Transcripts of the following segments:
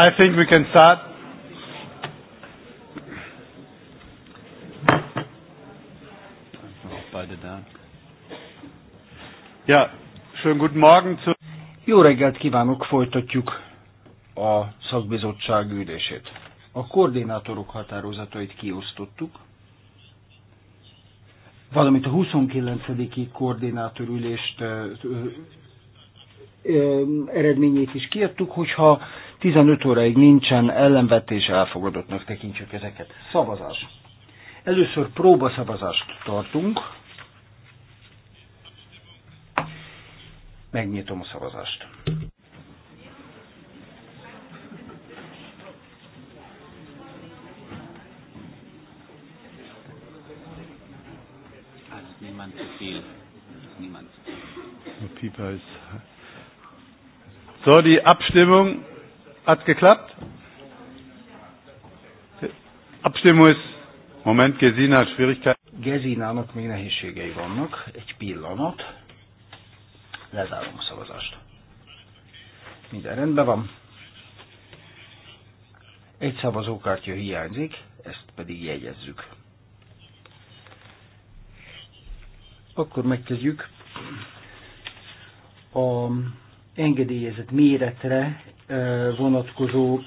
I think we can start. Beide da. Ja, schönen guten Morgen zu. Jó reggelt kívánok, folytatjuk a szakbizottság ülését. A koordinátorok határozatait kiosztottuk, valamint a 29. koordinátorülést eredményét is kiadtuk, hogyha 15 óráig nincsen ellenvetés, elfogadottnak tekintjük ezeket. Szavazás. Először próbaszavazást tartunk. Megnyitom a szavazást. niemand zu viel. Niemand. So, die Abstimmung Hat's geklappt? Abstimmung ist. Moment, Gesina hat Schwierigkeiten. Gesinának még nehézségei vannak. Egy pillanat. Lezárom a szavazást. Minden rendben van. Egy szavazókártya hiányzik, ezt pedig jegyezzük. Akkor megkezdjük a engedélyezett méretre E, vonatkozó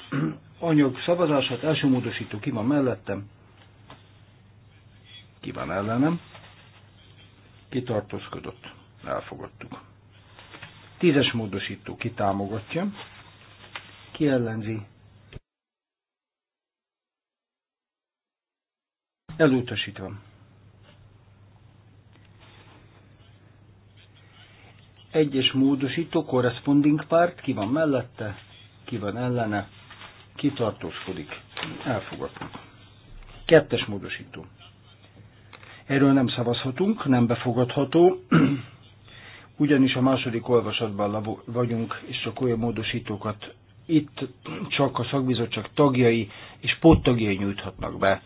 anyag szavazását. Első módosító ki van mellettem? Ki van ellenem? Kitartózkodott. Elfogadtuk. Tízes módosító ki támogatja? Ki ellenzi? Elutasítva. Egyes módosító, corresponding part, ki van mellette? ki van ellene, ki tartózkodik, elfogadtuk. Kettes módosító. Erről nem szavazhatunk, nem befogadható, ugyanis a második olvasatban vagyunk, és csak olyan módosítókat itt csak a szakbizottság tagjai és pottagjai nyújthatnak be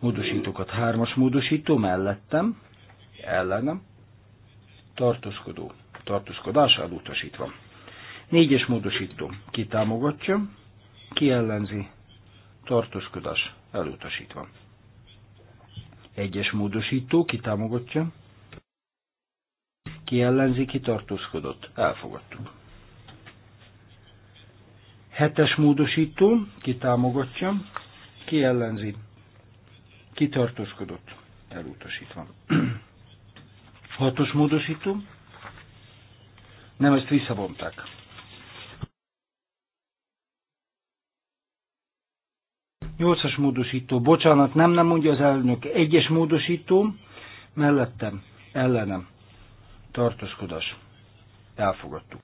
módosítókat. Hármas módosító mellettem, ellenem, tartózkodó, tartózkodás elutasítva. Négyes módosító. Ki támogatja, ki ellenzi, tartózkodás elutasítva. Egyes módosító. Ki támogatja, ki ellenzi, ki tartózkodott, elfogadtuk. Hetes módosító. Ki támogatja, ki ellenzi, ki tartózkodott, elutasítva. Hatos módosító. Nem, ezt visszavonták. Nyolcas módosító, bocsánat, nem, nem mondja az elnök. Egyes módosító, mellettem, ellenem. Tartózkodás. Elfogadtuk.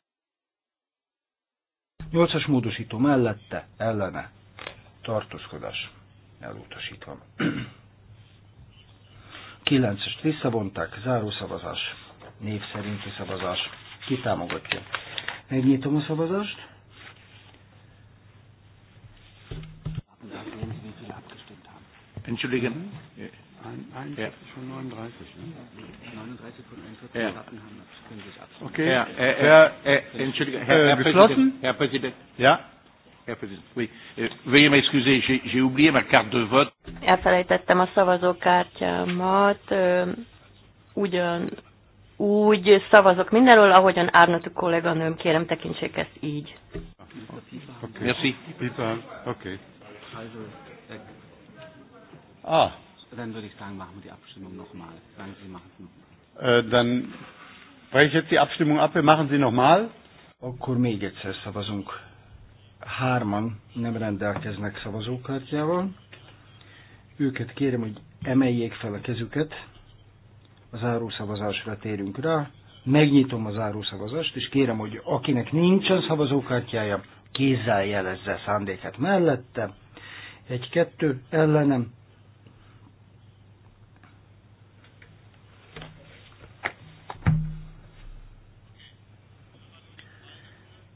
Nyolcas módosító mellette, ellene. Tartózkodás. Elutasítva. Kilencest visszavonták, zárószavazás. Név szerinti szavazás. Ki támogatja? Megnyitom a szavazást. Entschuldigen. Mhm. Ja. ja. von 39. Ne? 39 von 41 ja. Daten haben das können Sie abschließen. Okay. Ja, äh, äh, äh Entschuldigung, äh, Herr, Präsident. Herr Präsident. Ja. oui. Euh, veuillez m'excuser, j'ai oublié ma carte de vote. Elfelejtettem a szavazókártyámat. Ugyan úgy szavazok mindenről, ahogyan Árnatú kolléganőm, kérem tekintsék ezt így. Okay. Merci. Oké. Okay. Ah. Dann würde ich sagen, machen wir die Abstimmung nochmal. Sagen Sie, machen Sie nochmal. Äh, dann breche ich jetzt die Abstimmung ab. Wir machen sie nochmal. Akkor még egyszer szavazunk. Hárman nem rendelkeznek szavazókártyával. Őket kérem, hogy emeljék fel a kezüket. A zárószavazásra térünk rá. Megnyitom a zárószavazást, és kérem, hogy akinek nincsen szavazókártyája, kézzel jelezze szándéket mellette. Egy-kettő ellenem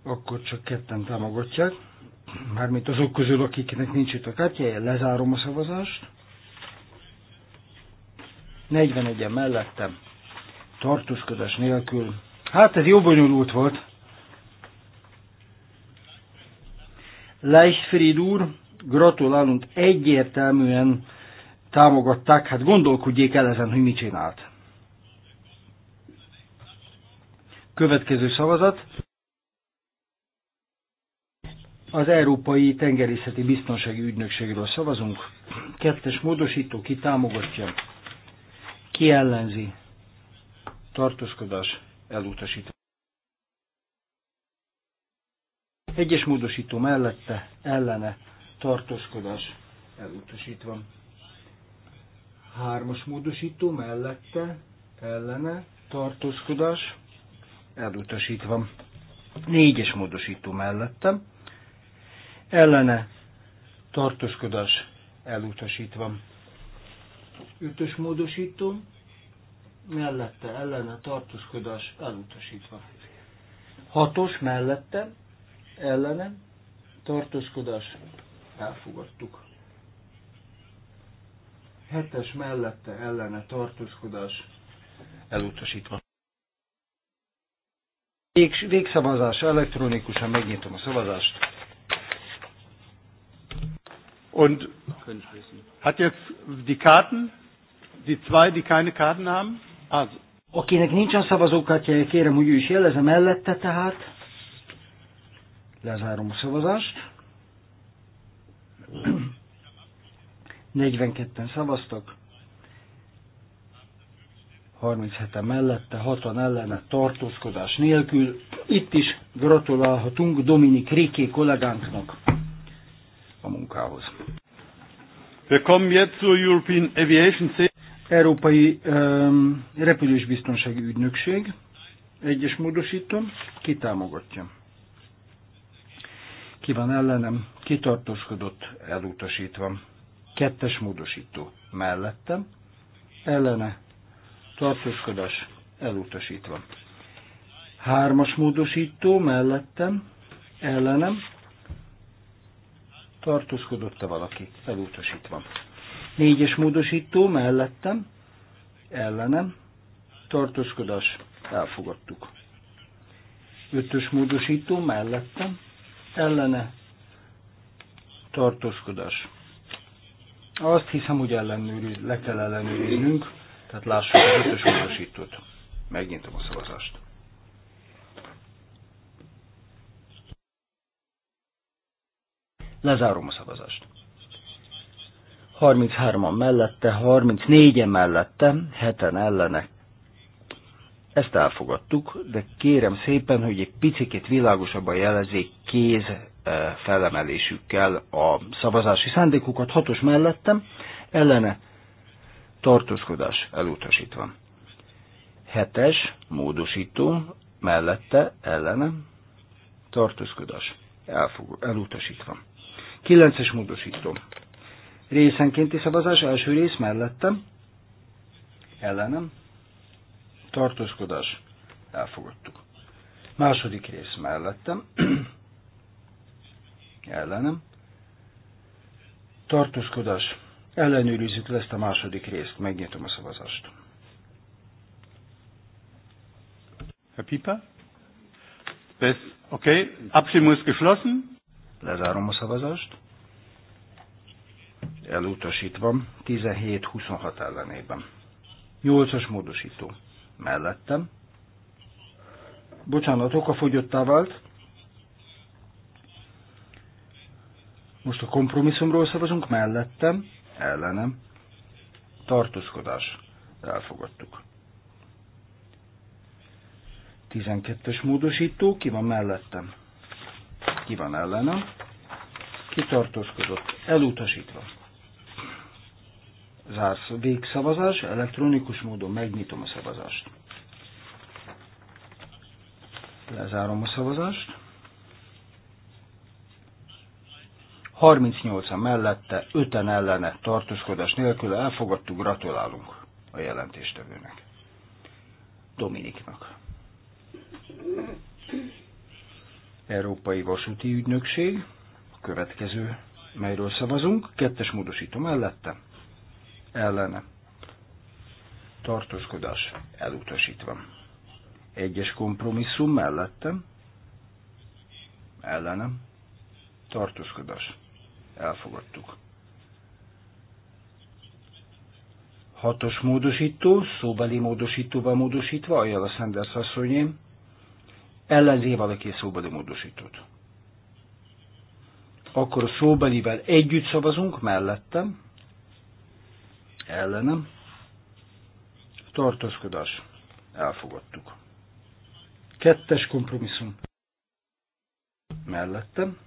akkor csak ketten támogatják, mármint azok közül, akiknek nincs itt a kártyája, lezárom a szavazást. 41-en mellettem, tartózkodás nélkül. Hát ez jó bonyolult volt. Leichfried úr, gratulálunk, egyértelműen támogatták, hát gondolkodjék el ezen, hogy mit csinált. Következő szavazat. Az Európai Tengerészeti Biztonsági Ügynökségről szavazunk. Kettes módosító, ki támogatja, ki ellenzi, tartózkodás elutasítva. Egyes módosító mellette, ellene, tartózkodás elutasítva. Hármas módosító mellette, ellene, tartózkodás elutasítva. Négyes módosító mellettem, ellene tartoskodás elutasítva. Ötös módosító, mellette ellene tartoskodás elutasítva. Hatos mellette ellene tartoskodás elfogadtuk. Hetes mellette ellene tartózkodás elutasítva. Végszavazás elektronikusan megnyitom a szavazást. Und hat jetzt die Karten, die zwei, die keine Karten haben? Also. Akinek nincsen szavazókártya, kérem, hogy ő is jelezze mellette tehát. Lezárom a szavazást. 42-en szavaztak, 37-en mellette, 60 ellene tartózkodás nélkül. Itt is gratulálhatunk Dominik Riké kollégánknak a munkához. Wir kommen jetzt European Aviation Európai um, Repülős Biztonsági Ügynökség. Egyes módosítom, kitámogatja. Ki van ellenem? Kitartóskodott, elutasítva. Kettes módosító, mellettem, ellene, tartózkodás, elutasítva. Hármas módosító, mellettem, ellenem, tartózkodott-e valaki, elutasítva. Négyes módosító mellettem, ellenem, tartózkodás, elfogadtuk. Ötös módosító mellettem, ellene, tartózkodás. Azt hiszem, hogy ellenőri, le kell ellenőriznünk, tehát lássuk az ötös módosítót. Megnyitom a szavazást. Lezárom a szavazást. 33-an mellette, 34-en mellette, 7-en ellene. Ezt elfogadtuk, de kérem szépen, hogy egy picit világosabban jelezzék kéz eh, felemelésükkel a szavazási szándékukat. Hatos mellettem, ellene tartózkodás elutasítva. Hetes módosító mellette ellene tartózkodás elutasítva. 9-es módosító. Részenkénti szavazás első rész mellettem. Ellenem. Tartózkodás. Elfogadtuk. Második rész mellettem. Ellenem. Tartózkodás. Ellenőrizzük ezt a második részt. Megnyitom a szavazást. Herr Pieper? oké, okay. Abstimmung ist geschlossen. Lezárom a szavazást. Elutasítva 17-26 ellenében. 8-as módosító. Mellettem. Bocsánat, fogyottá vált. Most a kompromisszumról szavazunk, mellettem, ellenem. Tartózkodás. Elfogadtuk. 12-es módosító, ki van mellettem? Ki van ellenem? kitartózkodott, elutasítva. Zársz végszavazás, elektronikus módon megnyitom a szavazást. Lezárom a szavazást. 38 a mellette, 5-en ellene tartózkodás nélkül elfogadtuk, gratulálunk a jelentéstevőnek. Dominiknak. Európai Vasúti Ügynökség következő, melyről szavazunk, kettes módosító mellette, ellene, tartózkodás elutasítva. Egyes kompromisszum mellettem, ellenem, tartózkodás elfogadtuk. Hatos módosító, szóbeli módosítóval módosítva, ajánl a Sanders asszonyém, ellenzi valaki szóbeli módosítót. Akkor a szóbelivel együtt szavazunk, mellettem, ellenem, tartózkodás, elfogadtuk. Kettes kompromisszum, mellettem,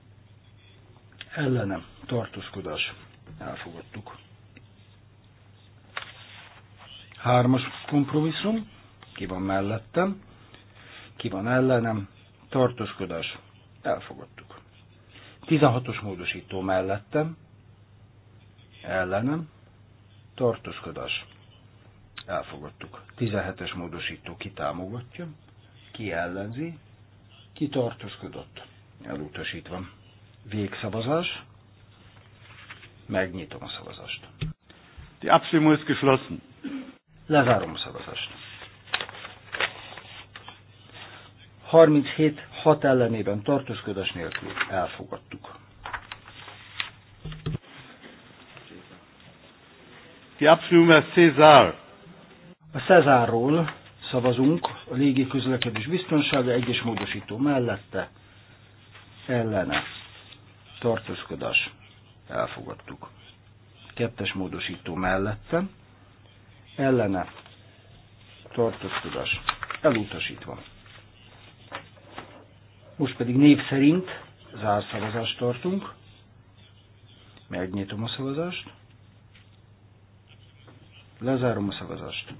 ellenem, tartózkodás, elfogadtuk. Hármas kompromisszum, ki van mellettem, ki van ellenem, tartózkodás, elfogadtuk. 16-os módosító mellettem, ellenem, tartózkodás. Elfogadtuk. 17-es módosító kitámogatja, ki ellenzi, ki tartózkodott. Elutasítva. Végszavazás. Megnyitom a szavazást. Die Abstimmung ist geschlossen. Lezárom a szavazást. 37 hat ellenében tartózkodás nélkül elfogadtuk. A Cezárról szavazunk, a légi közlekedés biztonsága egyes módosító mellette ellene tartózkodás elfogadtuk. Kettes módosító mellette ellene tartózkodás elutasítva. Most pedig név szerint zárszavazást tartunk. Megnyitom a szavazást. Lezárom a szavazást.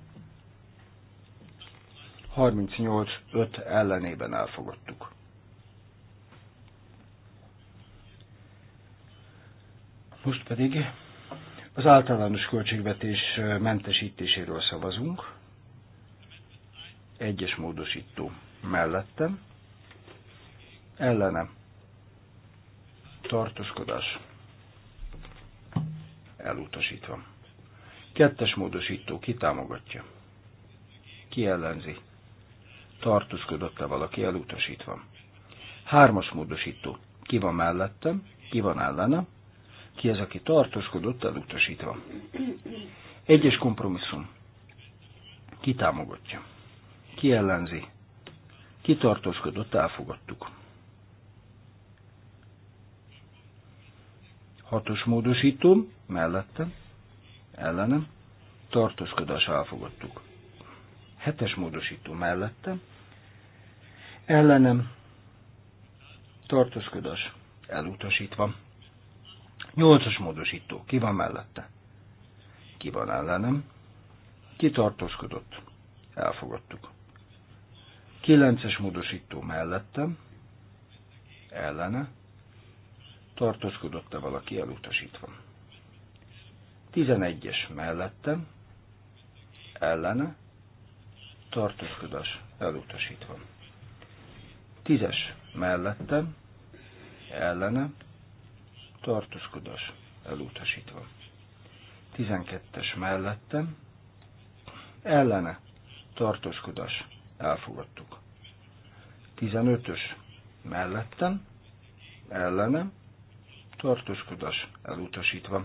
38-5 ellenében elfogadtuk. Most pedig az általános költségvetés mentesítéséről szavazunk. Egyes módosító mellettem ellene tartózkodás elutasítva. Kettes módosító kitámogatja. Ki ellenzi? Tartózkodott-e valaki elutasítva? Hármas módosító. Ki van mellettem? Ki van ellene? Ki az, aki tartózkodott elutasítva? Egyes kompromisszum. Ki támogatja? Ki ellenzi? Ki tartózkodott, elfogadtuk. Hatos módosító, mellette, ellenem, tartózkodás elfogadtuk. Hetes módosító mellette, ellenem, tartózkodás elutasítva. Nyolcas módosító, ki van mellette? Ki van ellenem? Ki tartózkodott? Elfogadtuk. Kilences módosító mellettem, ellene, tartózkodott-e valaki elutasítva. 11-es mellette, ellene, tartózkodás elutasítva. 10-es mellette, ellene, tartózkodás elutasítva. 12-es mellette, ellene, tartózkodás elfogadtuk. 15-ös mellettem, ellenem, tartózkodás elutasítva.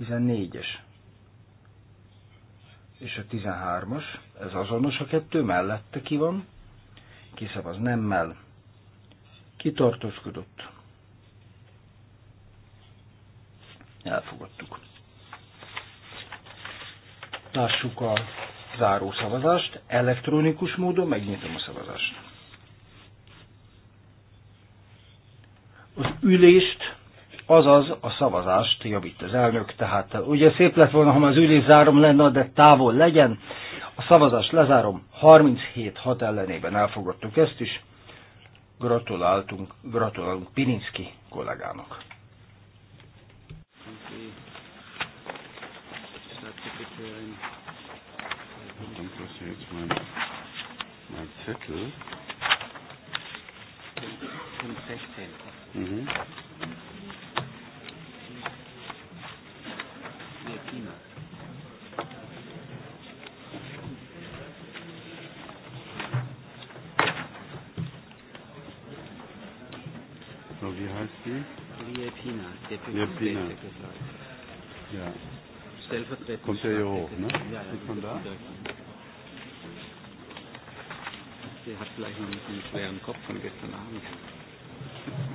14-es és a 13-as, ez azonos a kettő, mellette ki van, kiszavaz nemmel, kitartózkodott. Elfogadtuk. Lássuk a zárószavazást, elektronikus módon megnyitom a szavazást. ülést, azaz a szavazást javít az elnök. Tehát uh, ugye szép lett volna, ha az ülés zárom lenne, de távol legyen. A szavazást lezárom, 37-6 ellenében elfogadtuk ezt is. Gratuláltunk, gratulálunk Pininski kollégának. Thank you. Punkt 16. Mhm. So, wie heißt die? Liepina, Deputy Ja. Stellvertretend. Kommt ja hier hoch, ne? Ja, ja. Ist man da? Sie hat vielleicht noch einen schweren Kopf von gestern Abend.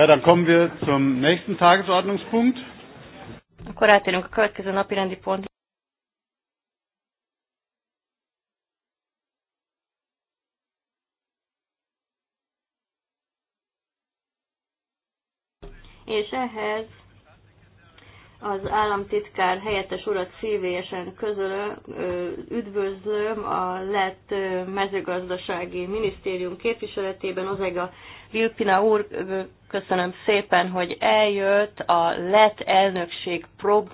Ja, dann kommen wir zum nächsten Tagesordnungspunkt. Akkor átérünk a következő napi rendi pont. És ehhez az államtitkár helyettes urat szívélyesen közölöm, üdvözlöm a lett mezőgazdasági minisztérium képviseletében, Ozega Vilpina úr, köszönöm szépen, hogy eljött, a lett elnökség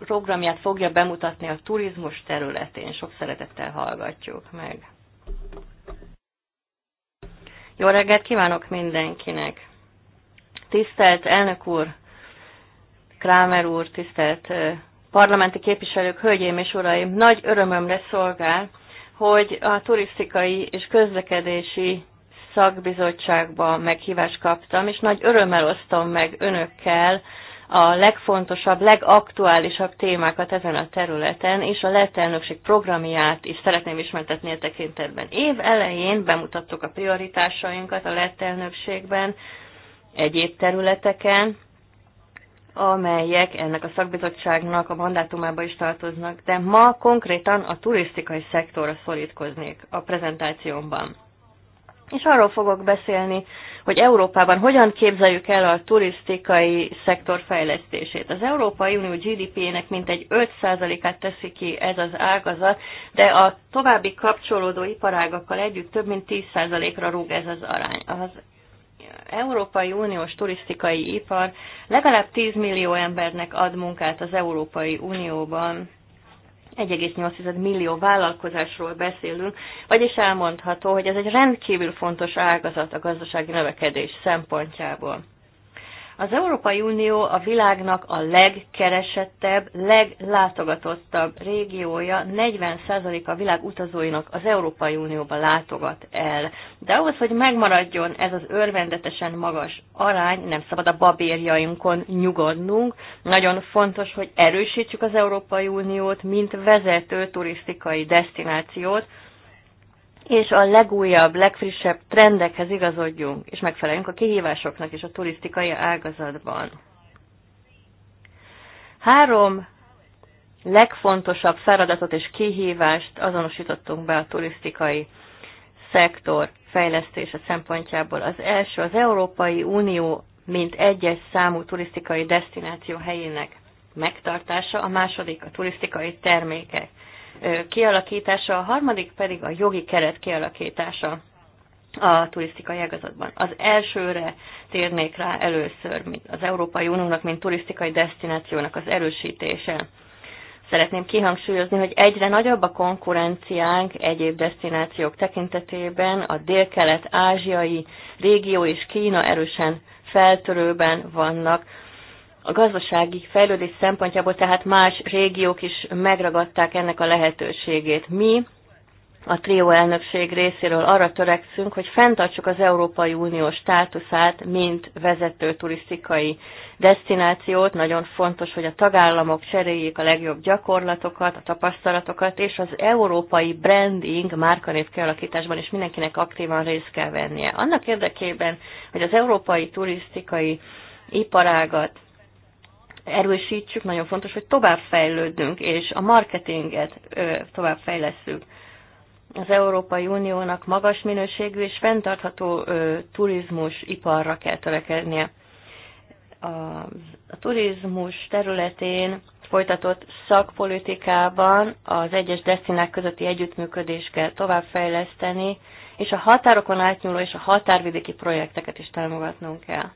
programját fogja bemutatni a turizmus területén. Sok szeretettel hallgatjuk meg. Jó reggelt kívánok mindenkinek! Tisztelt elnök úr, Krámer úr, tisztelt parlamenti képviselők, hölgyeim és uraim! Nagy örömömre szolgál, hogy a turisztikai és közlekedési szakbizottságba meghívást kaptam, és nagy örömmel osztom meg önökkel a legfontosabb, legaktuálisabb témákat ezen a területen, és a lett elnökség programját is szeretném ismertetni a e tekintetben. Év elején bemutattuk a prioritásainkat a lett elnökségben, egyéb területeken, amelyek ennek a szakbizottságnak a mandátumába is tartoznak, de ma konkrétan a turisztikai szektorra szorítkoznék a prezentációmban. És arról fogok beszélni, hogy Európában hogyan képzeljük el a turisztikai szektor fejlesztését. Az Európai Unió GDP-nek mintegy 5%-át teszi ki ez az ágazat, de a további kapcsolódó iparágakkal együtt több mint 10%-ra rúg ez az arány. Az Európai Uniós turisztikai ipar legalább 10 millió embernek ad munkát az Európai Unióban. 1,8 millió vállalkozásról beszélünk, vagyis elmondható, hogy ez egy rendkívül fontos ágazat a gazdasági növekedés szempontjából. Az Európai Unió a világnak a legkeresettebb, leglátogatottabb régiója, 40% a világ utazóinak az Európai Unióba látogat el. De ahhoz, hogy megmaradjon ez az örvendetesen magas arány, nem szabad a babérjainkon nyugodnunk. Nagyon fontos, hogy erősítsük az Európai Uniót, mint vezető turisztikai destinációt, és a legújabb, legfrissebb trendekhez igazodjunk, és megfeleljünk a kihívásoknak és a turisztikai ágazatban. Három legfontosabb feladatot és kihívást azonosítottunk be a turisztikai szektor fejlesztése szempontjából. Az első az Európai Unió, mint egyes számú turisztikai destináció helyének megtartása, a második a turisztikai termékek kialakítása, a harmadik pedig a jogi keret kialakítása a turisztikai ágazatban. Az elsőre térnék rá először, mint az Európai Uniónak, mint turisztikai destinációnak az erősítése. Szeretném kihangsúlyozni, hogy egyre nagyobb a konkurenciánk egyéb destinációk tekintetében, a délkelet-ázsiai régió és Kína erősen feltörőben vannak, a gazdasági fejlődés szempontjából tehát más régiók is megragadták ennek a lehetőségét. Mi a trió elnökség részéről arra törekszünk, hogy fenntartsuk az Európai Unió státuszát, mint vezető turisztikai destinációt. Nagyon fontos, hogy a tagállamok cseréljék a legjobb gyakorlatokat, a tapasztalatokat, és az európai branding márkanév kialakításban is mindenkinek aktívan részt kell vennie. Annak érdekében, hogy az európai turisztikai iparágat erősítsük, nagyon fontos, hogy továbbfejlődünk, és a marketinget továbbfejlesszük. Az Európai Uniónak magas minőségű és fenntartható turizmus iparra kell törekednie. A, a turizmus területén folytatott szakpolitikában az egyes desztinák közötti együttműködést kell továbbfejleszteni, és a határokon átnyúló és a határvidéki projekteket is támogatnunk kell.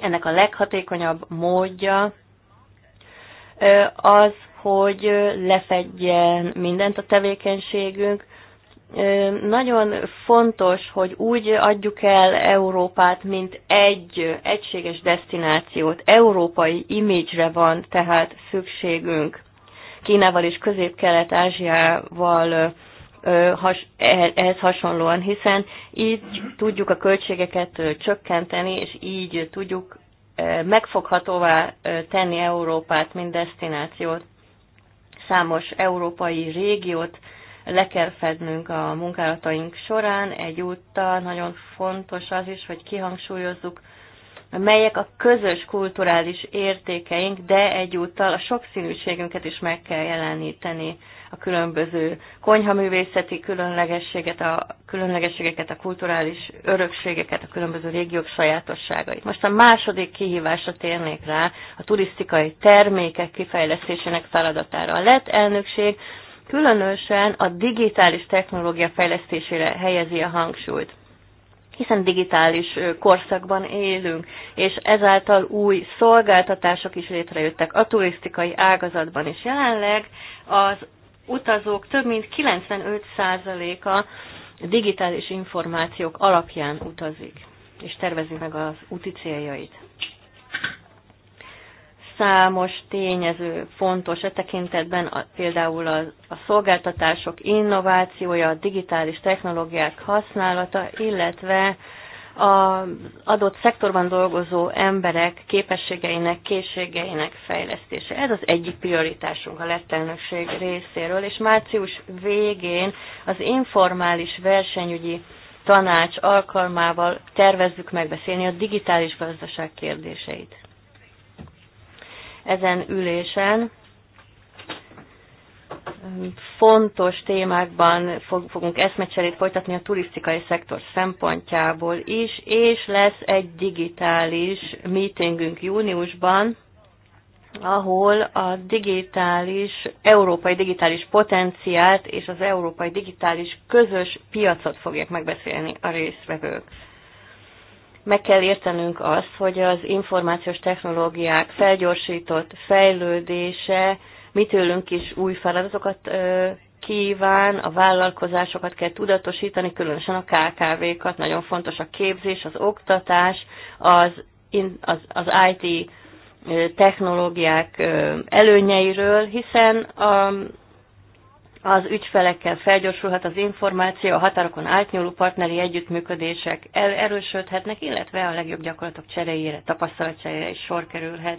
Ennek a leghatékonyabb módja az, hogy lefedjen mindent a tevékenységünk. Nagyon fontos, hogy úgy adjuk el Európát, mint egy egységes destinációt. Európai imidzsre van tehát szükségünk. Kínával és Közép-Kelet-Ázsiával has, eh, ehhez hasonlóan, hiszen így tudjuk a költségeket csökkenteni, és így tudjuk megfoghatóvá tenni Európát, mint destinációt. Számos európai régiót le kell fednünk a munkálataink során, egyúttal nagyon fontos az is, hogy kihangsúlyozzuk, melyek a közös kulturális értékeink, de egyúttal a sokszínűségünket is meg kell jeleníteni a különböző konyhaművészeti különlegességet, a különlegességeket, a kulturális örökségeket, a különböző régiók sajátosságait. Most a második kihívásra térnék rá, a turisztikai termékek kifejlesztésének feladatára. A lett elnökség különösen a digitális technológia fejlesztésére helyezi a hangsúlyt hiszen digitális korszakban élünk, és ezáltal új szolgáltatások is létrejöttek a turisztikai ágazatban is. Jelenleg az utazók több mint 95%-a digitális információk alapján utazik, és tervezi meg az úti céljait. Számos tényező fontos e tekintetben, a, például a, a szolgáltatások innovációja, a digitális technológiák használata, illetve az adott szektorban dolgozó emberek képességeinek, készségeinek fejlesztése. Ez az egyik prioritásunk a lett elnökség részéről, és március végén az informális versenyügyi tanács alkalmával tervezzük megbeszélni a digitális gazdaság kérdéseit. Ezen ülésen fontos témákban fogunk eszmecserét folytatni a turisztikai szektor szempontjából is, és lesz egy digitális meetingünk júniusban, ahol a digitális, európai digitális potenciált és az európai digitális közös piacot fogják megbeszélni a résztvevők. Meg kell értenünk azt, hogy az információs technológiák felgyorsított fejlődése mi tőlünk is új feladatokat kíván, a vállalkozásokat kell tudatosítani, különösen a KKV-kat, nagyon fontos a képzés, az oktatás, az, az, az IT technológiák előnyeiről, hiszen a, az ügyfelekkel felgyorsulhat az információ, a határokon átnyúló partneri együttműködések erősödhetnek, illetve a legjobb gyakorlatok cseréjére, tapasztalatcseréjére is sor kerülhet.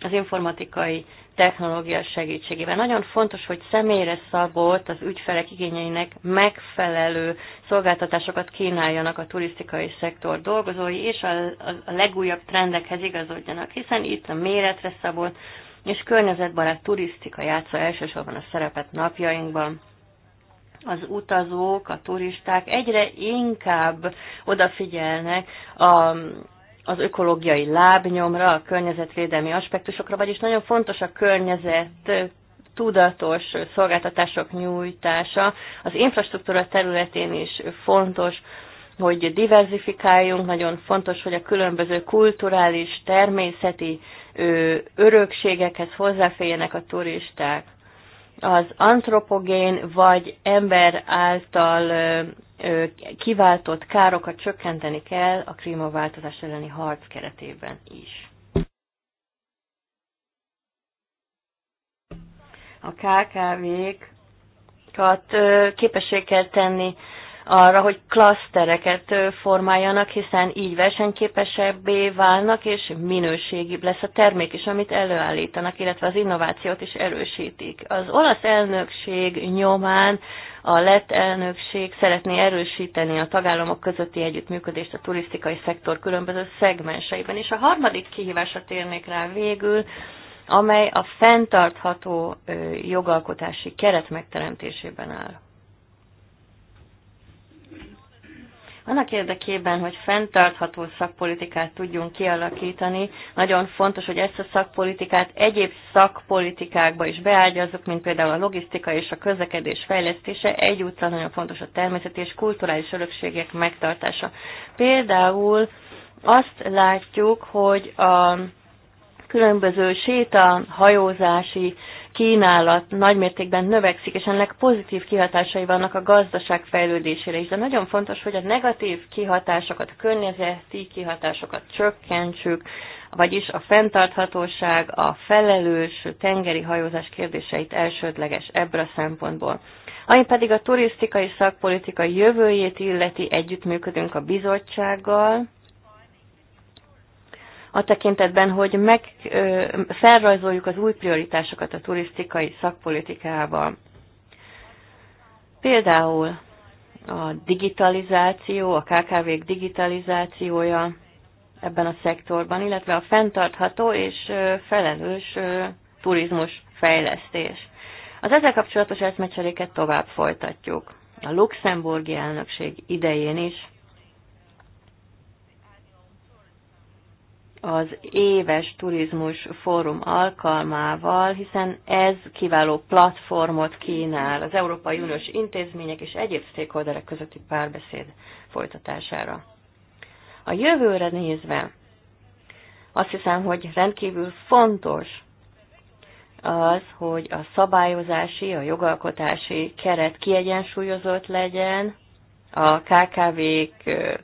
Az informatikai technológia segítségével. Nagyon fontos, hogy személyre szabott az ügyfelek igényeinek megfelelő szolgáltatásokat kínáljanak a turisztikai szektor dolgozói, és a, a, a legújabb trendekhez igazodjanak, hiszen itt a méretre szabott és környezetbarát turisztika játsza elsősorban a szerepet napjainkban az utazók, a turisták egyre inkább odafigyelnek a, az ökológiai lábnyomra, a környezetvédelmi aspektusokra, vagyis nagyon fontos a környezet tudatos szolgáltatások nyújtása. Az infrastruktúra területén is fontos, hogy diversifikáljunk, nagyon fontos, hogy a különböző kulturális, természeti örökségekhez hozzáférjenek a turisták. Az antropogén vagy ember által kiváltott károkat csökkenteni kell a klímaváltozás elleni harc keretében is. A KKV-kat képessé kell tenni arra, hogy klasztereket formáljanak, hiszen így versenyképesebbé válnak, és minőségibb lesz a termék is, amit előállítanak, illetve az innovációt is erősítik. Az olasz elnökség nyomán a lett elnökség szeretné erősíteni a tagállamok közötti együttműködést a turisztikai szektor különböző szegmenseiben. És a harmadik kihívásra térnék rá végül, amely a fenntartható jogalkotási keret megteremtésében áll. Annak érdekében, hogy fenntartható szakpolitikát tudjunk kialakítani, nagyon fontos, hogy ezt a szakpolitikát egyéb szakpolitikákba is beágyazzuk, mint például a logisztika és a közlekedés fejlesztése, egyúttal nagyon fontos a természeti és kulturális örökségek megtartása. Például azt látjuk, hogy a különböző séta hajózási kínálat nagymértékben növekszik, és ennek pozitív kihatásai vannak a gazdaság fejlődésére is. De nagyon fontos, hogy a negatív kihatásokat, a környezeti kihatásokat csökkentsük, vagyis a fenntarthatóság, a felelős tengeri hajózás kérdéseit elsődleges ebből a szempontból. Ami pedig a turisztikai szakpolitika jövőjét illeti, együttműködünk a bizottsággal, a tekintetben, hogy meg, ö, felrajzoljuk az új prioritásokat a turisztikai szakpolitikával. Például a digitalizáció, a KKV-k digitalizációja ebben a szektorban, illetve a fenntartható és felelős turizmus fejlesztés. Az ezzel kapcsolatos eszmecseréket tovább folytatjuk. A luxemburgi elnökség idején is az éves turizmus fórum alkalmával, hiszen ez kiváló platformot kínál az Európai Uniós intézmények és egyéb stakeholderek közötti párbeszéd folytatására. A jövőre nézve azt hiszem, hogy rendkívül fontos az, hogy a szabályozási, a jogalkotási keret kiegyensúlyozott legyen, a KKV-k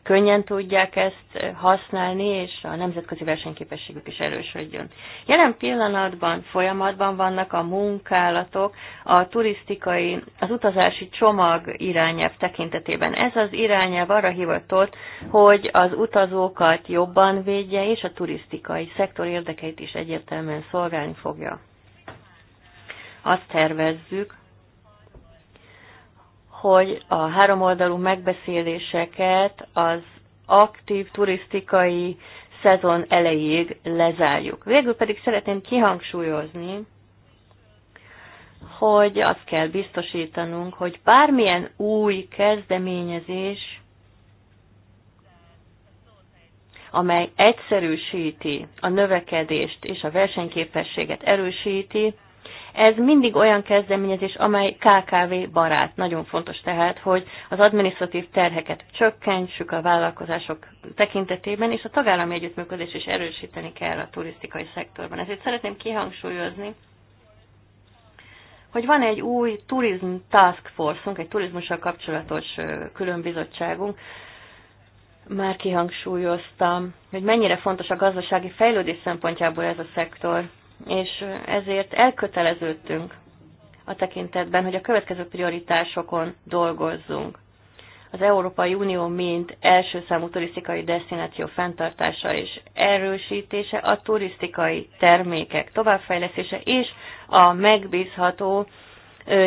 könnyen tudják ezt használni, és a nemzetközi versenyképességük is erősödjön. Jelen pillanatban folyamatban vannak a munkálatok a turisztikai, az utazási csomag irányelv tekintetében. Ez az irányelv arra hivatott, hogy az utazókat jobban védje, és a turisztikai szektor érdekeit is egyértelműen szolgálni fogja. Azt tervezzük, hogy a háromoldalú megbeszéléseket az aktív turisztikai szezon elejéig lezárjuk. Végül pedig szeretném kihangsúlyozni, hogy azt kell biztosítanunk, hogy bármilyen új kezdeményezés, amely egyszerűsíti a növekedést és a versenyképességet erősíti, ez mindig olyan kezdeményezés, amely KKV barát. Nagyon fontos tehát, hogy az administratív terheket csökkentsük a vállalkozások tekintetében, és a tagállami együttműködés is erősíteni kell a turisztikai szektorban. Ezért szeretném kihangsúlyozni, hogy van egy új turizm Task Force-unk, egy turizmussal kapcsolatos különbizottságunk, már kihangsúlyoztam, hogy mennyire fontos a gazdasági fejlődés szempontjából ez a szektor és ezért elköteleződtünk a tekintetben, hogy a következő prioritásokon dolgozzunk. Az Európai Unió mint első számú turisztikai destináció fenntartása és erősítése, a turisztikai termékek továbbfejlesztése és a megbízható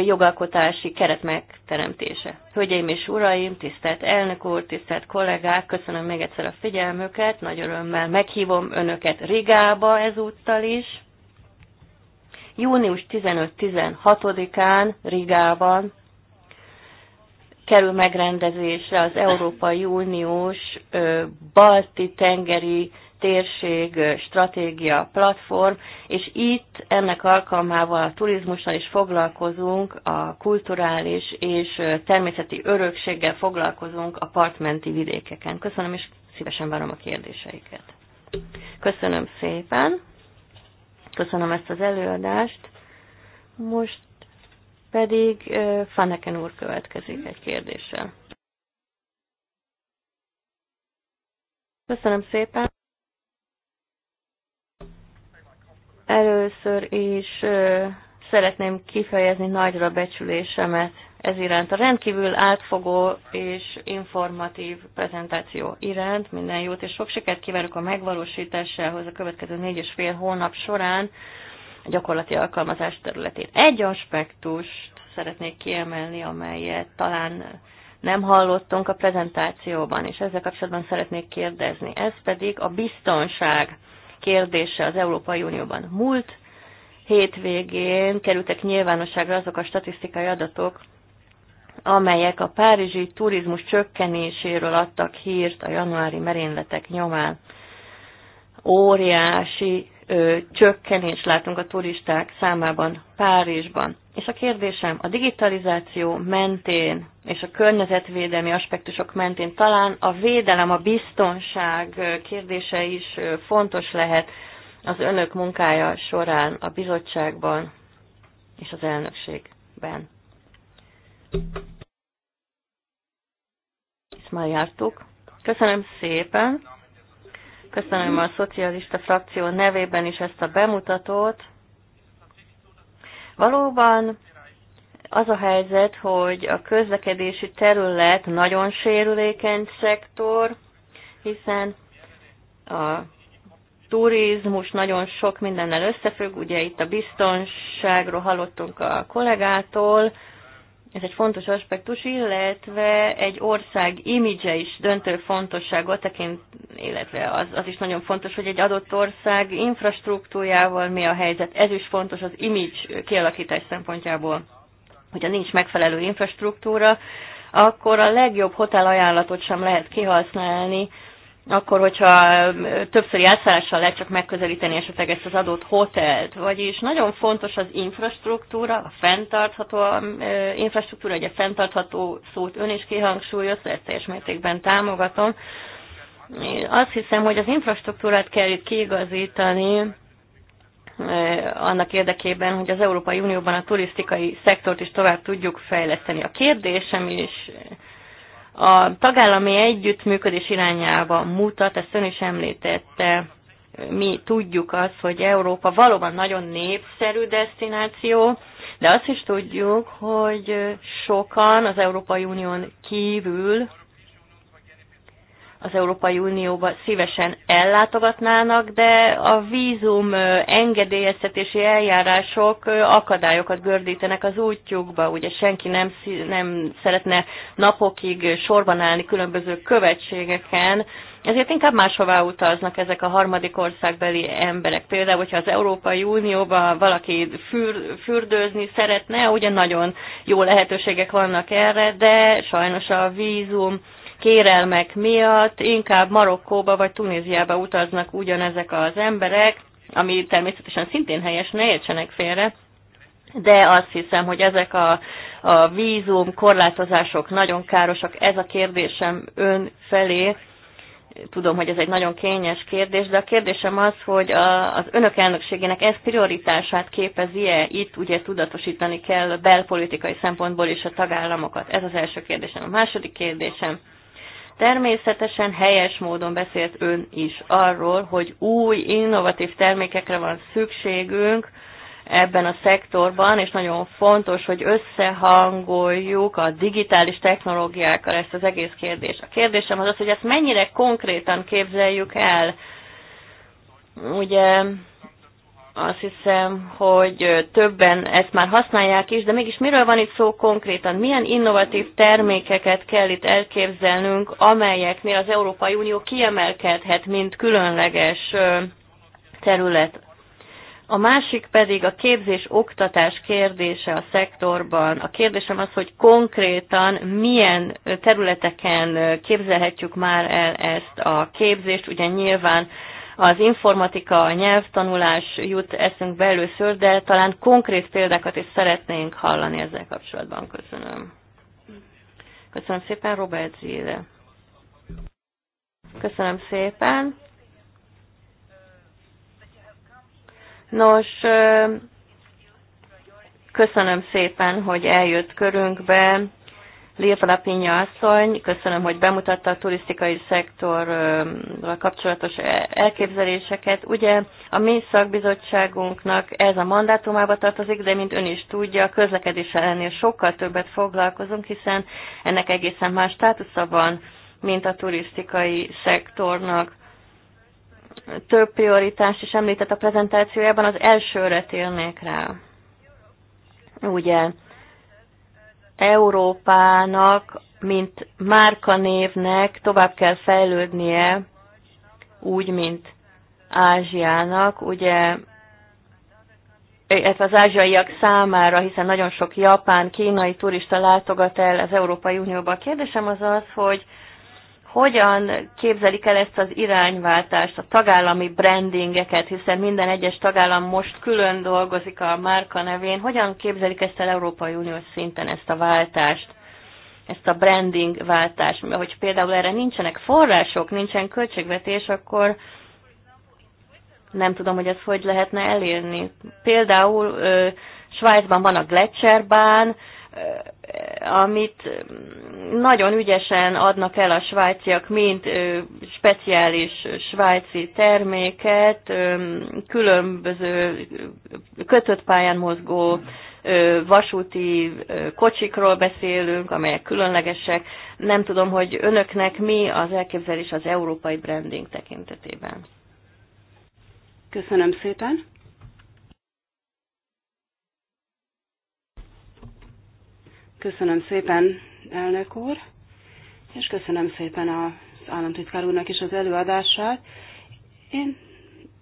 jogalkotási keret megteremtése. Hölgyeim és uraim, tisztelt elnök úr, tisztelt kollégák, köszönöm még egyszer a figyelmüket, nagy örömmel meghívom önöket Rigába ezúttal is, Június 15-16-án Rigában kerül megrendezésre az Európai Uniós balti tengeri térség stratégia platform, és itt ennek alkalmával a turizmussal is foglalkozunk, a kulturális és természeti örökséggel foglalkozunk a partmenti vidékeken. Köszönöm, és szívesen várom a kérdéseiket. Köszönöm szépen! Köszönöm ezt az előadást. Most pedig Faneken úr következik egy kérdéssel. Köszönöm szépen. Először is szeretném kifejezni nagyra becsülésemet ez iránt, a rendkívül átfogó és informatív prezentáció iránt. Minden jót, és sok sikert kívánok a megvalósításához a következő négy és fél hónap során a gyakorlati alkalmazás területén. Egy aspektust szeretnék kiemelni, amelyet talán nem hallottunk a prezentációban, és ezzel kapcsolatban szeretnék kérdezni. Ez pedig a biztonság kérdése az Európai Unióban. Múlt hétvégén kerültek nyilvánosságra azok a statisztikai adatok, amelyek a párizsi turizmus csökkenéséről adtak hírt a januári merényletek nyomán. Óriási ö, csökkenés látunk a turisták számában Párizsban. És a kérdésem, a digitalizáció mentén és a környezetvédelmi aspektusok mentén talán a védelem, a biztonság kérdése is fontos lehet az önök munkája során a bizottságban és az elnökségben itt már jártuk. Köszönöm szépen. Köszönöm a szocialista frakció nevében is ezt a bemutatót. Valóban az a helyzet, hogy a közlekedési terület nagyon sérülékeny szektor, hiszen a turizmus nagyon sok mindennel összefügg, ugye itt a biztonságról hallottunk a kollégától, ez egy fontos aspektus, illetve egy ország imidzse is döntő fontossága tekint, illetve az, az is nagyon fontos, hogy egy adott ország infrastruktúrjával mi a helyzet. Ez is fontos az image kialakítás szempontjából, hogyha nincs megfelelő infrastruktúra, akkor a legjobb hotelajánlatot sem lehet kihasználni akkor, hogyha um, többszöri átszállással lehet csak megközelíteni esetleg ezt az adott hotelt, vagyis nagyon fontos az infrastruktúra, a fenntartható um, a infrastruktúra, ugye fenntartható szót ön is kihangsúlyozta, ezt teljes mértékben támogatom. Én azt hiszem, hogy az infrastruktúrát kell itt kiigazítani, annak érdekében, hogy az Európai Unióban a turisztikai szektort is tovább tudjuk fejleszteni. A kérdésem is a tagállami együttműködés irányába mutat, ezt ön is említette, mi tudjuk azt, hogy Európa valóban nagyon népszerű destináció, de azt is tudjuk, hogy sokan az Európai Unión kívül az Európai Unióba szívesen ellátogatnának, de a vízum engedélyeztetési eljárások akadályokat gördítenek az útjukba. Ugye senki nem, nem szeretne napokig sorban állni különböző követségeken, ezért inkább máshová utaznak ezek a harmadik országbeli emberek. Például, hogyha az Európai Unióban valaki fürd, fürdőzni szeretne, ugye nagyon jó lehetőségek vannak erre, de sajnos a vízum kérelmek miatt inkább Marokkóba vagy Tunéziába utaznak ugyanezek az emberek, ami természetesen szintén helyes, ne értsenek félre, de azt hiszem, hogy ezek a, a vízum korlátozások nagyon károsak. Ez a kérdésem ön felé, Tudom, hogy ez egy nagyon kényes kérdés, de a kérdésem az, hogy a, az önök elnökségének ez prioritását képezi-e? Itt ugye tudatosítani kell belpolitikai szempontból is a tagállamokat. Ez az első kérdésem. A második kérdésem. Természetesen helyes módon beszélt ön is arról, hogy új, innovatív termékekre van szükségünk, ebben a szektorban, és nagyon fontos, hogy összehangoljuk a digitális technológiákkal ezt az egész kérdést. A kérdésem az az, hogy ezt mennyire konkrétan képzeljük el. Ugye azt hiszem, hogy többen ezt már használják is, de mégis miről van itt szó konkrétan? Milyen innovatív termékeket kell itt elképzelnünk, amelyeknél az Európai Unió kiemelkedhet, mint különleges terület a másik pedig a képzés-oktatás kérdése a szektorban. A kérdésem az, hogy konkrétan milyen területeken képzelhetjük már el ezt a képzést. Ugye nyilván az informatika, a nyelvtanulás jut eszünk belőször, de talán konkrét példákat is szeretnénk hallani ezzel kapcsolatban. Köszönöm. Köszönöm szépen, Robert Zile. Köszönöm szépen. Nos, köszönöm szépen, hogy eljött körünkbe. Lilfa Lapinya asszony, köszönöm, hogy bemutatta a turisztikai szektorral kapcsolatos e- elképzeléseket. Ugye a mi szakbizottságunknak ez a mandátumába tartozik, de mint ön is tudja, a közlekedéssel ennél sokkal többet foglalkozunk, hiszen ennek egészen más státusza van, mint a turisztikai szektornak több prioritást is említett a prezentációjában, az elsőre térnék rá. Ugye Európának, mint márkanévnek tovább kell fejlődnie, úgy, mint Ázsiának, ugye ez az ázsiaiak számára, hiszen nagyon sok japán, kínai turista látogat el az Európai Unióba. A kérdésem az az, hogy hogyan képzelik el ezt az irányváltást, a tagállami brandingeket, hiszen minden egyes tagállam most külön dolgozik a márka nevén, hogyan képzelik ezt el Európai Uniós szinten ezt a váltást, ezt a branding váltást, mert hogy például erre nincsenek források, nincsen költségvetés, akkor nem tudom, hogy ezt hogy lehetne elérni. Például Svájcban van a Gletscherbán, amit nagyon ügyesen adnak el a svájciak, mint speciális svájci terméket, különböző kötött pályán mozgó vasúti kocsikról beszélünk, amelyek különlegesek. Nem tudom, hogy önöknek mi az elképzelés az európai branding tekintetében. Köszönöm szépen. Köszönöm szépen, elnök úr, és köszönöm szépen az államtitkár úrnak is az előadását. Én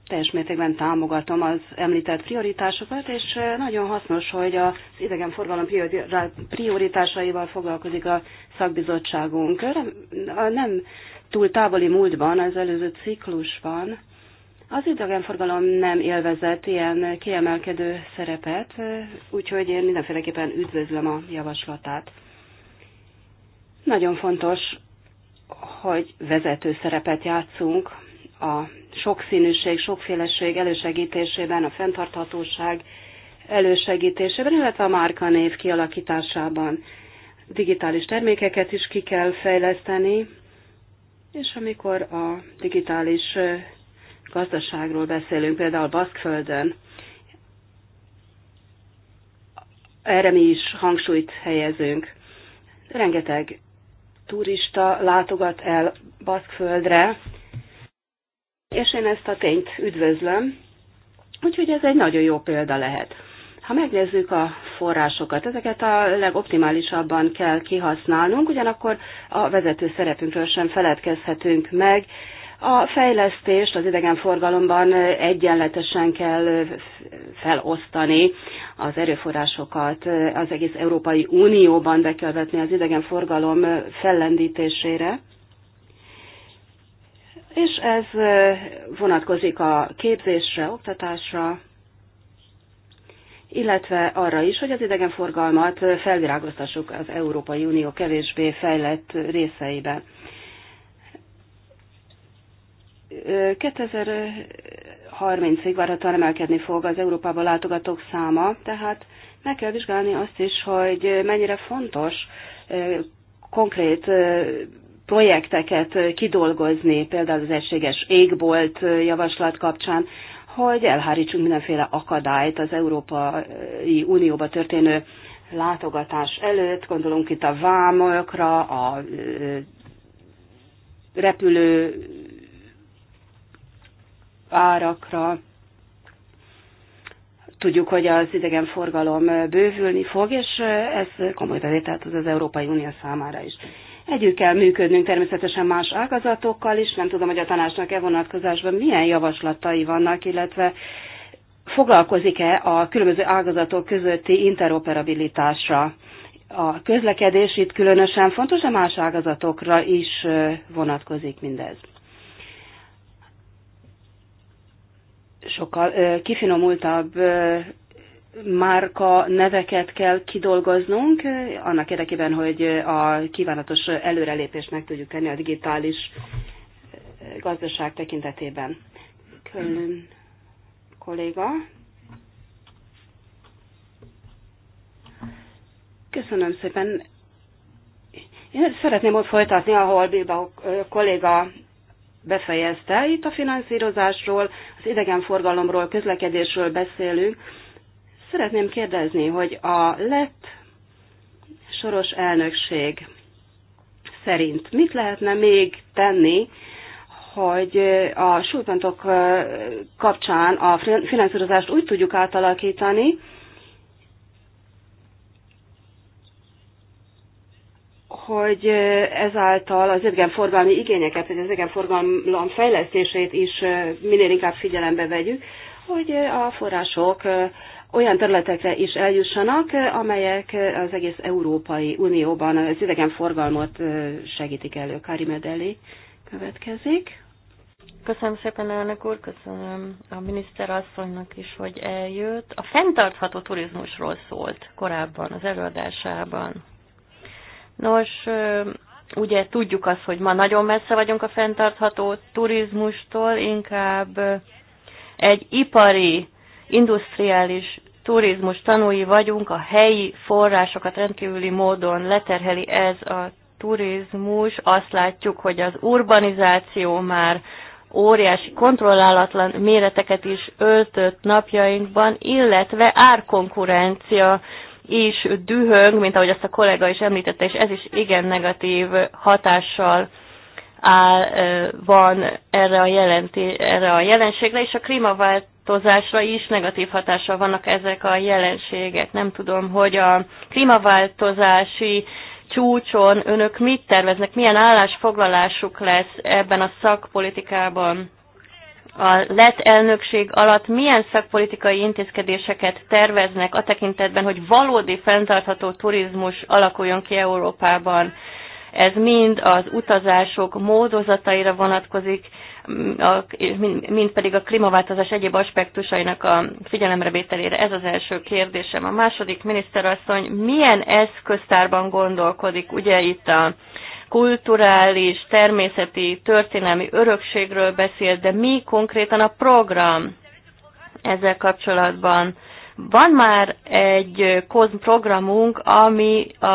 teljes mértékben támogatom az említett prioritásokat, és nagyon hasznos, hogy az idegenforgalom prioritásaival foglalkozik a szakbizottságunk. Nem túl távoli múltban, az előző ciklusban az idegenforgalom nem élvezett ilyen kiemelkedő szerepet, úgyhogy én mindenféleképpen üdvözlöm a javaslatát. Nagyon fontos, hogy vezető szerepet játszunk a sokszínűség, sokféleség elősegítésében, a fenntarthatóság elősegítésében, illetve a márkanév kialakításában. Digitális termékeket is ki kell fejleszteni, és amikor a digitális gazdaságról beszélünk, például Baszkföldön, erre mi is hangsúlyt helyezünk. Rengeteg turista látogat el Baszkföldre, és én ezt a tényt üdvözlöm, úgyhogy ez egy nagyon jó példa lehet. Ha megnézzük a forrásokat, ezeket a legoptimálisabban kell kihasználnunk, ugyanakkor a vezető szerepünkről sem feledkezhetünk meg, a fejlesztést az idegenforgalomban egyenletesen kell felosztani az erőforrásokat. Az egész Európai Unióban be kell vetni az idegenforgalom fellendítésére. És ez vonatkozik a képzésre, oktatásra, illetve arra is, hogy az idegenforgalmat felvirágoztassuk az Európai Unió kevésbé fejlett részeiben. 2030-ig várhatóan emelkedni fog az Európába látogatók száma, tehát meg kell vizsgálni azt is, hogy mennyire fontos konkrét projekteket kidolgozni, például az egységes égbolt javaslat kapcsán, hogy elhárítsunk mindenféle akadályt az Európai Unióba történő látogatás előtt, gondolunk itt a vámokra, a repülő árakra. Tudjuk, hogy az idegenforgalom bővülni fog, és ez komoly bevételt az az Európai Unió számára is. Együtt kell működnünk természetesen más ágazatokkal is, nem tudom, hogy a tanácsnak e vonatkozásban milyen javaslatai vannak, illetve foglalkozik-e a különböző ágazatok közötti interoperabilitásra. A közlekedés itt különösen fontos, a más ágazatokra is vonatkozik mindez. sokkal kifinomultabb márka neveket kell kidolgoznunk, annak érdekében, hogy a kívánatos előrelépést meg tudjuk tenni a digitális gazdaság tekintetében. Köln kolléga. Köszönöm szépen. Én szeretném ott folytatni, ahol Bilbao kolléga befejezte. Itt a finanszírozásról, az idegenforgalomról, közlekedésről beszélünk. Szeretném kérdezni, hogy a lett soros elnökség szerint mit lehetne még tenni, hogy a súlypontok kapcsán a finanszírozást úgy tudjuk átalakítani, hogy ezáltal az idegenforgalmi igényeket, vagy az idegenforgalom fejlesztését is minél inkább figyelembe vegyük, hogy a források olyan területekre is eljussanak, amelyek az egész Európai Unióban az idegenforgalmat segítik elő. Karimedeli következik. Köszönöm szépen, elnök úr, köszönöm a miniszter asszonynak is, hogy eljött. A fenntartható turizmusról szólt korábban az előadásában. Nos, ugye tudjuk azt, hogy ma nagyon messze vagyunk a fenntartható turizmustól, inkább egy ipari, industriális turizmus tanúi vagyunk, a helyi forrásokat rendkívüli módon leterheli ez a turizmus. Azt látjuk, hogy az urbanizáció már óriási kontrollálatlan méreteket is öltött napjainkban, illetve árkonkurencia is dühöng, mint ahogy azt a kollega is említette, és ez is igen negatív hatással áll, van erre a, jelenti, erre a jelenségre, és a klímaváltozásra is negatív hatással vannak ezek a jelenségek. Nem tudom, hogy a klímaváltozási csúcson önök mit terveznek, milyen állásfoglalásuk lesz ebben a szakpolitikában a lett elnökség alatt milyen szakpolitikai intézkedéseket terveznek a tekintetben, hogy valódi fenntartható turizmus alakuljon ki Európában. Ez mind az utazások módozataira vonatkozik, mind pedig a klímaváltozás egyéb aspektusainak a figyelemrevételére. Ez az első kérdésem. A második miniszterasszony milyen eszköztárban gondolkodik? Ugye itt a kulturális, természeti, történelmi örökségről beszél, de mi konkrétan a program ezzel kapcsolatban? Van már egy COSM programunk, ami a,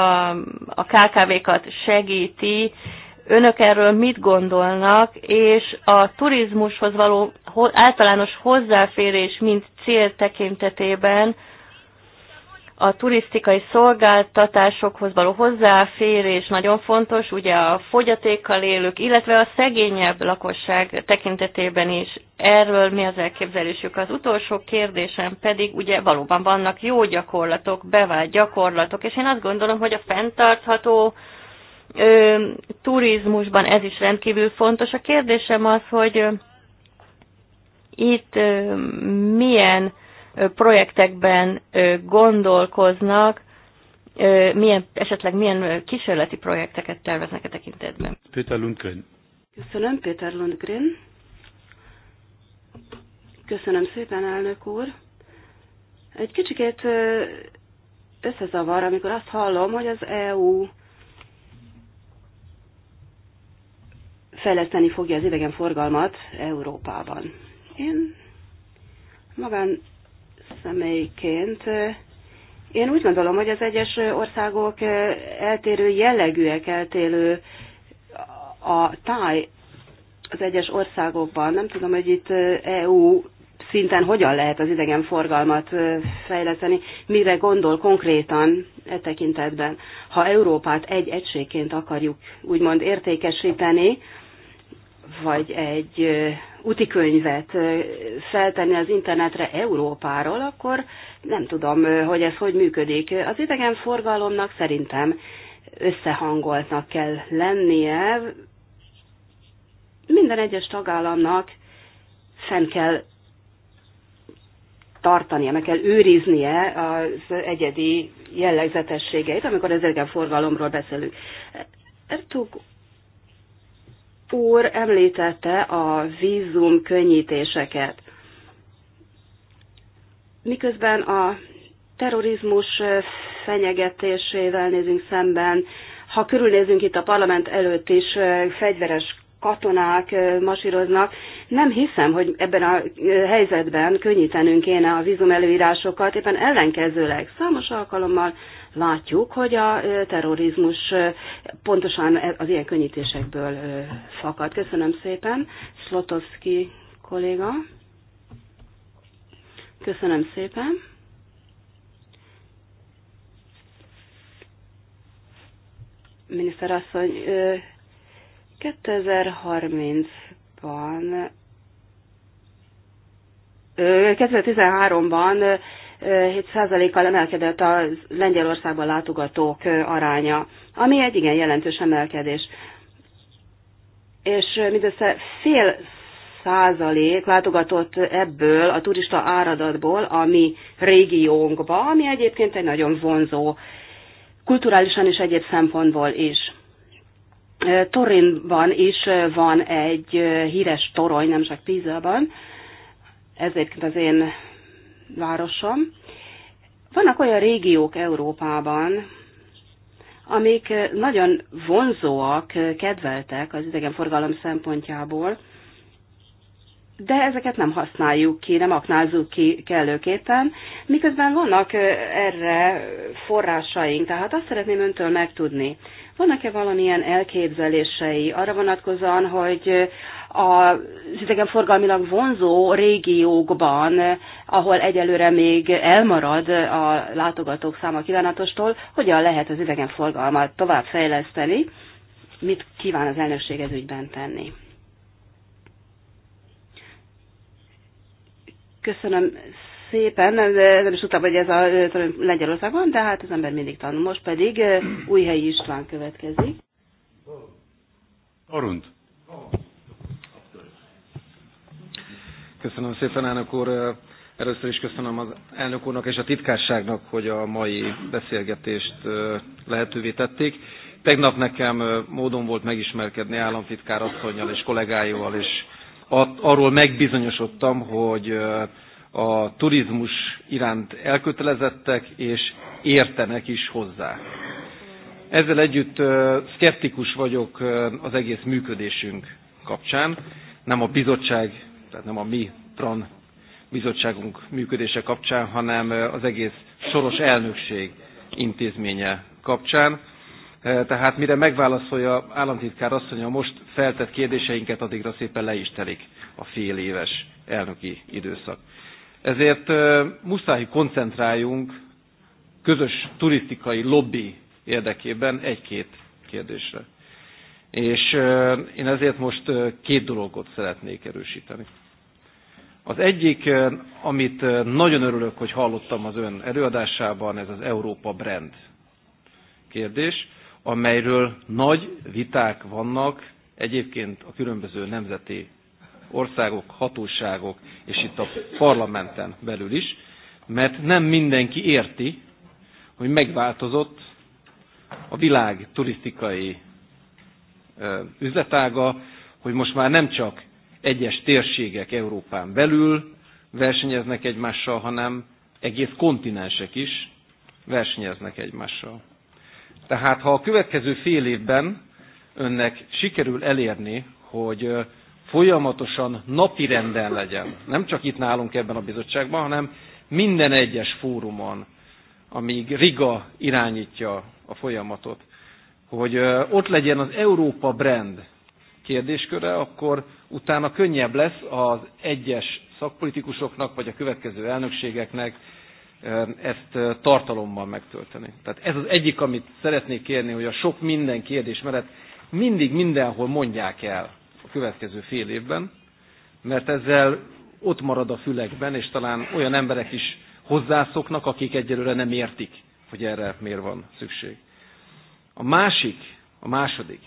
a KKV-kat segíti, önök erről mit gondolnak, és a turizmushoz való általános hozzáférés, mint cél tekintetében a turisztikai szolgáltatásokhoz való hozzáférés nagyon fontos, ugye a fogyatékkal élők, illetve a szegényebb lakosság tekintetében is. Erről mi az elképzelésük? Az utolsó kérdésem pedig, ugye valóban vannak jó gyakorlatok, bevált gyakorlatok, és én azt gondolom, hogy a fenntartható ö, turizmusban ez is rendkívül fontos. A kérdésem az, hogy ö, itt ö, milyen ö, projektekben gondolkoznak, milyen, esetleg milyen kísérleti projekteket terveznek a e tekintetben. Péter Lundgren. Köszönöm, Péter Lundgren. Köszönöm szépen, elnök úr. Egy kicsikét összezavar, amikor azt hallom, hogy az EU fejleszteni fogja az idegenforgalmat Európában. Én magán személyként. Én úgy gondolom, hogy az egyes országok eltérő jellegűek, eltérő a táj az egyes országokban. Nem tudom, hogy itt EU szinten hogyan lehet az idegenforgalmat fejleszteni, mire gondol konkrétan e tekintetben. Ha Európát egy egységként akarjuk úgymond értékesíteni, vagy egy könyvet feltenni az internetre Európáról, akkor nem tudom, hogy ez hogy működik. Az idegenforgalomnak szerintem összehangoltnak kell lennie. Minden egyes tagállamnak fenn kell tartania, meg kell őriznie az egyedi jellegzetességeit, amikor az idegenforgalomról beszélünk. Ertug úr említette a vízum könnyítéseket. Miközben a terrorizmus fenyegetésével nézünk szemben, ha körülnézünk itt a parlament előtt is, fegyveres katonák masíroznak. Nem hiszem, hogy ebben a helyzetben könnyítenünk kéne a vízum előírásokat, éppen ellenkezőleg számos alkalommal látjuk, hogy a terrorizmus pontosan e, az ilyen könnyítésekből fakad. Köszönöm szépen, Slotowski kolléga. Köszönöm szépen. Miniszter asszony, 2030-ban 2013-ban 7%-kal emelkedett a Lengyelországban látogatók aránya, ami egy igen jelentős emelkedés. És mindössze fél százalék látogatott ebből a turista áradatból a mi régiónkba, ami egyébként egy nagyon vonzó, kulturálisan és egyéb szempontból is. Torinban is van egy híres torony, nem csak Pízában, ezért az én városom. Vannak olyan régiók Európában, amik nagyon vonzóak, kedveltek az idegenforgalom szempontjából, de ezeket nem használjuk ki, nem aknázzuk ki kellőképpen, miközben vannak erre forrásaink, tehát azt szeretném öntől megtudni. Vannak-e valamilyen elképzelései arra vonatkozóan, hogy az idegenforgalmilag vonzó régiókban, ahol egyelőre még elmarad a látogatók száma kívánatostól, hogyan lehet az idegenforgalmat továbbfejleszteni, mit kíván az elnökség ez ügyben tenni? Köszönöm szépen, nem is tudtam, hogy ez a Lengyelországban, de hát az ember mindig tanul. Most pedig Újhelyi István következik. Arund. Köszönöm szépen, elnök úr. Először is köszönöm az elnök úrnak és a titkárságnak, hogy a mai beszélgetést lehetővé tették. Tegnap nekem módon volt megismerkedni államtitkár asszonynal és kollégáival, és arról megbizonyosodtam, hogy a turizmus iránt elkötelezettek és értenek is hozzá. Ezzel együtt szkeptikus vagyok az egész működésünk kapcsán, nem a bizottság, tehát nem a mi TRAN bizottságunk működése kapcsán, hanem az egész soros elnökség intézménye kapcsán. Eh, tehát mire megválaszolja államtitkár asszony a most feltett kérdéseinket, addigra szépen le is telik a fél éves elnöki időszak. Ezért eh, muszáj koncentráljunk közös turisztikai lobby érdekében egy-két kérdésre. És eh, én ezért most két dologot szeretnék erősíteni. Az egyik, amit nagyon örülök, hogy hallottam az ön előadásában, ez az Európa brand kérdés amelyről nagy viták vannak egyébként a különböző nemzeti országok, hatóságok, és itt a parlamenten belül is, mert nem mindenki érti, hogy megváltozott a világ turisztikai üzletága, hogy most már nem csak egyes térségek Európán belül versenyeznek egymással, hanem egész kontinensek is versenyeznek egymással. Tehát ha a következő fél évben önnek sikerül elérni, hogy folyamatosan napi renden legyen, nem csak itt nálunk ebben a bizottságban, hanem minden egyes fórumon, amíg Riga irányítja a folyamatot, hogy ott legyen az Európa brand kérdésköre, akkor utána könnyebb lesz az egyes szakpolitikusoknak, vagy a következő elnökségeknek ezt tartalommal megtölteni. Tehát ez az egyik, amit szeretnék kérni, hogy a sok minden kérdés mellett mindig mindenhol mondják el a következő fél évben, mert ezzel ott marad a fülekben, és talán olyan emberek is hozzászoknak, akik egyelőre nem értik, hogy erre miért van szükség. A másik, a második.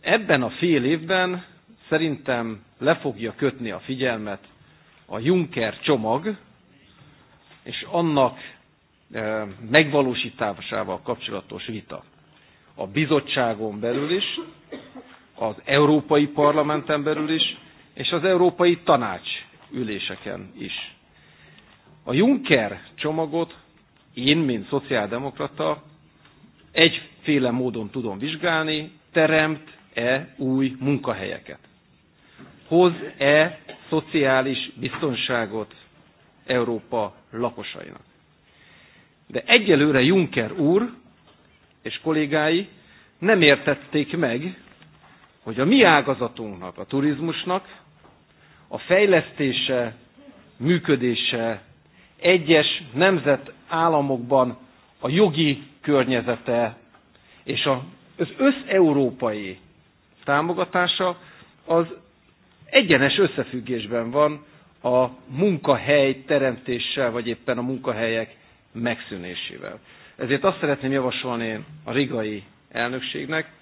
Ebben a fél évben szerintem le fogja kötni a figyelmet a Juncker csomag, és annak eh, megvalósításával kapcsolatos vita a bizottságon belül is, az Európai Parlamenten belül is, és az Európai Tanács üléseken is. A Juncker csomagot én, mint szociáldemokrata, egyféle módon tudom vizsgálni, teremt-e új munkahelyeket? Hoz-e szociális biztonságot Európa lakosainak. De egyelőre Juncker úr és kollégái nem értették meg, hogy a mi ágazatunknak, a turizmusnak a fejlesztése, működése egyes nemzetállamokban a jogi környezete és az összeurópai támogatása az egyenes összefüggésben van a munkahely teremtéssel, vagy éppen a munkahelyek megszűnésével. Ezért azt szeretném javasolni a rigai elnökségnek,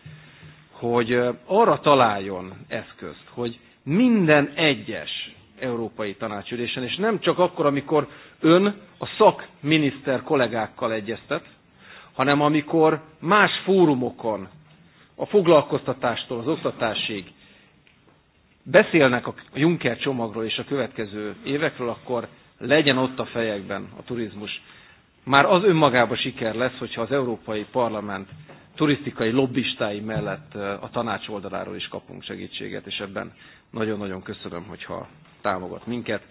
hogy arra találjon eszközt, hogy minden egyes európai tanácsülésen, és nem csak akkor, amikor ön a szakminiszter kollégákkal egyeztet, hanem amikor más fórumokon, a foglalkoztatástól az oktatásig, beszélnek a Juncker csomagról és a következő évekről, akkor legyen ott a fejekben a turizmus. Már az önmagában siker lesz, hogyha az Európai Parlament turisztikai lobbistái mellett a tanács oldaláról is kapunk segítséget, és ebben nagyon-nagyon köszönöm, hogyha támogat minket.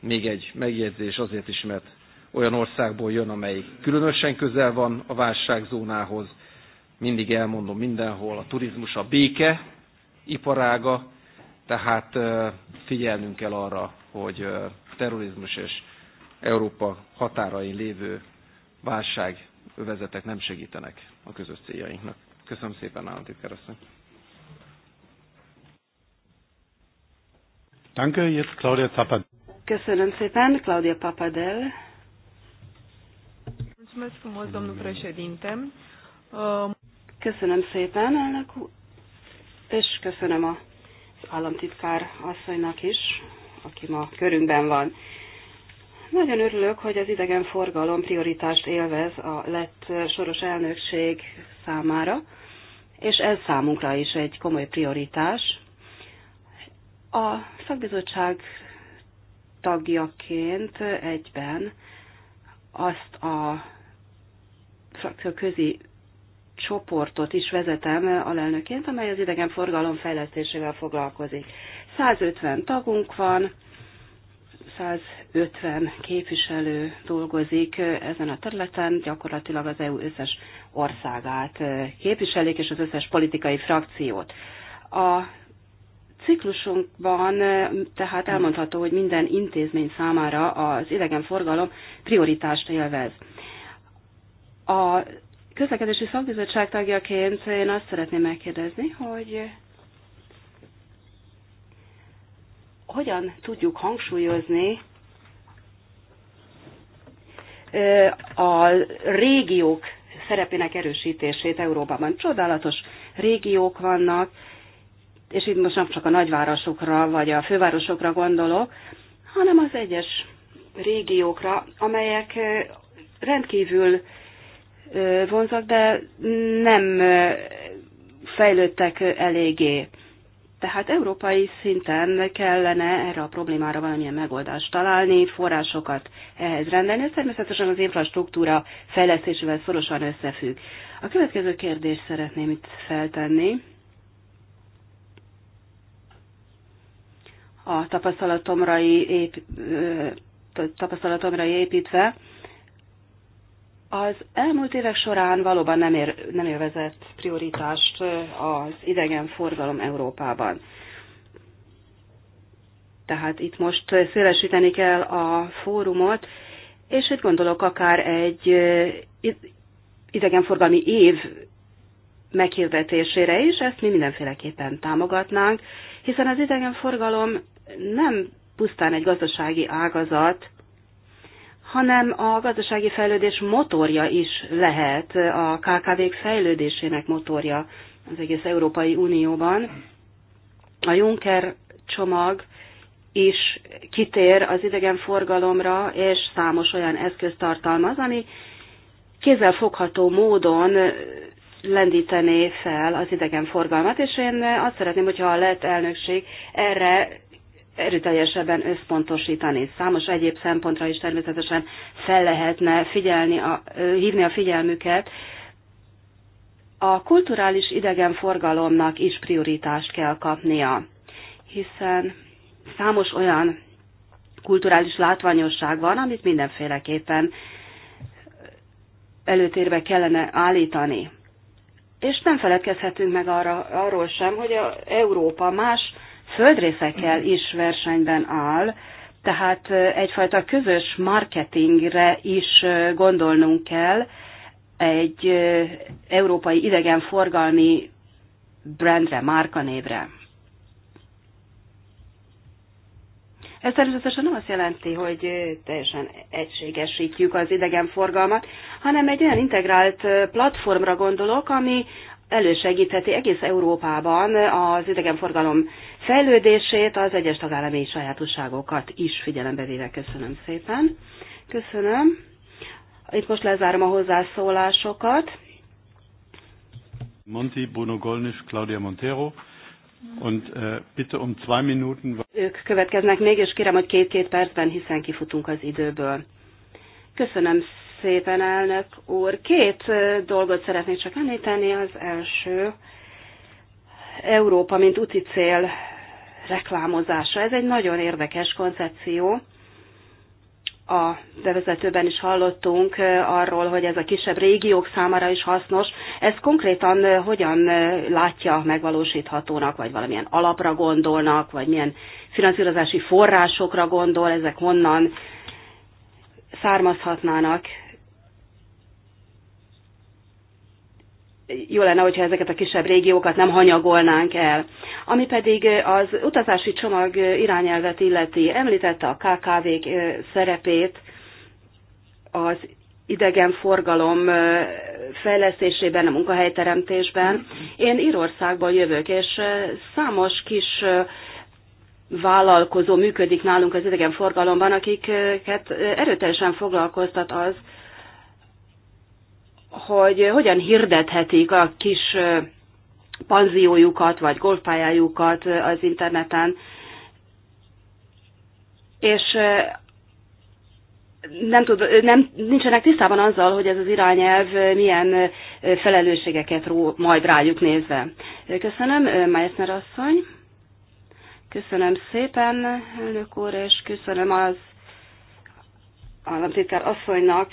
Még egy megjegyzés azért is, mert olyan országból jön, amely különösen közel van a válságzónához. Mindig elmondom mindenhol, a turizmus a béke iparága, tehát figyelnünk kell arra, hogy terrorizmus és Európa határain lévő válság övezetek nem segítenek a közös céljainknak. Köszönöm szépen, államtitkár asszony. Claudia Köszönöm szépen, Claudia Papadel. Mm. Köszönöm szépen, elnök úr, és köszönöm a államtitkár asszonynak is, aki ma körünkben van. Nagyon örülök, hogy az idegenforgalom prioritást élvez a lett soros elnökség számára, és ez számunkra is egy komoly prioritás. A szakbizottság tagjaként egyben azt a frakcióközi csoportot is vezetem alelnöként, amely az idegenforgalom fejlesztésével foglalkozik. 150 tagunk van, 150 képviselő dolgozik ezen a területen, gyakorlatilag az EU összes országát képviselik, és az összes politikai frakciót. A ciklusunkban tehát elmondható, hogy minden intézmény számára az idegenforgalom prioritást élvez. A közlekedési szakbizottság tagjaként én azt szeretném megkérdezni, hogy hogyan tudjuk hangsúlyozni a régiók szerepének erősítését Európában. Csodálatos régiók vannak, és itt most nem csak a nagyvárosokra vagy a fővárosokra gondolok, hanem az egyes régiókra, amelyek rendkívül vonzak, de nem fejlődtek eléggé. Tehát európai szinten kellene erre a problémára valamilyen megoldást találni, forrásokat ehhez rendelni. Ez természetesen az infrastruktúra fejlesztésével szorosan összefügg. A következő kérdést szeretném itt feltenni. A tapasztalatomra, ép, tapasztalatomra építve az elmúlt évek során valóban nem, ér, nem élvezett prioritást az idegenforgalom Európában. Tehát itt most szélesíteni kell a fórumot, és itt gondolok akár egy idegenforgalmi év meghirdetésére is, ezt mi mindenféleképpen támogatnánk, hiszen az idegenforgalom nem pusztán egy gazdasági ágazat, hanem a gazdasági fejlődés motorja is lehet, a KKV-k fejlődésének motorja az egész Európai Unióban. A Juncker csomag is kitér az idegenforgalomra, és számos olyan eszköz tartalmaz, ami kézzelfogható módon lendítené fel az idegenforgalmat, és én azt szeretném, hogyha a lett elnökség erre erőteljesebben összpontosítani. Számos egyéb szempontra is természetesen fel lehetne figyelni a, hívni a figyelmüket. A kulturális idegenforgalomnak is prioritást kell kapnia, hiszen számos olyan kulturális látványosság van, amit mindenféleképpen előtérbe kellene állítani. És nem feledkezhetünk meg arra, arról sem, hogy a Európa más földrészekkel is versenyben áll, tehát egyfajta közös marketingre is gondolnunk kell, egy európai idegenforgalmi brandre, márkanévre. Ez természetesen nem azt jelenti, hogy teljesen egységesítjük az idegenforgalmat, hanem egy olyan integrált platformra gondolok, ami elősegítheti egész Európában az idegenforgalom fejlődését, az egyes tagállami sajátosságokat is figyelembe véve. Köszönöm szépen. Köszönöm. Itt most lezárom a hozzászólásokat. Monti, Bruno Gollnisch, Claudia Montero. Und, uh, bitte um zwei Minuten... Ők következnek még, és kérem, hogy két-két percben, hiszen kifutunk az időből. Köszönöm szépen, elnök úr. Két dolgot szeretnék csak említeni. Az első, Európa, mint úti cél reklámozása. Ez egy nagyon érdekes koncepció. A bevezetőben is hallottunk arról, hogy ez a kisebb régiók számára is hasznos. Ez konkrétan hogyan látja megvalósíthatónak, vagy valamilyen alapra gondolnak, vagy milyen finanszírozási forrásokra gondol, ezek honnan származhatnának. jó lenne, hogyha ezeket a kisebb régiókat nem hanyagolnánk el. Ami pedig az utazási csomag irányelvet illeti, említette a kkv szerepét az idegenforgalom fejlesztésében, a munkahelyteremtésben. Én Írországból jövök, és számos kis vállalkozó működik nálunk az idegenforgalomban, akiket erőteljesen foglalkoztat az, hogy hogyan hirdethetik a kis panziójukat vagy golfpályájukat az interneten, és nem, tud, nem nincsenek tisztában azzal, hogy ez az irányelv milyen felelősségeket ró majd rájuk nézve. Köszönöm, Meissner asszony. Köszönöm szépen, elnök úr, és köszönöm az államtitkár asszonynak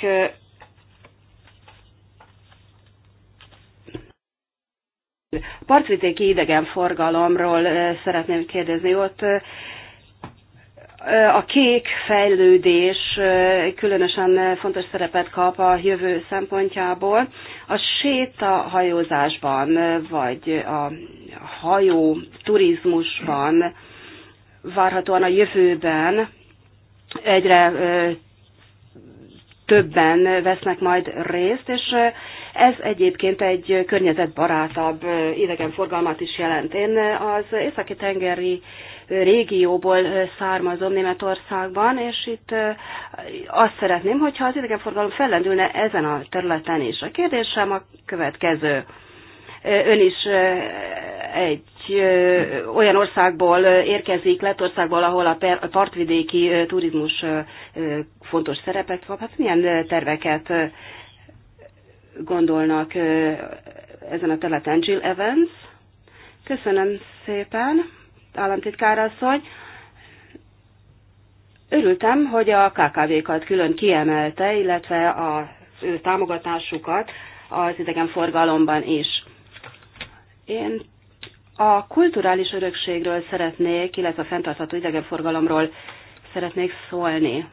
Partvidéki idegenforgalomról eh, szeretném kérdezni. Ott eh, eh, a kék fejlődés különösen fontos szerepet kap a jövő szempontjából. A sétahajózásban, vagy a hajó turizmusban várhatóan a jövőben egyre többen vesznek majd részt, és ez egyébként egy környezetbarátabb idegenforgalmat is jelent. Én az északi tengeri régióból származom Németországban, és itt azt szeretném, hogyha az idegenforgalom fellendülne ezen a területen is. A kérdésem a következő. Ön is egy olyan országból érkezik, Lettországból, ahol a partvidéki turizmus fontos szerepet kap. Hát milyen terveket gondolnak ezen a területen. Jill Evans, köszönöm szépen, asszony. Örültem, hogy a KKV-kat külön kiemelte, illetve az ő támogatásukat az idegenforgalomban is. Én a kulturális örökségről szeretnék, illetve a fenntartható idegenforgalomról szeretnék szólni.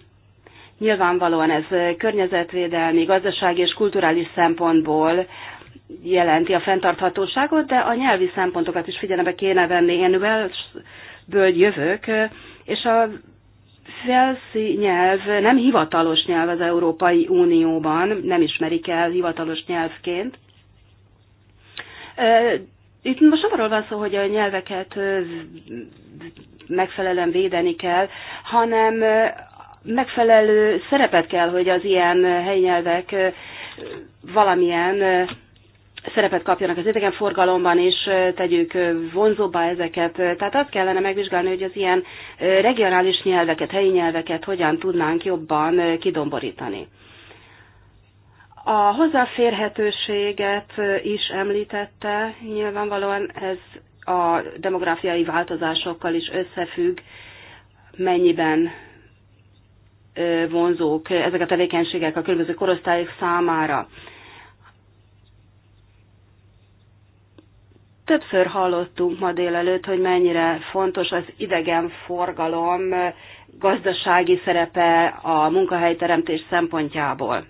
Nyilvánvalóan ez környezetvédelmi, gazdasági és kulturális szempontból jelenti a fenntarthatóságot, de a nyelvi szempontokat is figyelembe kéne venni. Én Welshből jövök, és a Velszi nyelv nem hivatalos nyelv az Európai Unióban, nem ismerik el hivatalos nyelvként. Itt most arról van szó, hogy a nyelveket megfelelően védeni kell, hanem megfelelő szerepet kell, hogy az ilyen helynyelvek valamilyen szerepet kapjanak az idegenforgalomban, és tegyük vonzóbbá ezeket. Tehát azt kellene megvizsgálni, hogy az ilyen regionális nyelveket, helyi nyelveket hogyan tudnánk jobban kidomborítani. A hozzáférhetőséget is említette, nyilvánvalóan ez a demográfiai változásokkal is összefügg, mennyiben vonzók ezek a tevékenységek a különböző korosztályok számára. Többször hallottunk ma délelőtt, hogy mennyire fontos az idegenforgalom gazdasági szerepe a munkahelyteremtés szempontjából.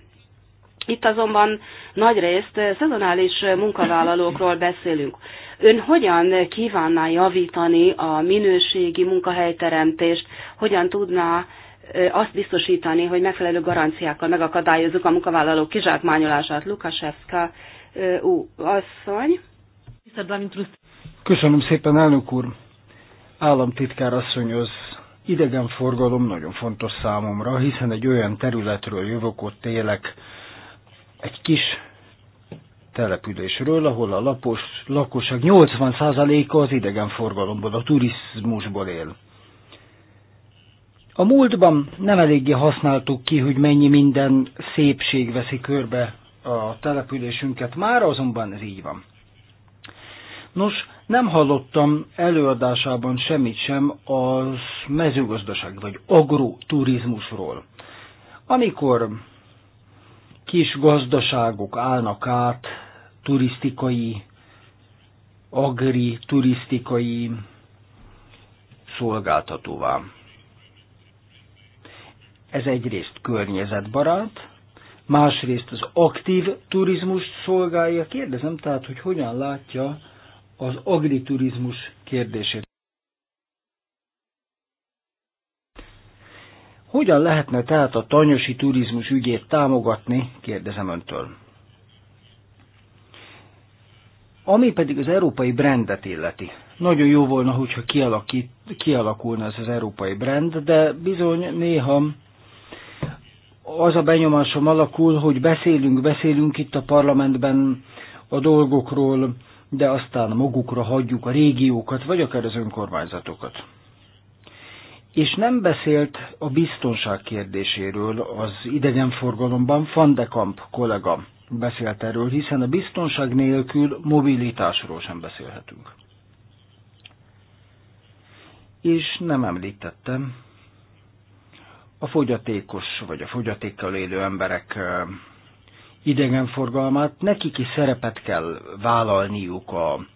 Itt azonban nagyrészt szezonális munkavállalókról beszélünk. Ön hogyan kívánná javítani a minőségi munkahelyteremtést, hogyan tudná azt biztosítani, hogy megfelelő garanciákkal megakadályozzuk a munkavállalók kizsákmányolását. Lukasevska ú, asszony. Köszönöm szépen, elnök úr. Államtitkár asszony, az idegenforgalom nagyon fontos számomra, hiszen egy olyan területről jövök, ott élek, egy kis településről, ahol a lapos, lakosság 80%-a az idegenforgalomból, a turizmusból él. A múltban nem eléggé használtuk ki, hogy mennyi minden szépség veszi körbe a településünket, már azonban ez így van. Nos, nem hallottam előadásában semmit sem az mezőgazdaság vagy agroturizmusról. Amikor kis gazdaságok állnak át turisztikai, agri-turisztikai szolgáltatóvá. Ez egyrészt környezetbarát, másrészt az aktív turizmust szolgálja. Kérdezem tehát, hogy hogyan látja az agriturizmus kérdését. Hogyan lehetne tehát a tanyosi turizmus ügyét támogatni, kérdezem öntől. Ami pedig az európai brandet illeti. Nagyon jó volna, hogyha kialakít, kialakulna ez az európai brand, de bizony néha az a benyomásom alakul, hogy beszélünk, beszélünk itt a parlamentben a dolgokról, de aztán magukra hagyjuk a régiókat, vagy akár az önkormányzatokat. És nem beszélt a biztonság kérdéséről az idegenforgalomban, Van de Kamp kollega beszélt erről, hiszen a biztonság nélkül mobilitásról sem beszélhetünk. És nem említettem, a fogyatékos vagy a fogyatékkal élő emberek idegenforgalmát, nekik is szerepet kell vállalniuk a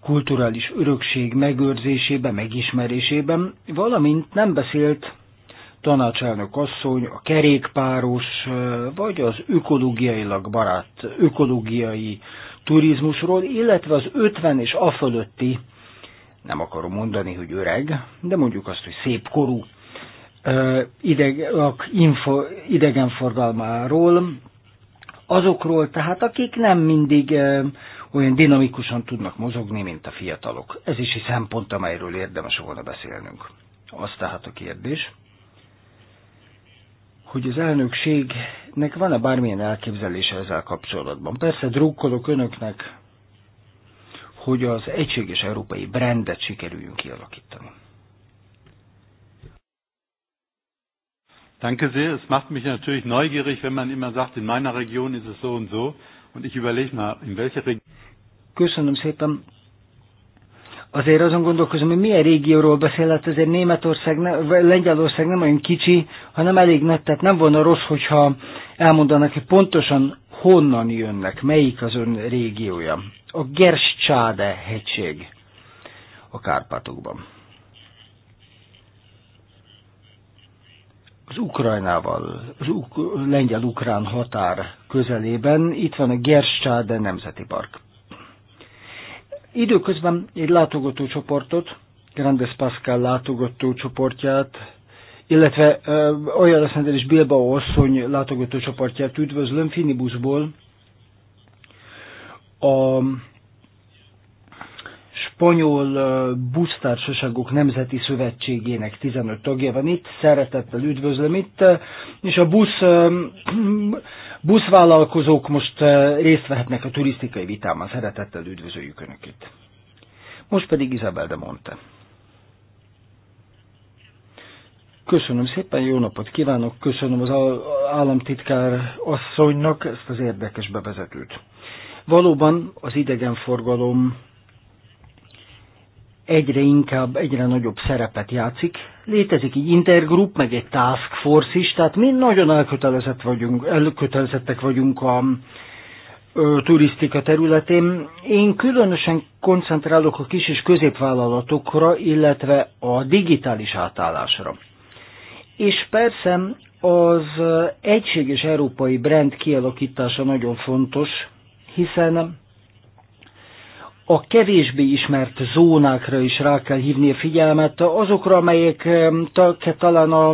kulturális örökség megőrzésében, megismerésében, valamint nem beszélt tanácselnök asszony a kerékpáros vagy az ökológiailag barát, ökológiai turizmusról, illetve az 50 és fölötti, nem akarom mondani, hogy öreg, de mondjuk azt, hogy szép korú ideg, info, idegenforgalmáról, azokról tehát, akik nem mindig olyan dinamikusan tudnak mozogni, mint a fiatalok. Ez is egy szempont, amelyről érdemes volna beszélnünk. Az tehát a kérdés, hogy az elnökségnek van-e bármilyen elképzelése ezzel kapcsolatban. Persze drukkolok önöknek, hogy az egységes európai brendet sikerüljünk kialakítani. Danke sehr. Es macht mich natürlich neugierig, wenn man immer sagt, in meiner Region ist es so und so. Und ich überlege mal, in welcher Region. Köszönöm szépen. Azért azon gondolkozom, hogy milyen régióról beszél, hát azért Németország, ne, Lengyelország nem olyan kicsi, hanem elég nagy, tehát nem volna rossz, hogyha elmondanak, hogy pontosan honnan jönnek, melyik az ön régiója. A Gerscsáde hegység a Kárpátokban. az Ukrajnával, az uk- lengyel-ukrán határ közelében. Itt van a Gerstáde Nemzeti Park. Időközben egy látogatócsoportot, Grandes Pascal látogatócsoportját, illetve uh, olyan Alexander és Bilbao asszony látogatócsoportját üdvözlöm Finibuszból, a spanyol busztársaságok nemzeti szövetségének 15 tagja van itt, szeretettel üdvözlöm itt, és a busz, buszvállalkozók most részt vehetnek a turisztikai vitában, szeretettel üdvözöljük Önöket. Most pedig Izabel de Monte. Köszönöm szépen, jó napot kívánok, köszönöm az államtitkár asszonynak ezt az érdekes bevezetőt. Valóban az idegenforgalom egyre inkább, egyre nagyobb szerepet játszik. Létezik egy intergroup, meg egy task force is, tehát mi nagyon elkötelezett vagyunk, elkötelezettek vagyunk a ö, turisztika területén. Én különösen koncentrálok a kis és középvállalatokra, illetve a digitális átállásra. És persze az egységes európai brand kialakítása nagyon fontos, hiszen a kevésbé ismert zónákra is rá kell hívni a figyelmet, azokra, amelyek talán a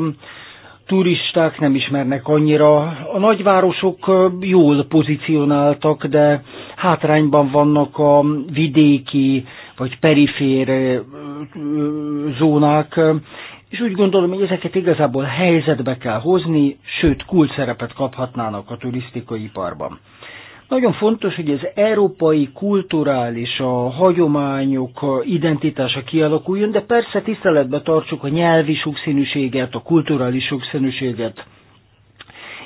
turisták nem ismernek annyira. A nagyvárosok jól pozícionáltak, de hátrányban vannak a vidéki vagy perifér zónák, és úgy gondolom, hogy ezeket igazából helyzetbe kell hozni, sőt, kulcs szerepet kaphatnának a turisztikai iparban. Nagyon fontos, hogy az európai kulturális, a hagyományok a identitása kialakuljon, de persze tiszteletbe tartsuk a nyelvi sokszínűséget, a kulturális sokszínűséget,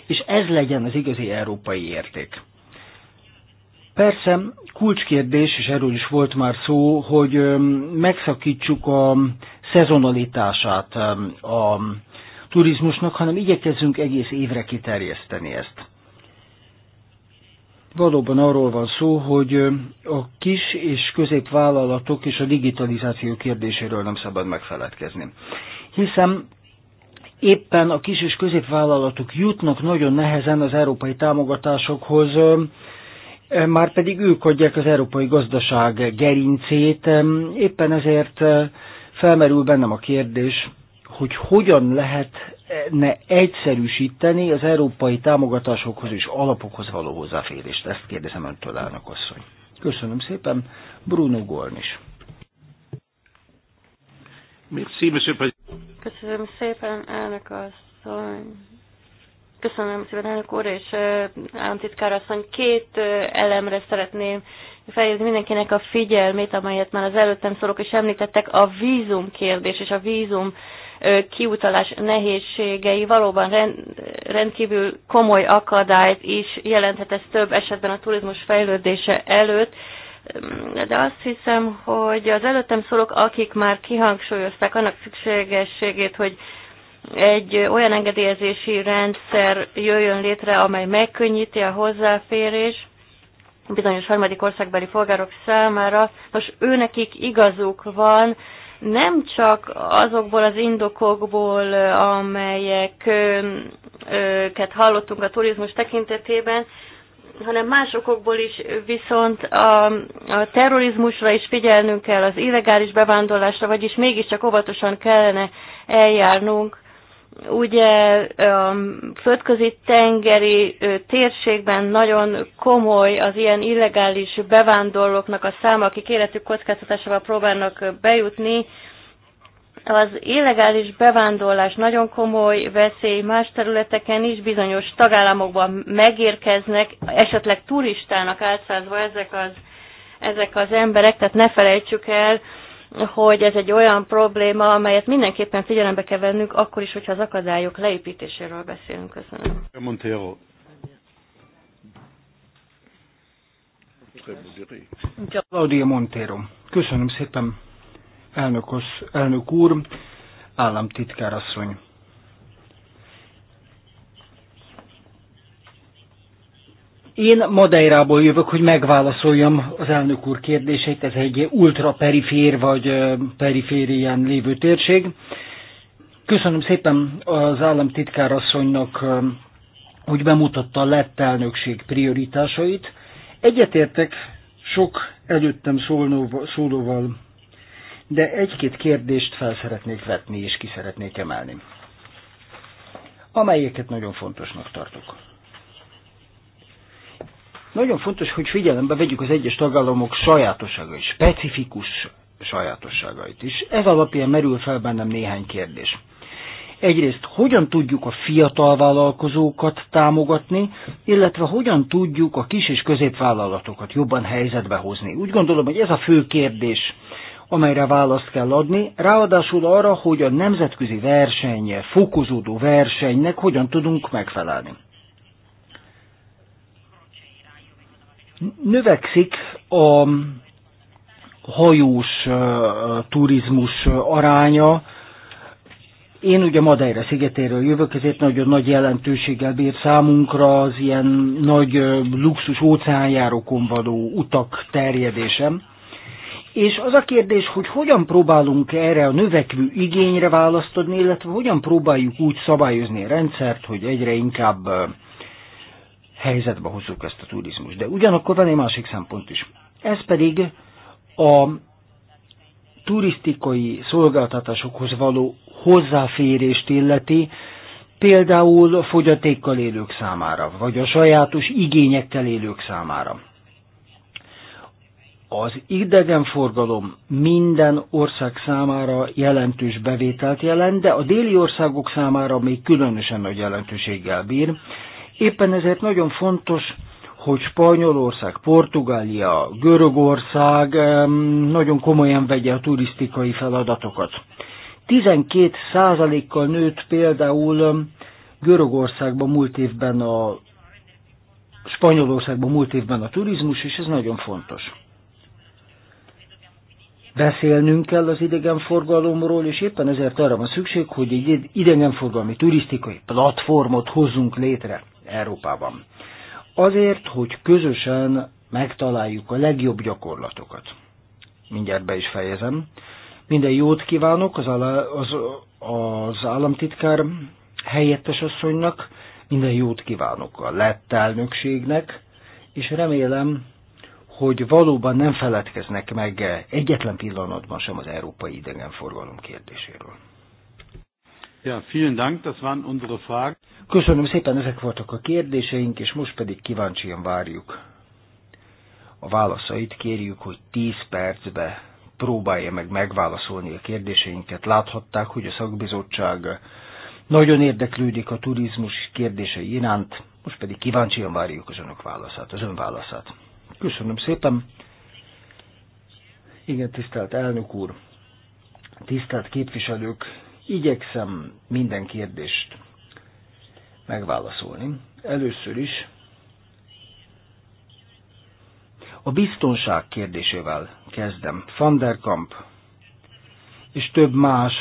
és ez legyen az igazi európai érték. Persze kulcskérdés, és erről is volt már szó, hogy megszakítsuk a szezonalitását a turizmusnak, hanem igyekezzünk egész évre kiterjeszteni ezt. Valóban arról van szó, hogy a kis és középvállalatok és a digitalizáció kérdéséről nem szabad megfeledkezni. Hiszen éppen a kis és középvállalatok jutnak nagyon nehezen az európai támogatásokhoz, már pedig ők adják az európai gazdaság gerincét, éppen ezért felmerül bennem a kérdés, hogy hogyan lehet lehetne egyszerűsíteni az európai támogatásokhoz és alapokhoz való hozzáférést? Ezt kérdezem öntől, elnök asszony. Köszönöm szépen. Bruno Gornis. Köszönöm szépen, elnök asszony. Köszönöm szépen, elnök úr és államtitkár asszony. Két elemre szeretném felhívni mindenkinek a figyelmét, amelyet már az előttem szorok is említettek, a vízum kérdés és a vízum kiutalás nehézségei valóban rend, rendkívül komoly akadályt is jelenthet ez több esetben a turizmus fejlődése előtt, de azt hiszem, hogy az előttem szólók, akik már kihangsúlyozták annak szükségességét, hogy egy olyan engedélyezési rendszer jöjjön létre, amely megkönnyíti a hozzáférés bizonyos harmadik országbeli polgárok számára. Most őnekik igazuk van, nem csak azokból az indokokból, amelyeket hallottunk a turizmus tekintetében, hanem más okokból is, viszont a, a terrorizmusra is figyelnünk kell, az illegális bevándorlásra, vagyis mégiscsak óvatosan kellene eljárnunk, ugye a um, földközi tengeri térségben nagyon komoly az ilyen illegális bevándorlóknak a száma, akik életük kockáztatásával próbálnak bejutni. Az illegális bevándorlás nagyon komoly veszély más területeken is, bizonyos tagállamokban megérkeznek, esetleg turistának átszázva ezek az, ezek az emberek, tehát ne felejtsük el, hogy ez egy olyan probléma, amelyet mindenképpen figyelembe kell vennünk, akkor is, hogyha az akadályok leépítéséről beszélünk. Köszönöm. Montero. Claudia Montero. Köszönöm szépen, elnök, elnök úr, államtitkár asszony. Én Madeirából jövök, hogy megválaszoljam az elnök úr kérdését, ez egy ultraperifér vagy periférián lévő térség. Köszönöm szépen az államtitkárasszonynak, hogy bemutatta a lett elnökség prioritásait. Egyetértek sok előttem szólóval, de egy-két kérdést fel szeretnék vetni és ki szeretnék emelni, amelyeket nagyon fontosnak tartok. Nagyon fontos, hogy figyelembe vegyük az egyes tagállamok sajátosságait, specifikus sajátosságait is. Ez alapján merül fel bennem néhány kérdés. Egyrészt, hogyan tudjuk a fiatal vállalkozókat támogatni, illetve hogyan tudjuk a kis és középvállalatokat jobban helyzetbe hozni. Úgy gondolom, hogy ez a fő kérdés, amelyre választ kell adni, ráadásul arra, hogy a nemzetközi verseny, fokozódó versenynek hogyan tudunk megfelelni. Növekszik a hajós turizmus aránya. Én ugye Madeira szigetéről jövök, ezért nagyon nagy jelentőséggel bír számunkra az ilyen nagy luxus óceánjárókon való utak terjedésem. És az a kérdés, hogy hogyan próbálunk erre a növekvő igényre választodni, illetve hogyan próbáljuk úgy szabályozni a rendszert, hogy egyre inkább helyzetbe hozzuk ezt a turizmus. De ugyanakkor van egy másik szempont is. Ez pedig a turisztikai szolgáltatásokhoz való hozzáférést illeti, például a fogyatékkal élők számára, vagy a sajátos igényekkel élők számára. Az idegenforgalom minden ország számára jelentős bevételt jelent, de a déli országok számára még különösen nagy jelentőséggel bír, Éppen ezért nagyon fontos, hogy Spanyolország, Portugália, Görögország nagyon komolyan vegye a turisztikai feladatokat. 12%-kal nőtt például Görögországban múlt évben a Spanyolországban múlt évben a turizmus, és ez nagyon fontos. Beszélnünk kell az idegenforgalomról, és éppen ezért arra van szükség, hogy egy idegenforgalmi turisztikai platformot hozzunk létre. Európában. Azért, hogy közösen megtaláljuk a legjobb gyakorlatokat. Mindjárt be is fejezem. Minden jót kívánok az, alá, az, az államtitkár helyettes asszonynak, minden jót kívánok a lett elnökségnek, és remélem, hogy valóban nem feledkeznek meg egyetlen pillanatban sem az európai idegenforgalom kérdéséről. Ja, vielen Dank, das waren unsere Fragen. Köszönöm szépen, ezek voltak a kérdéseink, és most pedig kíváncsian várjuk. A válaszait kérjük, hogy 10 percbe próbálja meg megválaszolni a kérdéseinket. Láthatták, hogy a szakbizottság nagyon érdeklődik a turizmus kérdései iránt, most pedig kíváncsian várjuk az önök válaszát, az ön válaszát. Köszönöm szépen. Igen, tisztelt elnök úr, tisztelt képviselők, Igyekszem minden kérdést megválaszolni. Először is a biztonság kérdésével kezdem. Van der Kamp és több más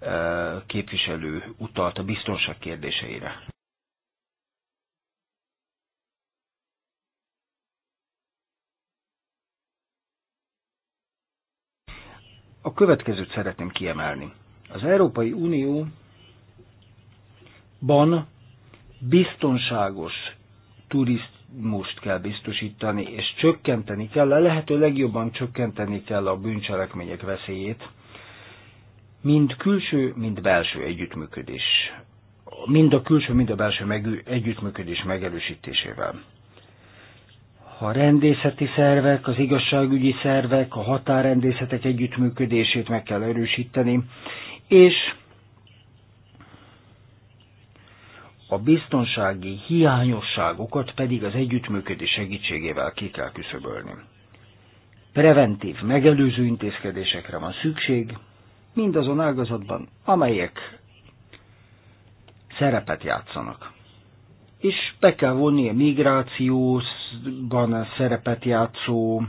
e, képviselő utalt a biztonság kérdéseire. A következőt szeretném kiemelni. Az Európai Unióban biztonságos turizmust kell biztosítani, és csökkenteni kell, a lehető legjobban csökkenteni kell a bűncselekmények veszélyét, mind külső, mind belső együttműködés. Mind a külső, mind a belső meg, együttműködés megerősítésével. A rendészeti szervek, az igazságügyi szervek, a határrendészetek együttműködését meg kell erősíteni, és a biztonsági hiányosságokat pedig az együttműködés segítségével ki kell küszöbölni. Preventív, megelőző intézkedésekre van szükség, mindazon ágazatban, amelyek szerepet játszanak. És be kell vonni a migrációban szerepet játszó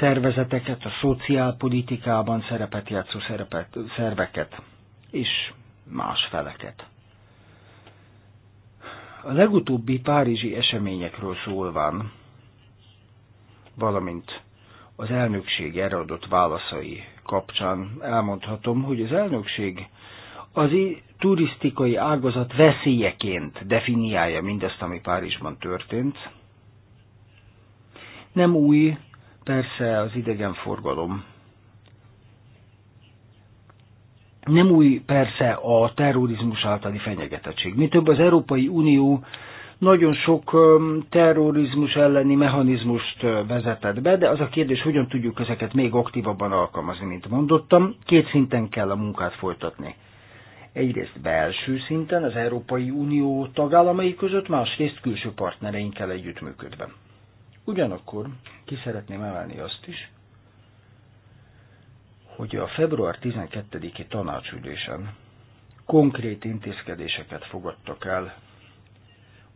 szervezeteket, a szociálpolitikában szerepet játszó szerepet, szerveket és más feleket. A legutóbbi párizsi eseményekről szólván, valamint az elnökség erre adott válaszai kapcsán elmondhatom, hogy az elnökség az turisztikai ágazat veszélyeként definiálja mindezt, ami Párizsban történt. Nem új persze az idegenforgalom. Nem új persze a terrorizmus általi fenyegetettség. Mi több az Európai Unió nagyon sok terrorizmus elleni mechanizmust vezetett be, de az a kérdés, hogyan tudjuk ezeket még aktívabban alkalmazni, mint mondottam. Két szinten kell a munkát folytatni. Egyrészt belső szinten, az Európai Unió tagállamai között, másrészt külső partnereinkkel együttműködve. Ugyanakkor ki szeretném emelni azt is, hogy a február 12-i tanácsülésen konkrét intézkedéseket fogadtak el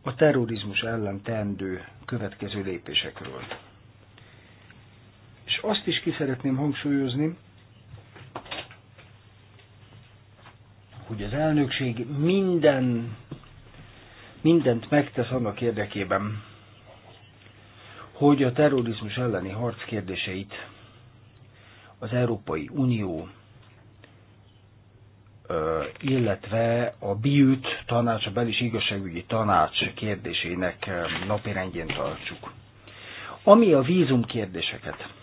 a terrorizmus ellen teendő következő lépésekről. És azt is ki szeretném hangsúlyozni, hogy az elnökség minden, mindent megtesz annak érdekében, hogy a terrorizmus elleni harc kérdéseit az Európai Unió, illetve a BIÜT tanács, a belis igazságügyi tanács kérdésének napirendjén tartsuk. Ami a vízum kérdéseket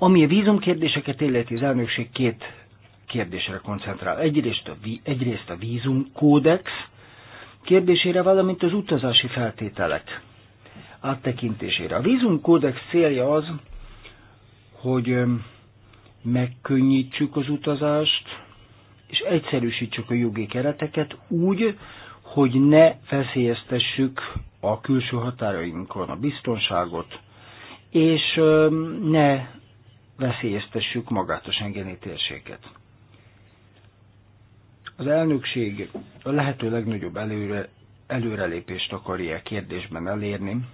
Ami a vízumkérdéseket illeti, az elnökség két kérdésre koncentrál. Egyrészt a, egyrészt a vízum kódex kérdésére, valamint az utazási feltételek áttekintésére. A vízum kódex célja az, hogy megkönnyítsük az utazást, és egyszerűsítsük a jogi kereteket úgy, hogy ne feszélyeztessük a külső határainkon a biztonságot, és ne veszélyeztessük magát a Schengeni térséget. Az elnökség a lehető legnagyobb előre, előrelépést akarja kérdésben elérni,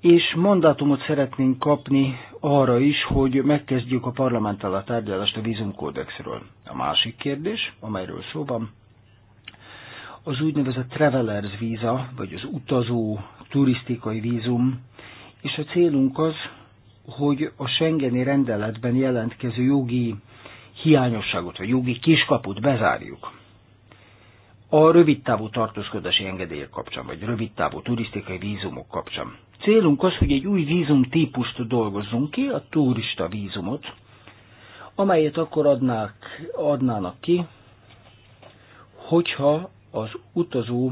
és mandátumot szeretnénk kapni arra is, hogy megkezdjük a parlamenttel a tárgyalást a vízumkódexről. A másik kérdés, amelyről szó van, az úgynevezett travelers víza, vagy az utazó turisztikai vízum, és a célunk az, hogy a Schengeni rendeletben jelentkező jogi hiányosságot, vagy jogi kiskaput bezárjuk. A rövidtávú tartózkodási engedélyek kapcsán, vagy rövidtávú turisztikai vízumok kapcsán. Célunk az, hogy egy új vízum típust dolgozzunk ki, a turista vízumot, amelyet akkor adnák, adnának ki, hogyha az utazó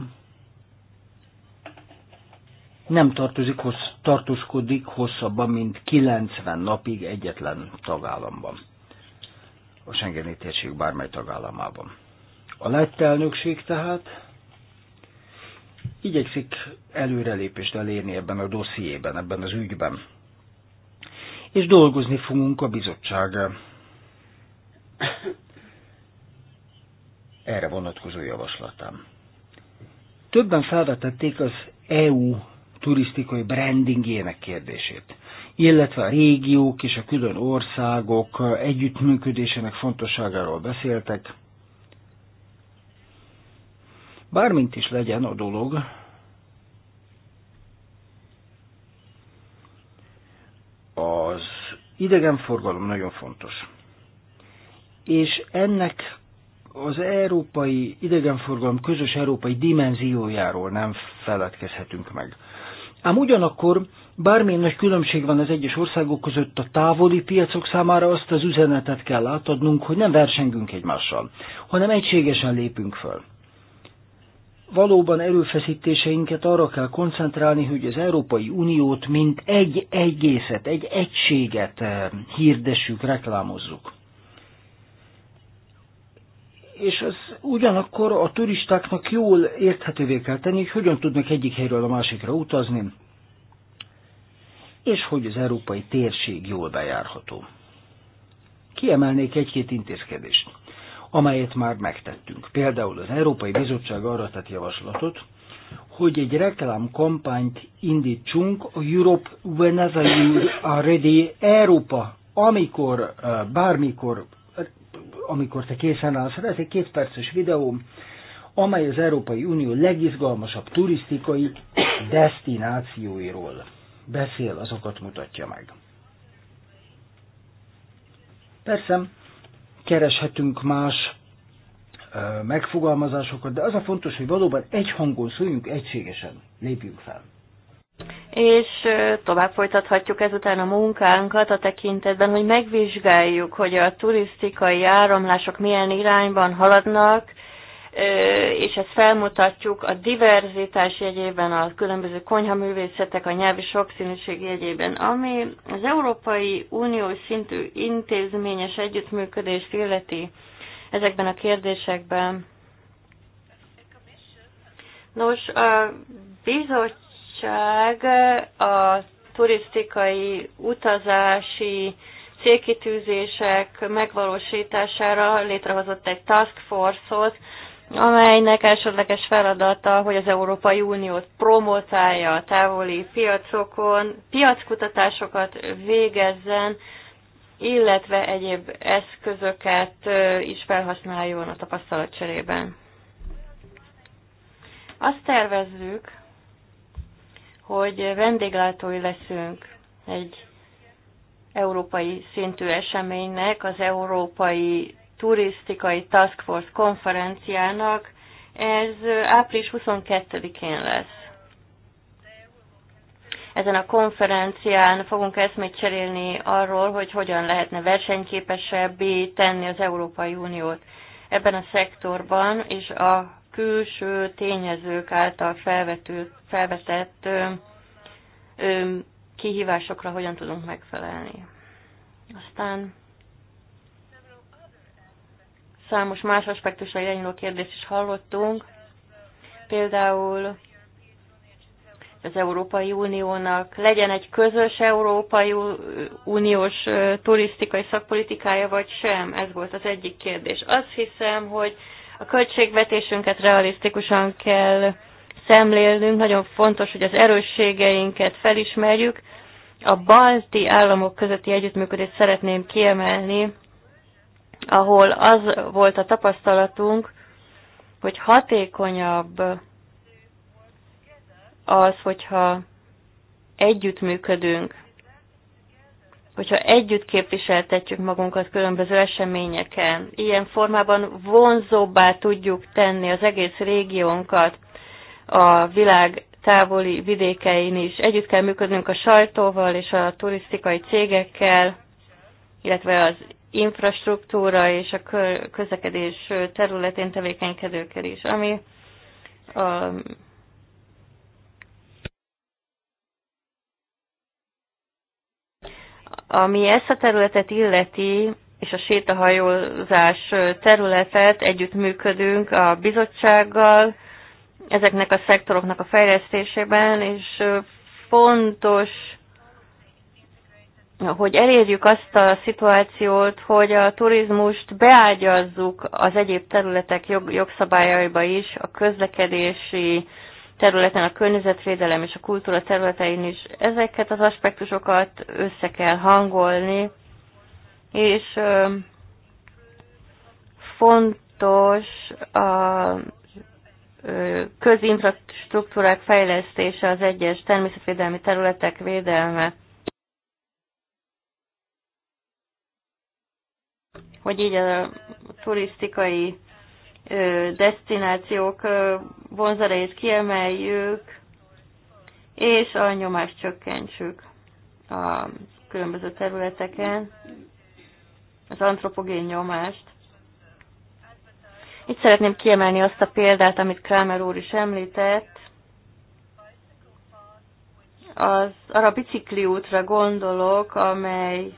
nem tartozik, hossz, tartózkodik hosszabban, mint 90 napig egyetlen tagállamban a Schengeni térség bármely tagállamában. A lett elnökség tehát igyekszik előrelépést elérni ebben a dossziében, ebben az ügyben. És dolgozni fogunk a bizottság erre vonatkozó javaslatán. Többen felvetették az EU turisztikai brandingjének kérdését illetve a régiók és a külön országok együttműködésének fontosságáról beszéltek. Bármint is legyen a dolog, az idegenforgalom nagyon fontos. És ennek az európai idegenforgalom közös európai dimenziójáról nem feledkezhetünk meg. Ám ugyanakkor bármilyen nagy különbség van az egyes országok között a távoli piacok számára, azt az üzenetet kell átadnunk, hogy nem versengünk egymással, hanem egységesen lépünk föl. Valóban erőfeszítéseinket arra kell koncentrálni, hogy az Európai Uniót mint egy egészet, egy egységet eh, hirdessük, reklámozzuk és az ugyanakkor a turistáknak jól érthetővé kell tenni, hogy hogyan tudnak egyik helyről a másikra utazni, és hogy az európai térség jól bejárható. Kiemelnék egy-két intézkedést, amelyet már megtettünk. Például az Európai Bizottság arra tett javaslatot, hogy egy reklámkampányt indítsunk a Europe Whenever You Are Ready Európa, amikor, eh, bármikor amikor te készen állsz. Ez egy két perces videó, amely az Európai Unió legizgalmasabb turisztikai destinációiról beszél, azokat mutatja meg. Persze, kereshetünk más megfogalmazásokat, de az a fontos, hogy valóban egy hangon szóljunk, egységesen lépjünk fel és tovább folytathatjuk ezután a munkánkat a tekintetben, hogy megvizsgáljuk, hogy a turisztikai áramlások milyen irányban haladnak, és ezt felmutatjuk a diverzitás jegyében, a különböző konyhaművészetek, a nyelvi sokszínűség jegyében, ami az Európai Unió szintű intézményes együttműködést illeti ezekben a kérdésekben. Nos, a bizottság bizottság a turisztikai utazási célkitűzések megvalósítására létrehozott egy task force-ot, amelynek elsődleges feladata, hogy az Európai Uniót promotálja a távoli piacokon, piackutatásokat végezzen, illetve egyéb eszközöket is felhasználjon a tapasztalatcserében. Azt tervezzük, hogy vendéglátói leszünk egy európai szintű eseménynek, az Európai Turisztikai Task Force konferenciának. Ez április 22-én lesz. Ezen a konferencián fogunk eszmét cserélni arról, hogy hogyan lehetne versenyképesebbé tenni az Európai Uniót ebben a szektorban, és a külső tényezők által felvető, felvetett ö, ö, kihívásokra hogyan tudunk megfelelni. Aztán számos más aspektusra irányuló kérdést is hallottunk, például az Európai Uniónak legyen egy közös Európai Uniós turisztikai szakpolitikája, vagy sem? Ez volt az egyik kérdés. Azt hiszem, hogy a költségvetésünket realisztikusan kell szemlélnünk, nagyon fontos, hogy az erősségeinket felismerjük. A balti államok közötti együttműködést szeretném kiemelni, ahol az volt a tapasztalatunk, hogy hatékonyabb az, hogyha együttműködünk hogyha együtt képviseltetjük magunkat különböző eseményeken, ilyen formában vonzóbbá tudjuk tenni az egész régiónkat a világ távoli vidékein is. Együtt kell működnünk a sajtóval és a turisztikai cégekkel, illetve az infrastruktúra és a közlekedés területén tevékenykedőkkel is, ami a Ami ezt a területet illeti, és a sétahajózás területet működünk a bizottsággal, ezeknek a szektoroknak a fejlesztésében, és fontos, hogy elérjük azt a szituációt, hogy a turizmust beágyazzuk az egyéb területek jog, jogszabályaiba is, a közlekedési területen, a környezetvédelem és a kultúra területein is. Ezeket az aspektusokat össze kell hangolni, és fontos a közinfrastruktúrák fejlesztése, az egyes természetvédelmi területek védelme, hogy így a turisztikai destinációk vonzereit kiemeljük, és a nyomást csökkentsük a különböző területeken, az antropogén nyomást. Itt szeretném kiemelni azt a példát, amit Kramer úr is említett, az arra bicikli útra gondolok, amely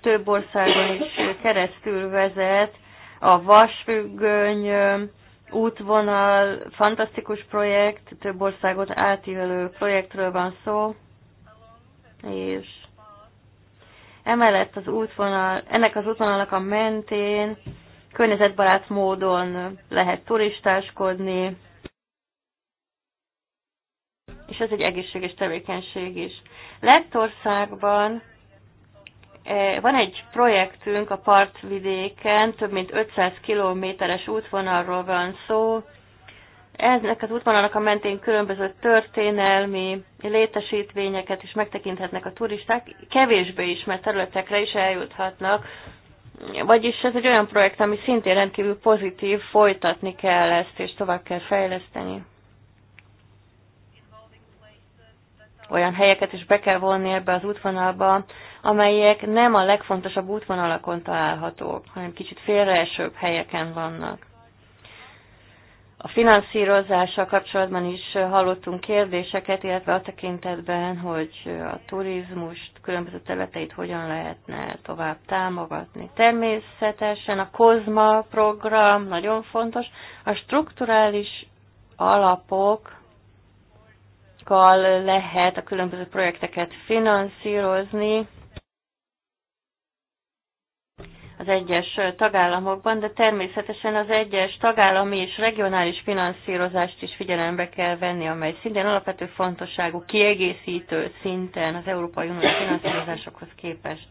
több országon is keresztül vezet, a vasfüggöny útvonal, fantasztikus projekt, több országot átívelő projektről van szó, és emellett az útvonal, ennek az útvonalnak a mentén környezetbarát módon lehet turistáskodni, és ez egy egészséges tevékenység is. Lettországban E, van egy projektünk a partvidéken, több mint 500 kilométeres útvonalról van szó. Ennek az útvonalnak a mentén különböző történelmi létesítményeket is megtekinthetnek a turisták, kevésbé ismert területekre is eljuthatnak, vagyis ez egy olyan projekt, ami szintén rendkívül pozitív, folytatni kell ezt, és tovább kell fejleszteni. Olyan helyeket is be kell vonni ebbe az útvonalba, amelyek nem a legfontosabb útvonalakon találhatók, hanem kicsit félreesőbb helyeken vannak. A finanszírozással kapcsolatban is hallottunk kérdéseket, illetve a tekintetben, hogy a turizmust különböző területeit hogyan lehetne tovább támogatni. Természetesen a COSMA program nagyon fontos. A strukturális alapokkal lehet a különböző projekteket finanszírozni, az egyes tagállamokban, de természetesen az egyes tagállami és regionális finanszírozást is figyelembe kell venni, amely szintén alapvető fontosságú kiegészítő szinten az Európai Unió finanszírozásokhoz képest.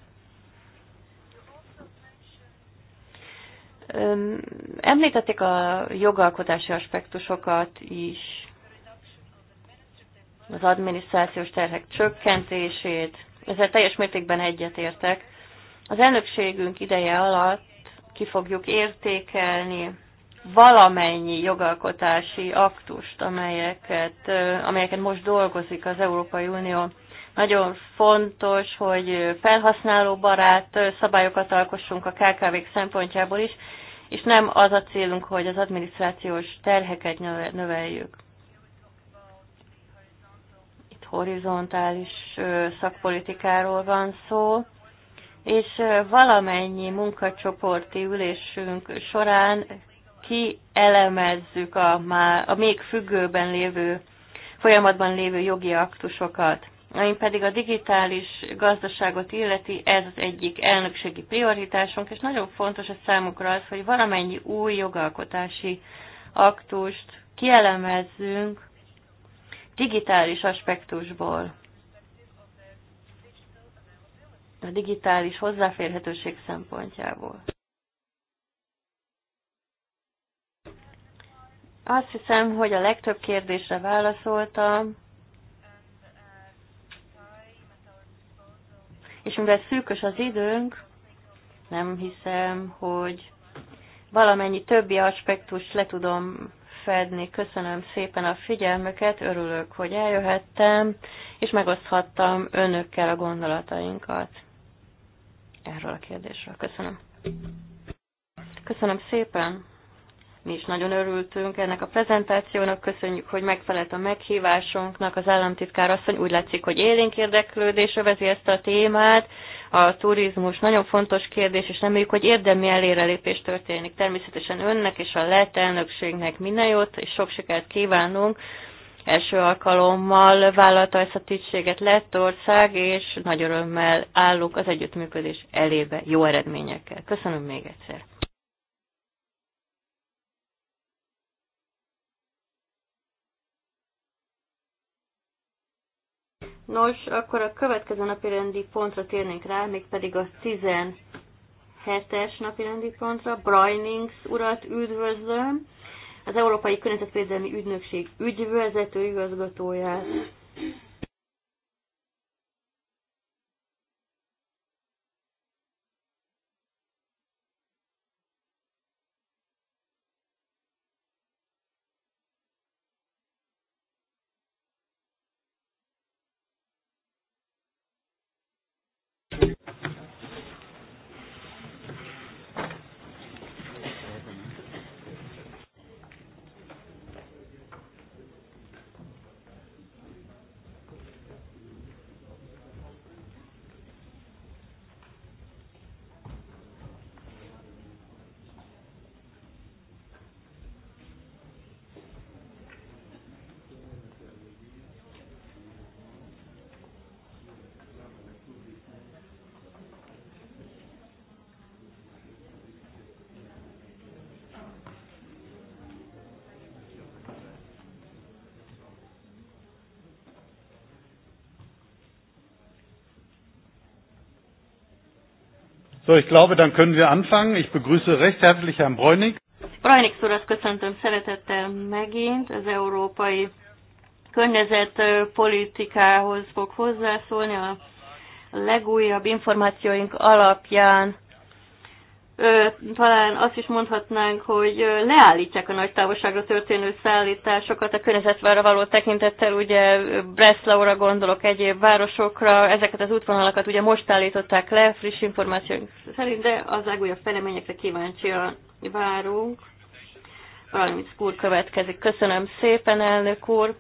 Említették a jogalkotási aspektusokat is, az adminisztrációs terhek csökkentését, ezzel teljes mértékben egyetértek az elnökségünk ideje alatt ki fogjuk értékelni valamennyi jogalkotási aktust, amelyeket, amelyeket most dolgozik az Európai Unió. Nagyon fontos, hogy felhasználóbarát szabályokat alkossunk a KKV-k szempontjából is, és nem az a célunk, hogy az adminisztrációs terheket növeljük. Itt horizontális szakpolitikáról van szó és valamennyi munkacsoporti ülésünk során kielemezzük a, már, a még függőben lévő, folyamatban lévő jogi aktusokat. Ami pedig a digitális gazdaságot illeti, ez az egyik elnökségi prioritásunk, és nagyon fontos a számukra az, hogy valamennyi új jogalkotási aktust kielemezzünk digitális aspektusból a digitális hozzáférhetőség szempontjából. Azt hiszem, hogy a legtöbb kérdésre válaszoltam, és mivel szűkös az időnk, nem hiszem, hogy valamennyi többi aspektus le tudom fedni. Köszönöm szépen a figyelmüket, örülök, hogy eljöhettem, és megoszthattam önökkel a gondolatainkat erről a kérdésről. Köszönöm. Köszönöm szépen. Mi is nagyon örültünk ennek a prezentációnak, köszönjük, hogy megfelelt a meghívásunknak az államtitkár asszony. Úgy látszik, hogy élénk érdeklődés övezi ezt a témát. A turizmus nagyon fontos kérdés, és nem hogy érdemi elérelépés történik. Természetesen önnek és a lett elnökségnek minden jót, és sok sikert kívánunk első alkalommal vállalta ezt a tisztséget Lettország, és nagy örömmel állunk az együttműködés elébe jó eredményekkel. Köszönöm még egyszer. Nos, akkor a következő napi rendi pontra térnénk rá, mégpedig a 17-es napi rendi pontra. Brainings urat üdvözlöm! az Európai Környezetvédelmi Ügynökség ügyvezető igazgatóját, So, ich glaube, dann können wir anfangen. Ich begrüße recht herzlich Herrn Bräunig. Bräunig das köszöntöm szeretettel megint az európai környezetpolitikához fog hozzászólni a legújabb információink alapján talán azt is mondhatnánk, hogy leállítják a nagy távolságra történő szállításokat a környezetvára való tekintettel, ugye Breslaura gondolok egyéb városokra, ezeket az útvonalakat ugye most állították le, friss információk szerint, de az legújabb fejleményekre kíváncsian várunk. Valamint úr következik. Köszönöm szépen, elnök úr!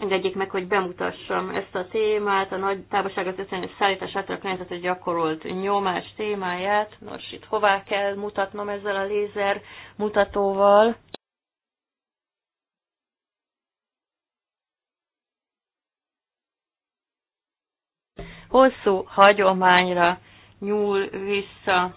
Engedjék meg, hogy bemutassam ezt a témát, a nagy távolságot ötlenes szállítás által környezetre gyakorolt nyomás témáját. Nos, itt hová kell mutatnom ezzel a lézer mutatóval? Hosszú hagyományra nyúl vissza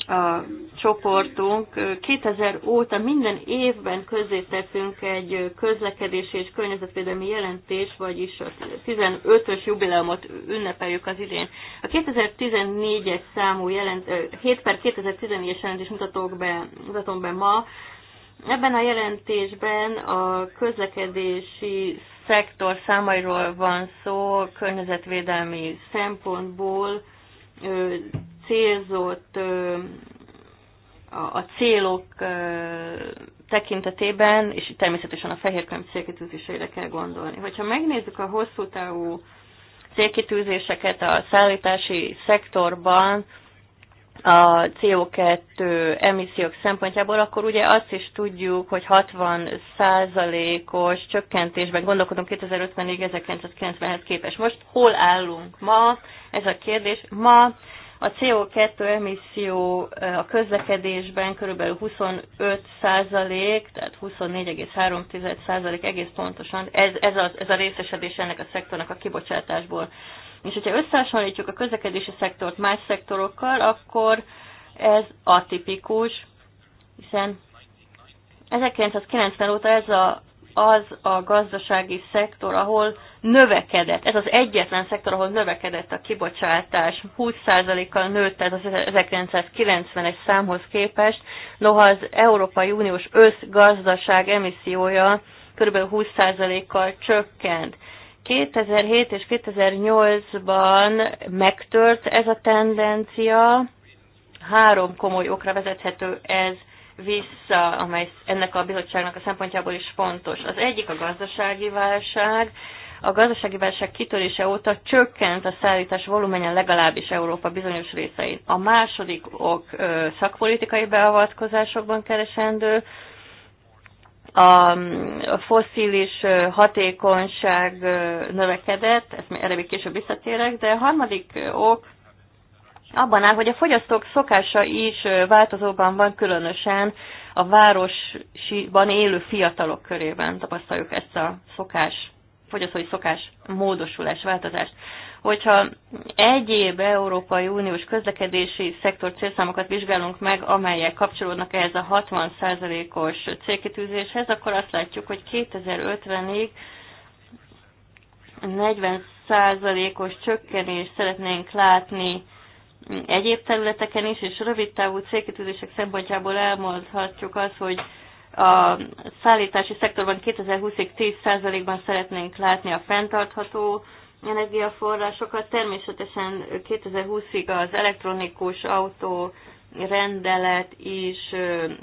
a csoportunk 2000 óta minden évben közzétettünk egy közlekedési és környezetvédelmi jelentés, vagyis a 15-ös jubileumot ünnepeljük az idén. A 2014-es számú jelent, 7 per 2014-es jelentés mutatok be, mutatom be ma. Ebben a jelentésben a közlekedési szektor számairól van szó, környezetvédelmi szempontból célzott a célok tekintetében, és természetesen a fehér könyv célkitűzéseire kell gondolni. Hogyha megnézzük a hosszú távú célkitűzéseket a szállítási szektorban, a CO2 emissziók szempontjából, akkor ugye azt is tudjuk, hogy 60 százalékos csökkentésben gondolkodunk 2050-ig 1990-hez képest. Most hol állunk ma? Ez a kérdés. Ma a CO2 emisszió a közlekedésben körülbelül 25 százalék, tehát 24,3 százalék egész pontosan. Ez, ez, a, ez a részesedés ennek a szektornak a kibocsátásból. És hogyha összehasonlítjuk a közlekedési szektort más szektorokkal, akkor ez atipikus, hiszen 1990 óta ez a az a gazdasági szektor, ahol növekedett. Ez az egyetlen szektor, ahol növekedett a kibocsátás. 20%-kal nőtt ez az 1991 számhoz képest, noha az Európai Uniós összgazdaság emissziója kb. 20%-kal csökkent. 2007 és 2008-ban megtört ez a tendencia, három komoly okra vezethető ez vissza, amely ennek a bizottságnak a szempontjából is fontos. Az egyik a gazdasági válság. A gazdasági válság kitörése óta csökkent a szállítás volumenje legalábbis Európa bizonyos részein. A második ok szakpolitikai beavatkozásokban keresendő, a foszilis hatékonyság növekedett, ezt erre még később visszatérek, de a harmadik ok abban áll, hogy a fogyasztók szokása is változóban van, különösen a városban élő fiatalok körében tapasztaljuk ezt a szokás, fogyasztói szokás módosulás, változást. Hogyha egyéb Európai Uniós közlekedési szektor célszámokat vizsgálunk meg, amelyek kapcsolódnak ehhez a 60%-os célkitűzéshez, akkor azt látjuk, hogy 2050-ig 40%-os csökkenést szeretnénk látni egyéb területeken is, és rövid távú célkitűzések szempontjából elmondhatjuk azt, hogy a szállítási szektorban 2020-ig 10%-ban szeretnénk látni a fenntartható energiaforrásokat. Természetesen 2020-ig az elektronikus autó rendelet is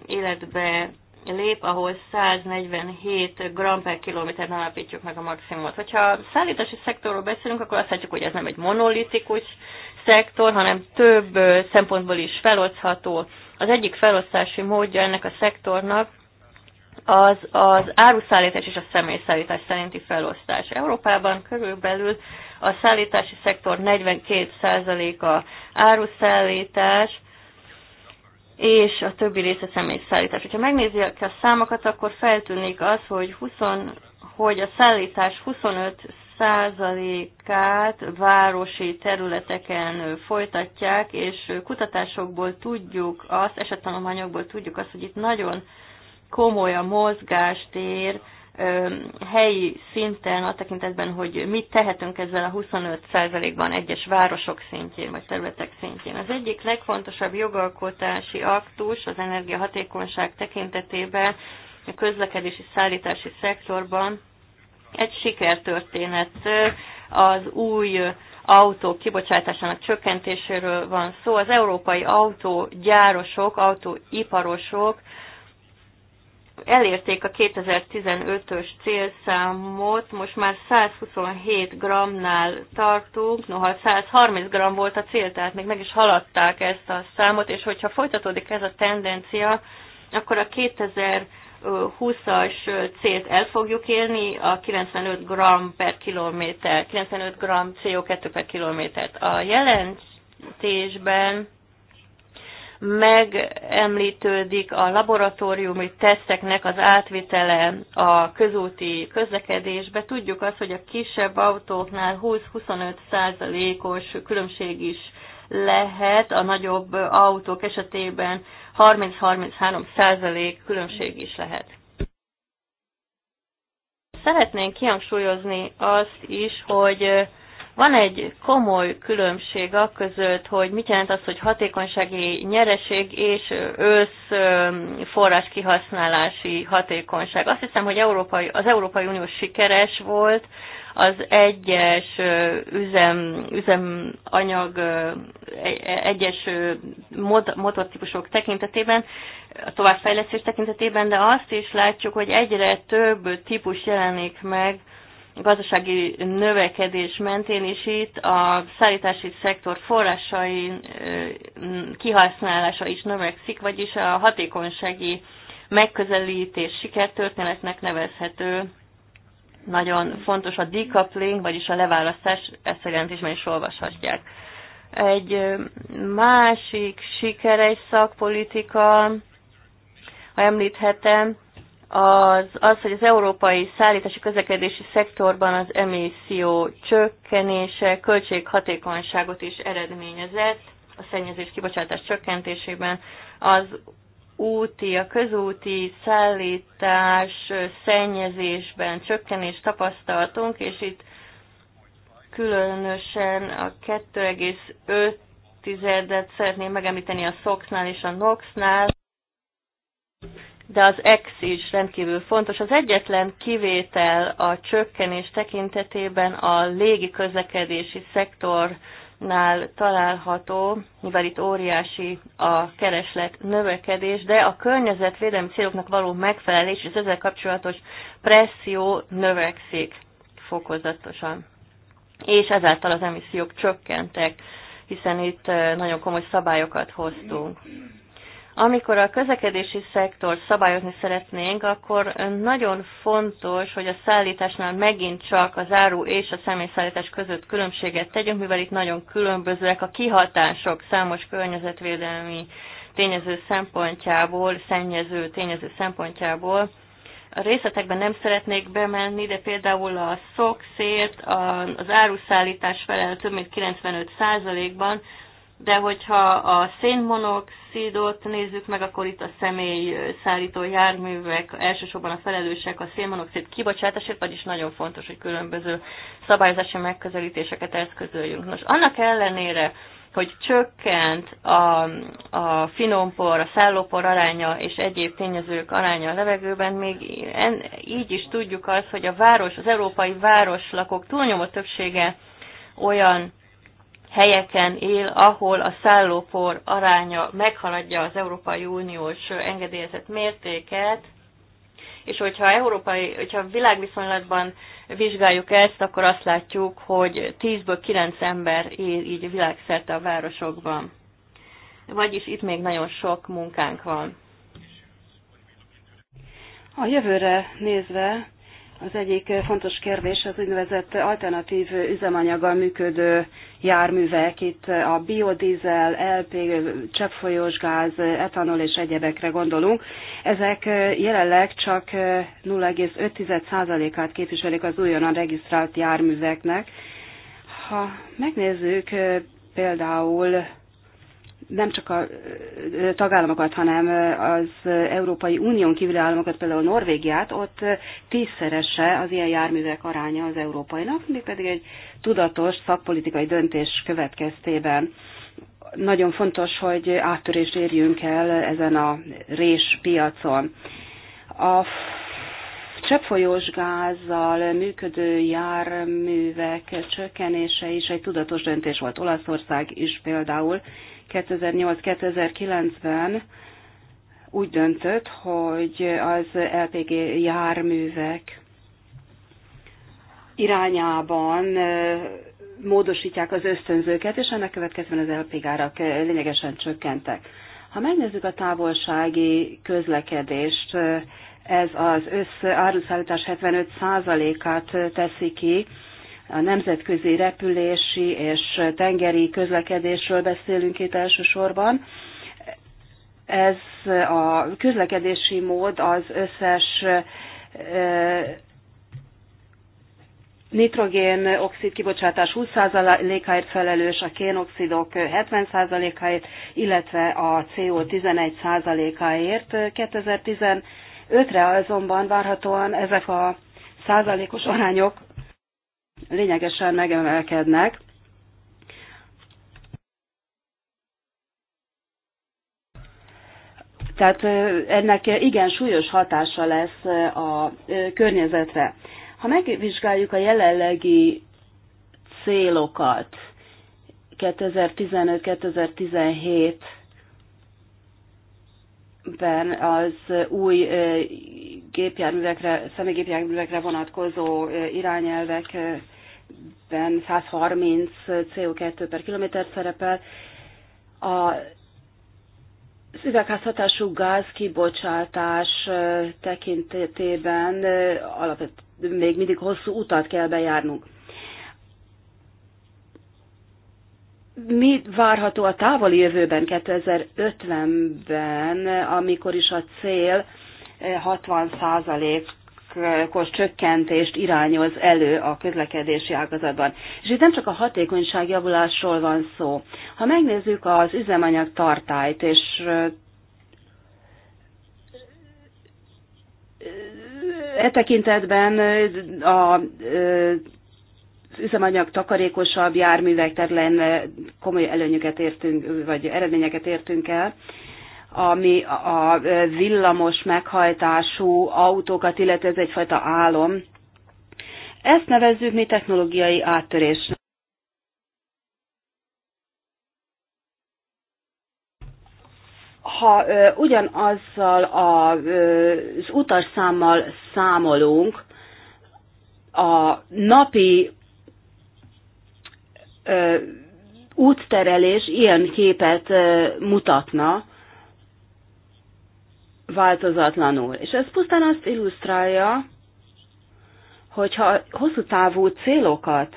életbe lép, ahol 147 g per kilométeren alapítjuk meg a maximumot. Hogyha a szállítási szektorról beszélünk, akkor azt látjuk, hogy ez nem egy monolitikus szektor, hanem több szempontból is felosztható. Az egyik felosztási módja ennek a szektornak az az áruszállítás és a személyszállítás szerinti felosztás. Európában körülbelül a szállítási szektor 42%-a áruszállítás, és a többi része személyszállítás. Ha megnézzük a számokat, akkor feltűnik az, hogy, 20, hogy a szállítás 25 százalékát városi területeken folytatják, és kutatásokból tudjuk azt, esettanulmányokból tudjuk azt, hogy itt nagyon komoly a mozgástér helyi szinten a tekintetben, hogy mit tehetünk ezzel a 25%-ban egyes városok szintjén, vagy területek szintjén. Az egyik legfontosabb jogalkotási aktus az energiahatékonyság tekintetében a közlekedési szállítási szektorban egy sikertörténet. Az új autók kibocsátásának csökkentéséről van szó. Az európai autógyárosok, autóiparosok elérték a 2015-ös célszámot, most már 127 grammnál tartunk, noha 130 gram volt a cél, tehát még meg is haladták ezt a számot, és hogyha folytatódik ez a tendencia, akkor a 2000 20-as célt el fogjuk élni, a 95 g per kilométer, 95 g CO2 per kilométert. A jelentésben megemlítődik a laboratóriumi teszteknek az átvitele a közúti közlekedésbe. Tudjuk azt, hogy a kisebb autóknál 20-25 százalékos különbség is lehet, a nagyobb autók esetében 30-33 százalék különbség is lehet. Szeretnénk kihangsúlyozni azt is, hogy van egy komoly különbség a között, hogy mit jelent az, hogy hatékonysági nyereség és ősz forrás kihasználási hatékonyság. Azt hiszem, hogy az Európai Unió sikeres volt az egyes üzem, üzemanyag, e, e, egyes motortípusok tekintetében, a továbbfejlesztés tekintetében, de azt is látjuk, hogy egyre több típus jelenik meg gazdasági növekedés mentén is itt a szállítási szektor forrásai kihasználása is növekszik, vagyis a hatékonysági megközelítés sikertörténetnek nevezhető nagyon fontos a decoupling, vagyis a leválasztás, ezt a jelentésben is olvashatják. Egy másik sikeres szakpolitika, ha említhetem, az, az, hogy az európai szállítási közlekedési szektorban az emisszió csökkenése költséghatékonyságot is eredményezett a szennyezés kibocsátás csökkentésében. Az úti, a közúti szállítás szennyezésben csökkenést tapasztaltunk, és itt különösen a 2,5-et szeretném megemlíteni a SOX-nál és a NOX-nál, de az X is rendkívül fontos. Az egyetlen kivétel a csökkenés tekintetében a légi közlekedési szektor nál található, mivel itt óriási a kereslet növekedés, de a környezetvédelmi céloknak való megfelelés és ezzel kapcsolatos presszió növekszik fokozatosan. És ezáltal az emissziók csökkentek, hiszen itt eh, nagyon komoly szabályokat hoztunk. Amikor a közlekedési szektor szabályozni szeretnénk, akkor nagyon fontos, hogy a szállításnál megint csak az áru és a személyszállítás között különbséget tegyünk, mivel itt nagyon különbözőek a kihatások számos környezetvédelmi tényező szempontjából, szennyező tényező szempontjából. A részletekben nem szeretnék bemenni, de például a szokszét, az áruszállítás felel több mint 95%-ban, de hogyha a szénmonoxidot nézzük meg, akkor itt a személy szállító járművek elsősorban a felelősek a szénmonoxid kibocsátásért, vagyis nagyon fontos, hogy különböző szabályozási megközelítéseket eszközöljünk. Nos, annak ellenére, hogy csökkent a, a finompor, a szállópor aránya és egyéb tényezők aránya a levegőben, még en, így is tudjuk azt, hogy a város, az európai városlakók túlnyomó többsége olyan helyeken él, ahol a szállópor aránya meghaladja az Európai Uniós engedélyezett mértéket, és hogyha, európai, hogyha világviszonylatban vizsgáljuk ezt, akkor azt látjuk, hogy 10-ből 9 ember él így világszerte a városokban. Vagyis itt még nagyon sok munkánk van. A jövőre nézve az egyik fontos kérdés az úgynevezett alternatív üzemanyaggal működő járművek. Itt a biodízel, LP, cseppfolyós gáz, etanol és egyebekre gondolunk. Ezek jelenleg csak 0,5%-át képviselik az újonnan regisztrált járműveknek. Ha megnézzük például nem csak a tagállamokat, hanem az Európai Unión kívüli államokat, például Norvégiát, ott tízszerese az ilyen járművek aránya az európainak, pedig egy tudatos szakpolitikai döntés következtében. Nagyon fontos, hogy áttörést érjünk el ezen a rés piacon. A cseppfolyós gázzal működő járművek csökkenése is egy tudatos döntés volt. Olaszország is például 2008-2009-ben úgy döntött, hogy az LPG járművek irányában módosítják az ösztönzőket, és ennek következően az LPG árak lényegesen csökkentek. Ha megnézzük a távolsági közlekedést, ez az össz 75%-át teszi ki, a nemzetközi repülési és tengeri közlekedésről beszélünk itt elsősorban. Ez a közlekedési mód az összes nitrogén oxid kibocsátás 20%-áért felelős, a kénoxidok 70%-áért, illetve a CO 11%-áért. 2015-re azonban várhatóan ezek a százalékos arányok lényegesen megemelkednek. Tehát ennek igen súlyos hatása lesz a környezetre. Ha megvizsgáljuk a jelenlegi célokat 2015-2017-ben az új gépjárművekre, személygépjárművekre vonatkozó irányelvekben 130 CO2 per kilométer szerepel. A az üvegházhatású gáz kibocsátás tekintetében alapvetően még mindig hosszú utat kell bejárnunk. Mi várható a távoli jövőben, 2050-ben, amikor is a cél 60%-os csökkentést irányoz elő a közlekedési ágazatban. És itt nem csak a hatékonyság javulásról van szó. Ha megnézzük az üzemanyag tartályt, és e tekintetben a üzemanyag takarékosabb járművek területén komoly előnyöket értünk, vagy eredményeket értünk el ami a villamos meghajtású autókat, illetve ez egyfajta álom. Ezt nevezzük mi technológiai áttörésnek. Ha ö, ugyanazzal a, ö, az utasszámmal számolunk, a napi ö, útterelés ilyen képet ö, mutatna, változatlanul. És ez pusztán azt illusztrálja, hogyha hosszú távú célokat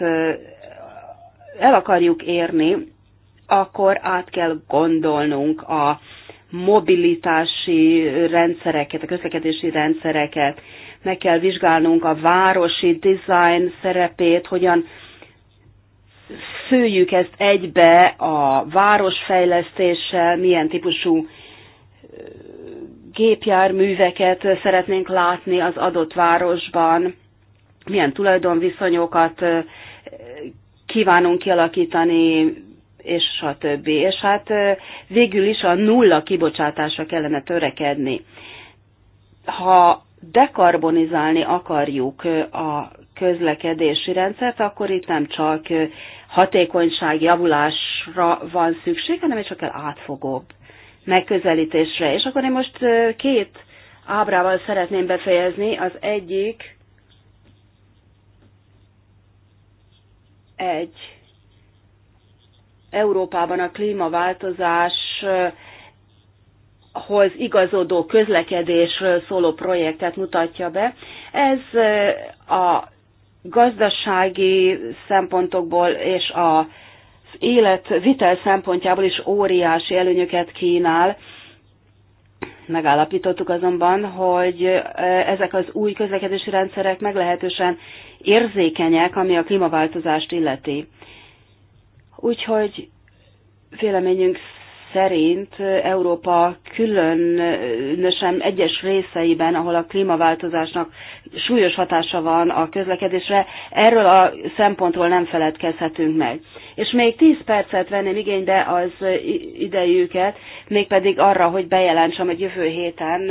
el akarjuk érni, akkor át kell gondolnunk a mobilitási rendszereket, a közlekedési rendszereket, meg kell vizsgálnunk a városi design szerepét, hogyan szőjük ezt egybe a városfejlesztéssel, milyen típusú gépjárműveket szeretnénk látni az adott városban, milyen tulajdonviszonyokat kívánunk kialakítani, és a többi. És hát végül is a nulla kibocsátásra kellene törekedni. Ha dekarbonizálni akarjuk a közlekedési rendszert, akkor itt nem csak hatékonyság javulásra van szükség, hanem egy sokkal átfogóbb megközelítésre. És akkor én most két ábrával szeretném befejezni. Az egyik egy Európában a klímaváltozáshoz igazodó közlekedésről szóló projektet mutatja be. Ez a gazdasági szempontokból és a életvitel szempontjából is óriási előnyöket kínál. Megállapítottuk azonban, hogy ezek az új közlekedési rendszerek meglehetősen érzékenyek, ami a klímaváltozást illeti. Úgyhogy véleményünk szerint Európa különösen egyes részeiben, ahol a klímaváltozásnak súlyos hatása van a közlekedésre, erről a szempontról nem feledkezhetünk meg. És még 10 percet venném igénybe az idejüket, mégpedig arra, hogy bejelentsem, hogy jövő héten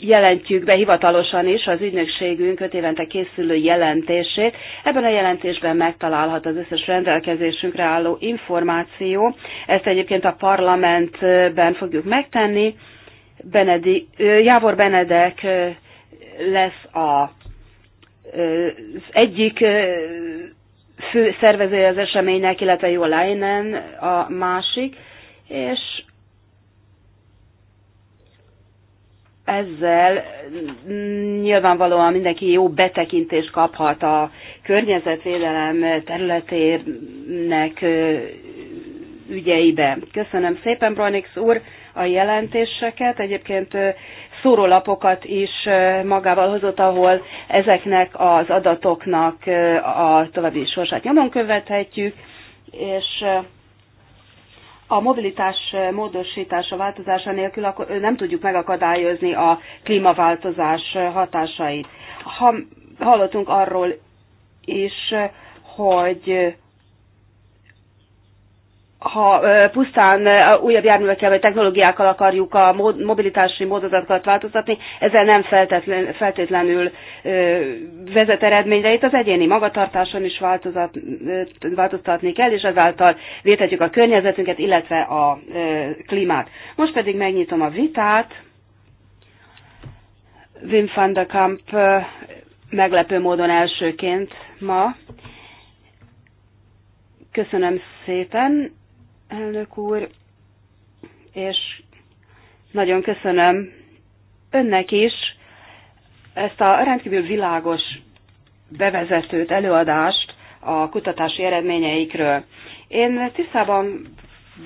jelentjük be hivatalosan is az ügynökségünk öt évente készülő jelentését. Ebben a jelentésben megtalálhat az összes rendelkezésünkre álló információ. Ezt egyébként a parlamentben fogjuk megtenni. Benedi, Jávor Benedek lesz a, az egyik fő szervezője az eseménynek, illetve Jó Leinen a másik, és ezzel nyilvánvalóan mindenki jó betekintést kaphat a környezetvédelem területének ügyeibe. Köszönöm szépen, Bronix úr, a jelentéseket. Egyébként szórólapokat is magával hozott, ahol ezeknek az adatoknak a további sorsát nyomon követhetjük, és a mobilitás módosítása, változása nélkül akkor nem tudjuk megakadályozni a klímaváltozás hatásait. Ha, hallottunk arról is, hogy ha pusztán újabb járművekkel vagy technológiákkal akarjuk a mobilitási módozatokat változtatni, ezzel nem feltétlenül vezet eredményre. Itt az egyéni magatartáson is változtatni kell, és ezáltal védhetjük a környezetünket, illetve a klímát. Most pedig megnyitom a vitát. Wim van der Kamp meglepő módon elsőként ma. Köszönöm szépen elnök úr, és nagyon köszönöm önnek is ezt a rendkívül világos bevezetőt, előadást a kutatási eredményeikről. Én tisztában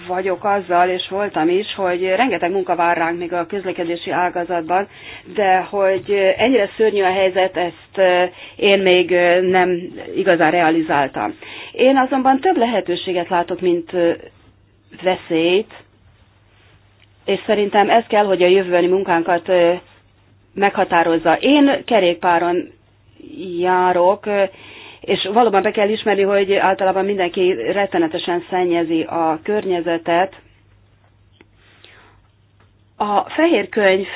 vagyok azzal, és voltam is, hogy rengeteg munka vár ránk még a közlekedési ágazatban, de hogy ennyire szörnyű a helyzet, ezt eh, én még eh, nem igazán realizáltam. Én azonban több lehetőséget látok, mint eh, veszélyt, és szerintem ez kell, hogy a jövőbeli munkánkat meghatározza. Én kerékpáron járok, és valóban be kell ismerni, hogy általában mindenki rettenetesen szennyezi a környezetet, a fehér könyv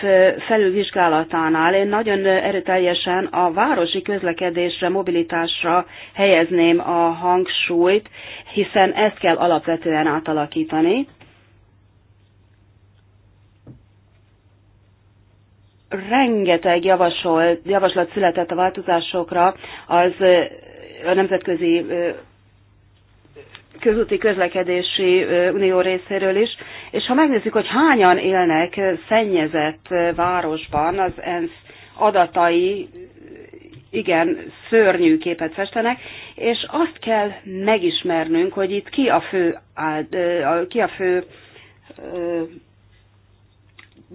felülvizsgálatánál én nagyon erőteljesen a városi közlekedésre, mobilitásra helyezném a hangsúlyt, hiszen ezt kell alapvetően átalakítani. Rengeteg javasol, javaslat született a változásokra az a nemzetközi közúti közlekedési unió részéről is, és ha megnézzük, hogy hányan élnek szennyezett városban, az ENSZ adatai igen szörnyű képet festenek, és azt kell megismernünk, hogy itt ki a fő, ki a fő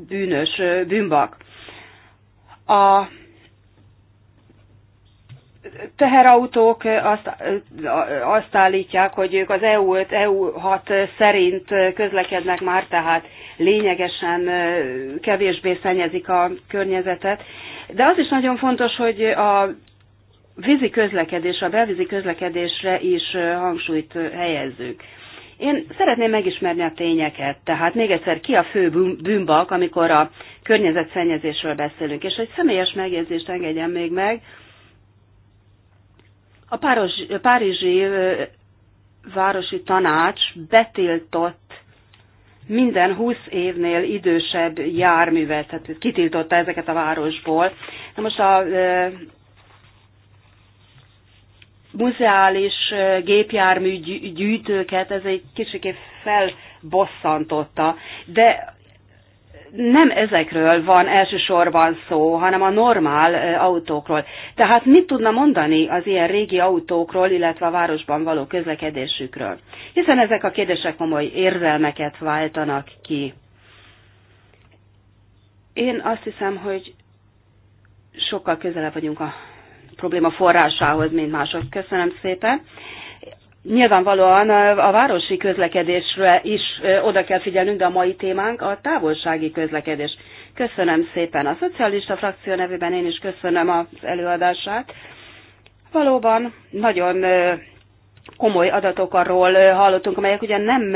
bűnös bűnbak. A teherautók azt, azt állítják, hogy ők az EU5, EU6 szerint közlekednek már, tehát lényegesen kevésbé szennyezik a környezetet. De az is nagyon fontos, hogy a vízi közlekedés, a belvízi közlekedésre is hangsúlyt helyezzük. Én szeretném megismerni a tényeket, tehát még egyszer ki a fő bűnbak, amikor a környezetszennyezésről beszélünk. És egy személyes megjegyzést engedjen még meg, a Páros, Párizsi Városi Tanács betiltott minden 20 évnél idősebb járművet, tehát kitiltotta ezeket a városból. Na most a muzeális gépjármű gyűjtőket ez egy kicsiké felbosszantotta, de nem ezekről van elsősorban szó, hanem a normál autókról. Tehát mit tudna mondani az ilyen régi autókról, illetve a városban való közlekedésükről? Hiszen ezek a kérdések komoly érzelmeket váltanak ki. Én azt hiszem, hogy sokkal közelebb vagyunk a probléma forrásához, mint mások. Köszönöm szépen. Nyilvánvalóan a városi közlekedésre is oda kell figyelnünk, de a mai témánk a távolsági közlekedés. Köszönöm szépen a szocialista frakció nevében, én is köszönöm az előadását. Valóban nagyon komoly adatok arról hallottunk, amelyek ugye nem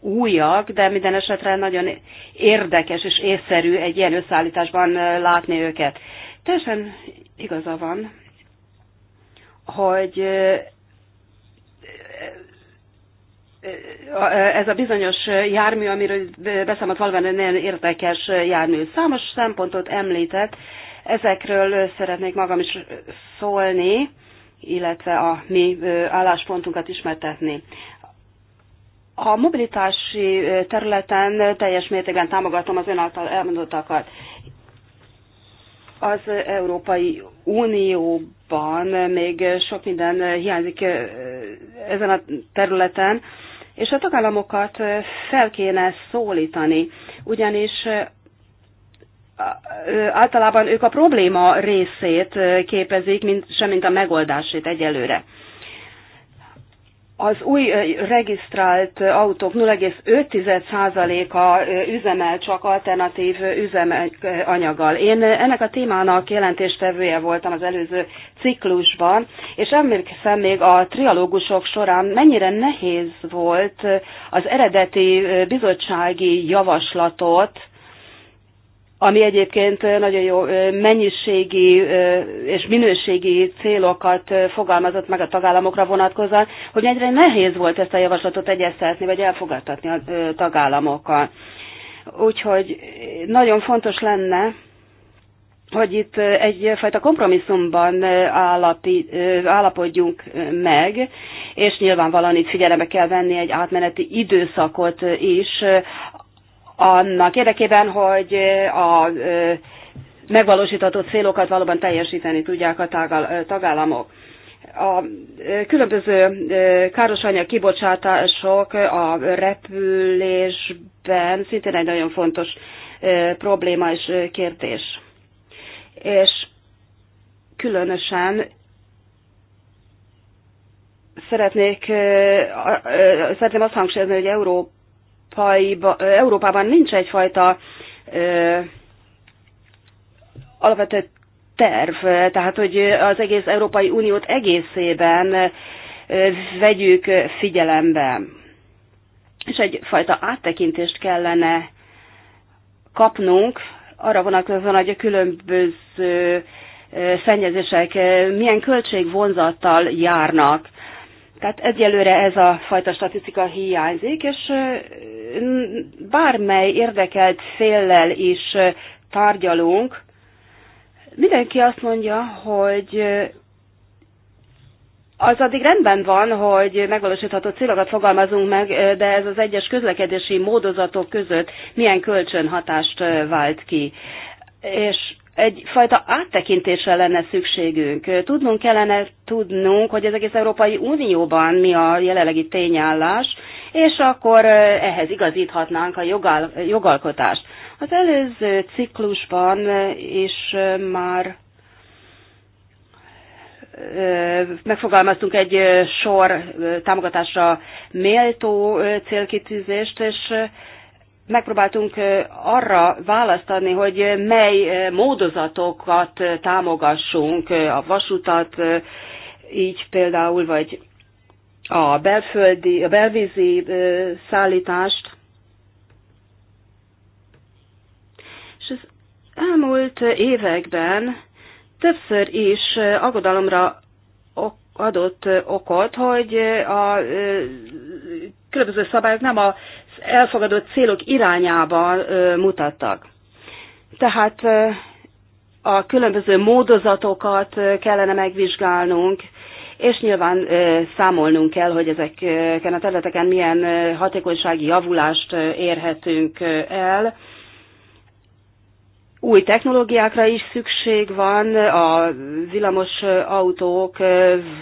újak, de minden esetre nagyon érdekes és észszerű egy ilyen összeállításban látni őket. Teljesen igaza van, hogy ez a bizonyos jármű, amiről beszámolt valóban nagyon érdekes jármű. Számos szempontot említett, ezekről szeretnék magam is szólni, illetve a mi álláspontunkat ismertetni. A mobilitási területen teljes mértékben támogatom az ön által elmondottakat. Az Európai Unióban még sok minden hiányzik ezen a területen és a tagállamokat fel kéne szólítani, ugyanis általában ők a probléma részét képezik, mint, sem mint a megoldásét egyelőre az új regisztrált autók 0,5%-a üzemel csak alternatív üzemanyaggal. Én ennek a témának jelentéstevője voltam az előző ciklusban, és emlékszem még a trialógusok során mennyire nehéz volt az eredeti bizottsági javaslatot ami egyébként nagyon jó mennyiségi és minőségi célokat fogalmazott meg a tagállamokra vonatkozóan, hogy egyre nehéz volt ezt a javaslatot egyeztetni vagy elfogadtatni a tagállamokkal. Úgyhogy nagyon fontos lenne, hogy itt egyfajta kompromisszumban állapi, állapodjunk meg, és nyilvánvalóan itt figyelembe kell venni egy átmeneti időszakot is, annak érdekében, hogy a megvalósítható célokat valóban teljesíteni tudják a tagállamok. A különböző károsanyag kibocsátások a repülésben szintén egy nagyon fontos probléma és kérdés. És különösen szeretnék, szeretném azt hangsúlyozni, hogy Európa európai, Európában nincs egyfajta ö, alapvető terv, tehát hogy az egész Európai Uniót egészében vegyük figyelembe. És egyfajta áttekintést kellene kapnunk arra vonatkozóan, hogy a különböző szennyezések milyen költségvonzattal járnak. Tehát egyelőre ez a fajta statisztika hiányzik, és bármely érdekelt féllel is tárgyalunk, mindenki azt mondja, hogy az addig rendben van, hogy megvalósítható célokat fogalmazunk meg, de ez az egyes közlekedési módozatok között milyen kölcsönhatást vált ki. És egyfajta áttekintésre lenne szükségünk. Tudnunk kellene tudnunk, hogy az egész Európai Unióban mi a jelenlegi tényállás, és akkor ehhez igazíthatnánk a jogál, jogalkotást. Az előző ciklusban is már megfogalmaztunk egy sor támogatásra méltó célkitűzést, és megpróbáltunk arra választani, hogy mely módozatokat támogassunk, a vasutat így például, vagy a belföldi, a belvízi szállítást. És az elmúlt években többször is aggodalomra adott okot, hogy a különböző szabályok nem a elfogadott célok irányába mutattak. Tehát a különböző módozatokat kellene megvizsgálnunk, és nyilván számolnunk kell, hogy ezeken a területeken milyen hatékonysági javulást érhetünk el. Új technológiákra is szükség van, a villamos autók,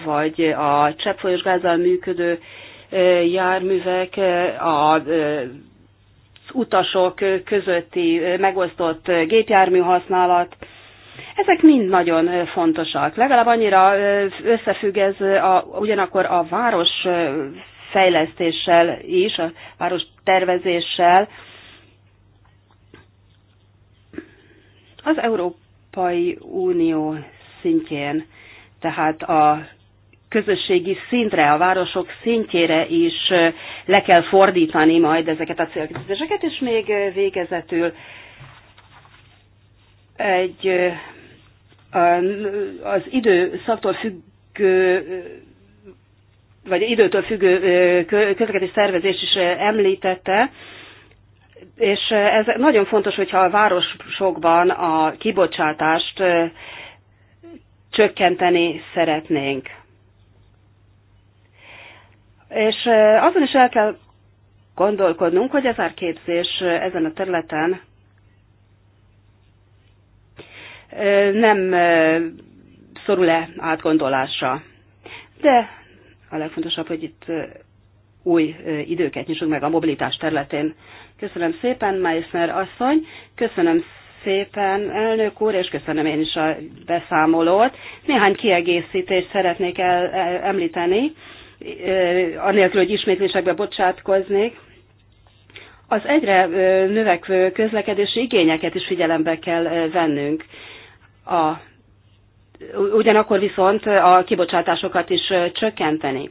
vagy a cseppfolyós gázzal működő járművek, a utasok közötti megosztott gépjármű használat, ezek mind nagyon fontosak. Legalább annyira összefügg ez a, ugyanakkor a város fejlesztéssel is, a város tervezéssel. Az Európai Unió szintjén, tehát a közösségi szintre, a városok szintjére is le kell fordítani majd ezeket a célkitűzéseket, és még végezetül egy az időszaktól függő vagy időtől függő közlekedés szervezés is említette, és ez nagyon fontos, hogyha a városokban a kibocsátást csökkenteni szeretnénk. És azon is el kell gondolkodnunk, hogy ez árképzés ezen a területen nem szorul-e átgondolásra. De a legfontosabb, hogy itt új időket nyissunk meg a mobilitás területén. Köszönöm szépen, Meissner asszony, köszönöm szépen, elnök úr, és köszönöm én is a beszámolót. Néhány kiegészítést szeretnék el, el, említeni anélkül, hogy ismétlésekbe bocsátkoznék, az egyre növekvő közlekedési igényeket is figyelembe kell vennünk. A, ugyanakkor viszont a kibocsátásokat is csökkenteni.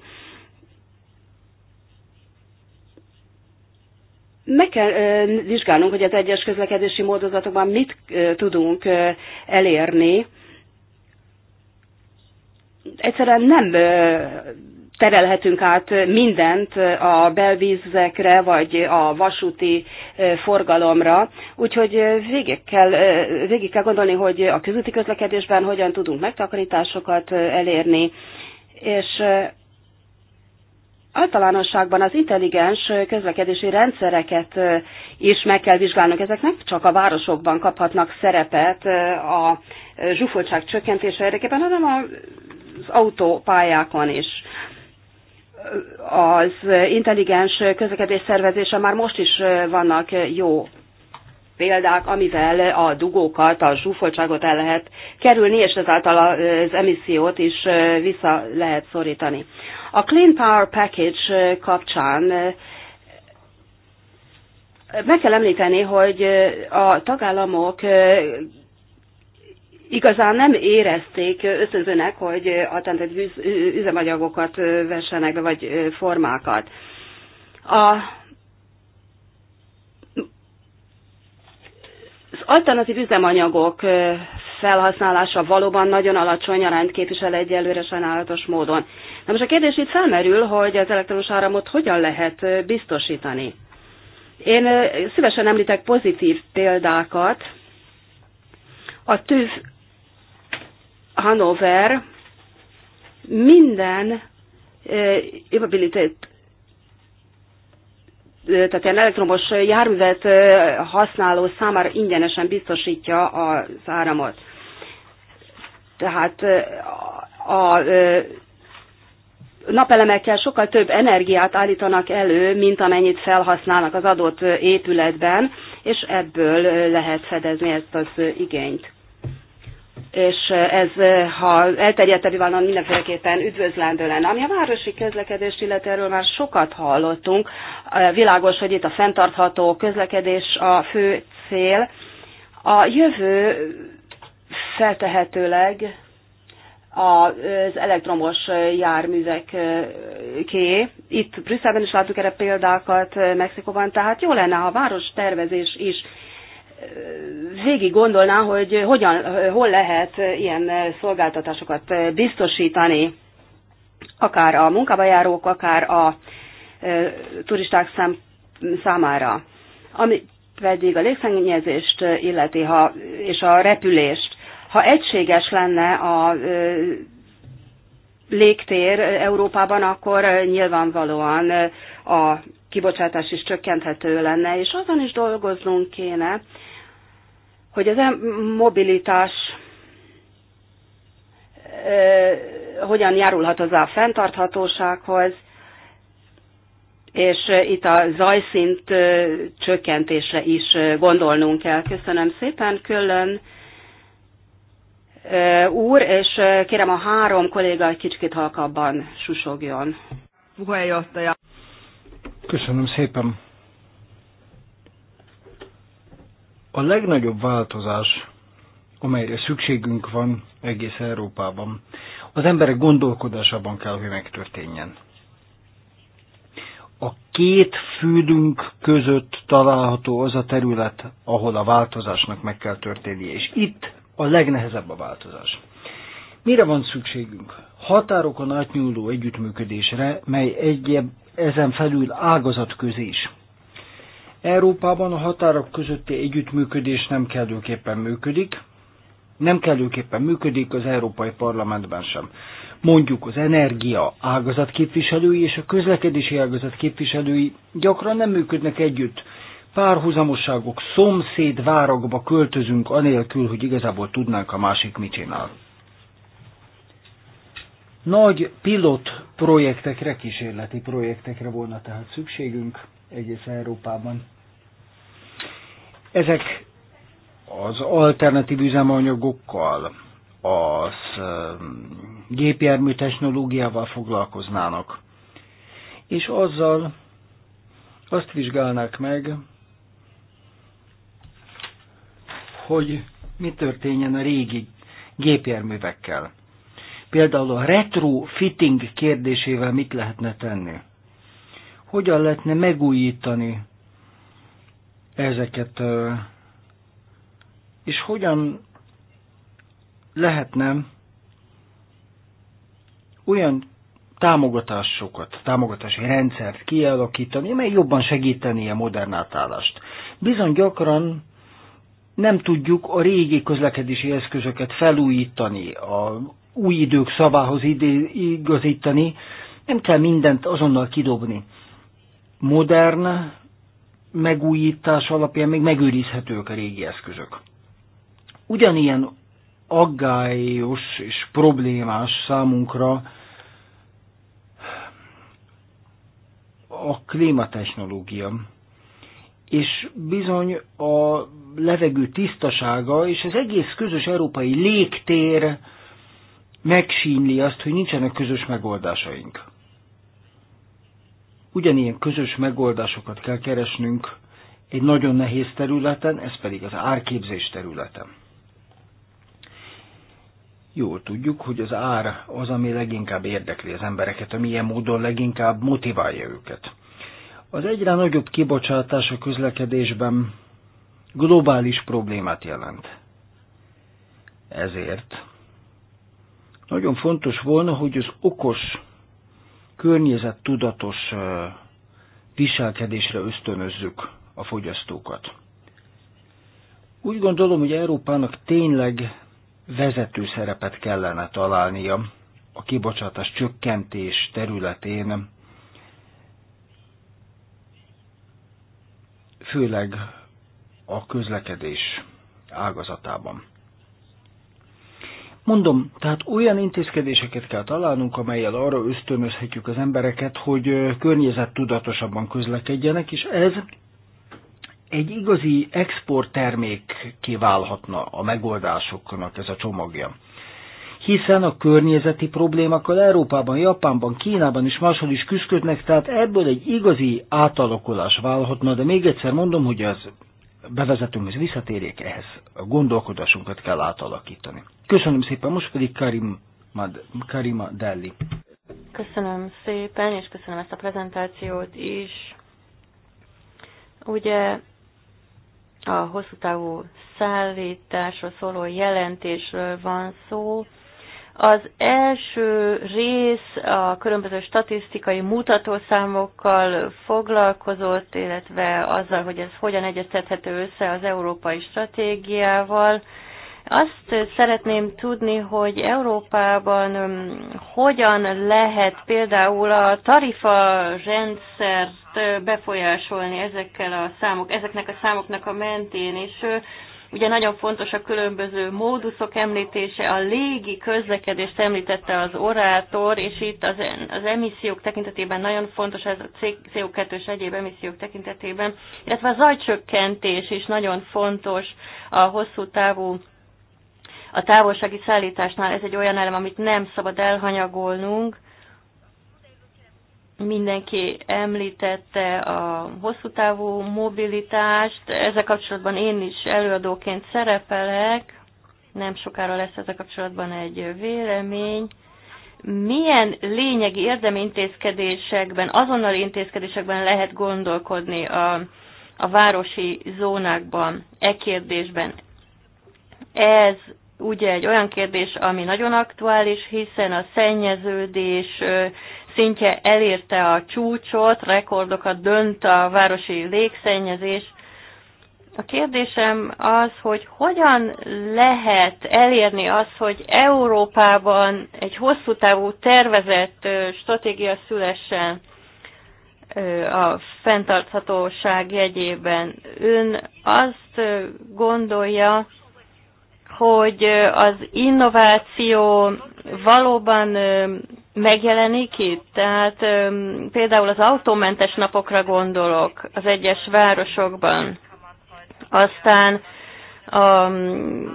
Meg kell vizsgálnunk, hogy az egyes közlekedési módozatokban mit tudunk elérni. Egyszerűen nem terelhetünk át mindent a belvízekre, vagy a vasúti forgalomra. Úgyhogy végig kell, végig kell gondolni, hogy a közúti közlekedésben hogyan tudunk megtakarításokat elérni, és általánosságban az intelligens közlekedési rendszereket is meg kell vizsgálnunk. Ezek nem csak a városokban kaphatnak szerepet a zsúfoltság csökkentése érdekében, hanem az autópályákon is az intelligens közlekedés szervezése már most is vannak jó példák, amivel a dugókat, a zsúfoltságot el lehet kerülni, és ezáltal az emissziót is vissza lehet szorítani. A Clean Power Package kapcsán meg kell említeni, hogy a tagállamok igazán nem érezték ösztönzőnek, hogy a alternatív üzemanyagokat vessenek be, vagy formákat. A Az alternatív üzemanyagok felhasználása valóban nagyon alacsony arányt képvisel egyelőre sajnálatos módon. Na most a kérdés itt felmerül, hogy az elektromos áramot hogyan lehet biztosítani. Én szívesen említek pozitív példákat. A tűz Hanover minden immobilitét tehát ilyen elektromos járművet használó számára ingyenesen biztosítja az áramot. Tehát a napelemekkel sokkal több energiát állítanak elő, mint amennyit felhasználnak az adott épületben, és ebből lehet fedezni ezt az igényt és ez, ha elterjedtebbé van, mindenféleképpen üdvözlendő lenne. Ami a városi közlekedés illetve erről már sokat hallottunk. Világos, hogy itt a fenntartható közlekedés a fő cél. A jövő feltehetőleg az elektromos ké. Itt Brüsszelben is láttuk erre példákat, Mexikóban, tehát jó lenne, ha a város tervezés is végig gondolná, hogy hogyan, hol lehet ilyen szolgáltatásokat biztosítani, akár a munkába járók, akár a e, turisták szám, számára. Ami pedig a légszennyezést illeti, ha, és a repülést. Ha egységes lenne a e, légtér Európában, akkor nyilvánvalóan a kibocsátás is csökkenthető lenne, és azon is dolgoznunk kéne, hogy az mobilitás hogyan járulhat hozzá a fenntarthatósághoz, és itt a zajszint csökkentésre is gondolnunk kell. Köszönöm szépen, külön. úr, és kérem a három kolléga egy kicsit halkabban susogjon. Köszönöm szépen. A legnagyobb változás, amelyre szükségünk van egész Európában, az emberek gondolkodásában kell, hogy megtörténjen. A két fülünk között található az a terület, ahol a változásnak meg kell történnie, és itt a legnehezebb a változás. Mire van szükségünk? Határokon átnyúló együttműködésre, mely egyéb ezen felül ágazat közé is Európában a határok közötti együttműködés nem kellőképpen működik, nem kellőképpen működik az Európai Parlamentben sem. Mondjuk az energia ágazat képviselői és a közlekedési ágazat képviselői gyakran nem működnek együtt. Párhuzamosságok, szomszéd várakba költözünk anélkül, hogy igazából tudnánk a másik mit csinál. Nagy pilot projektekre, kísérleti projektekre volna tehát szükségünk egész Európában. Ezek az alternatív üzemanyagokkal, az gépjármű technológiával foglalkoznának, és azzal azt vizsgálnák meg, hogy mi történjen a régi gépjárművekkel. Például a retrofitting kérdésével mit lehetne tenni? Hogyan lehetne megújítani ezeket, és hogyan lehetne olyan támogatásokat, támogatási rendszert kialakítani, amely jobban segíteni a modern átállást. Bizony gyakran nem tudjuk a régi közlekedési eszközöket felújítani, a új idők szabához igazítani, nem kell mindent azonnal kidobni. Modern megújítás alapján még megőrizhetők a régi eszközök. Ugyanilyen aggályos és problémás számunkra a klímatechnológia. És bizony a levegő tisztasága és az egész közös európai légtér megsínli azt, hogy nincsenek közös megoldásaink. Ugyanilyen közös megoldásokat kell keresnünk egy nagyon nehéz területen, ez pedig az árképzés területen. Jól tudjuk, hogy az ár az, ami leginkább érdekli az embereket, ami ilyen módon leginkább motiválja őket. Az egyre nagyobb kibocsátás a közlekedésben globális problémát jelent. Ezért nagyon fontos volna, hogy az okos környezettudatos viselkedésre ösztönözzük a fogyasztókat. Úgy gondolom, hogy Európának tényleg vezető szerepet kellene találnia a kibocsátás csökkentés területén, főleg a közlekedés ágazatában. Mondom, tehát olyan intézkedéseket kell találnunk, amelyel arra ösztönözhetjük az embereket, hogy környezet tudatosabban közlekedjenek, és ez egy igazi exporttermék kiválhatna a megoldásoknak ez a csomagja. Hiszen a környezeti problémákkal Európában, Japánban, Kínában és máshol is küzdködnek, tehát ebből egy igazi átalakulás válhatna, de még egyszer mondom, hogy az bevezetőmhöz visszatérjék ehhez a gondolkodásunkat kell átalakítani. Köszönöm szépen, most pedig Karim, Karima Delli. Köszönöm szépen, és köszönöm ezt a prezentációt is. Ugye a hosszú távú szállításról szóló jelentésről van szó, az első rész a különböző statisztikai mutatószámokkal foglalkozott, illetve azzal, hogy ez hogyan egyeztethető össze az európai stratégiával. Azt szeretném tudni, hogy Európában hogyan lehet például a tarifa rendszert befolyásolni ezekkel a számok, ezeknek a számoknak a mentén, és Ugye nagyon fontos a különböző móduszok említése, a légi közlekedést említette az orátor, és itt az, az emissziók tekintetében nagyon fontos, ez a CO2 és egyéb emissziók tekintetében, illetve a zajcsökkentés is nagyon fontos a hosszú távú a távolsági szállításnál ez egy olyan elem, amit nem szabad elhanyagolnunk, mindenki említette a hosszú távú mobilitást. Ezzel kapcsolatban én is előadóként szerepelek. Nem sokára lesz ezzel kapcsolatban egy vélemény. Milyen lényegi érdemintézkedésekben, azonnali intézkedésekben lehet gondolkodni a, a városi zónákban e kérdésben? Ez ugye egy olyan kérdés, ami nagyon aktuális, hiszen a szennyeződés szintje elérte a csúcsot, rekordokat dönt a városi légszennyezés. A kérdésem az, hogy hogyan lehet elérni azt, hogy Európában egy hosszú távú tervezett stratégia szülessen a fenntarthatóság jegyében. Ön azt gondolja, hogy az innováció valóban megjelenik itt. Tehát um, például az autómentes napokra gondolok az egyes városokban. Aztán a mm,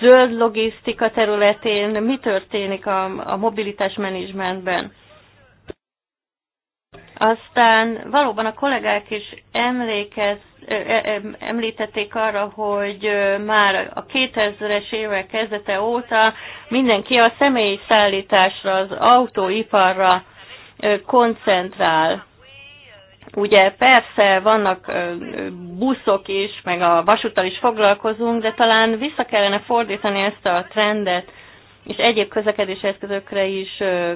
zöld logisztika területén mi történik a, a mobilitás menedzsmentben. Aztán valóban a kollégák is emlékeznek, említették arra, hogy már a 2000-es évek kezdete óta mindenki a személyi szállításra, az autóiparra koncentrál. Ugye persze vannak buszok is, meg a vasúttal is foglalkozunk, de talán vissza kellene fordítani ezt a trendet, és egyéb közlekedési eszközökre is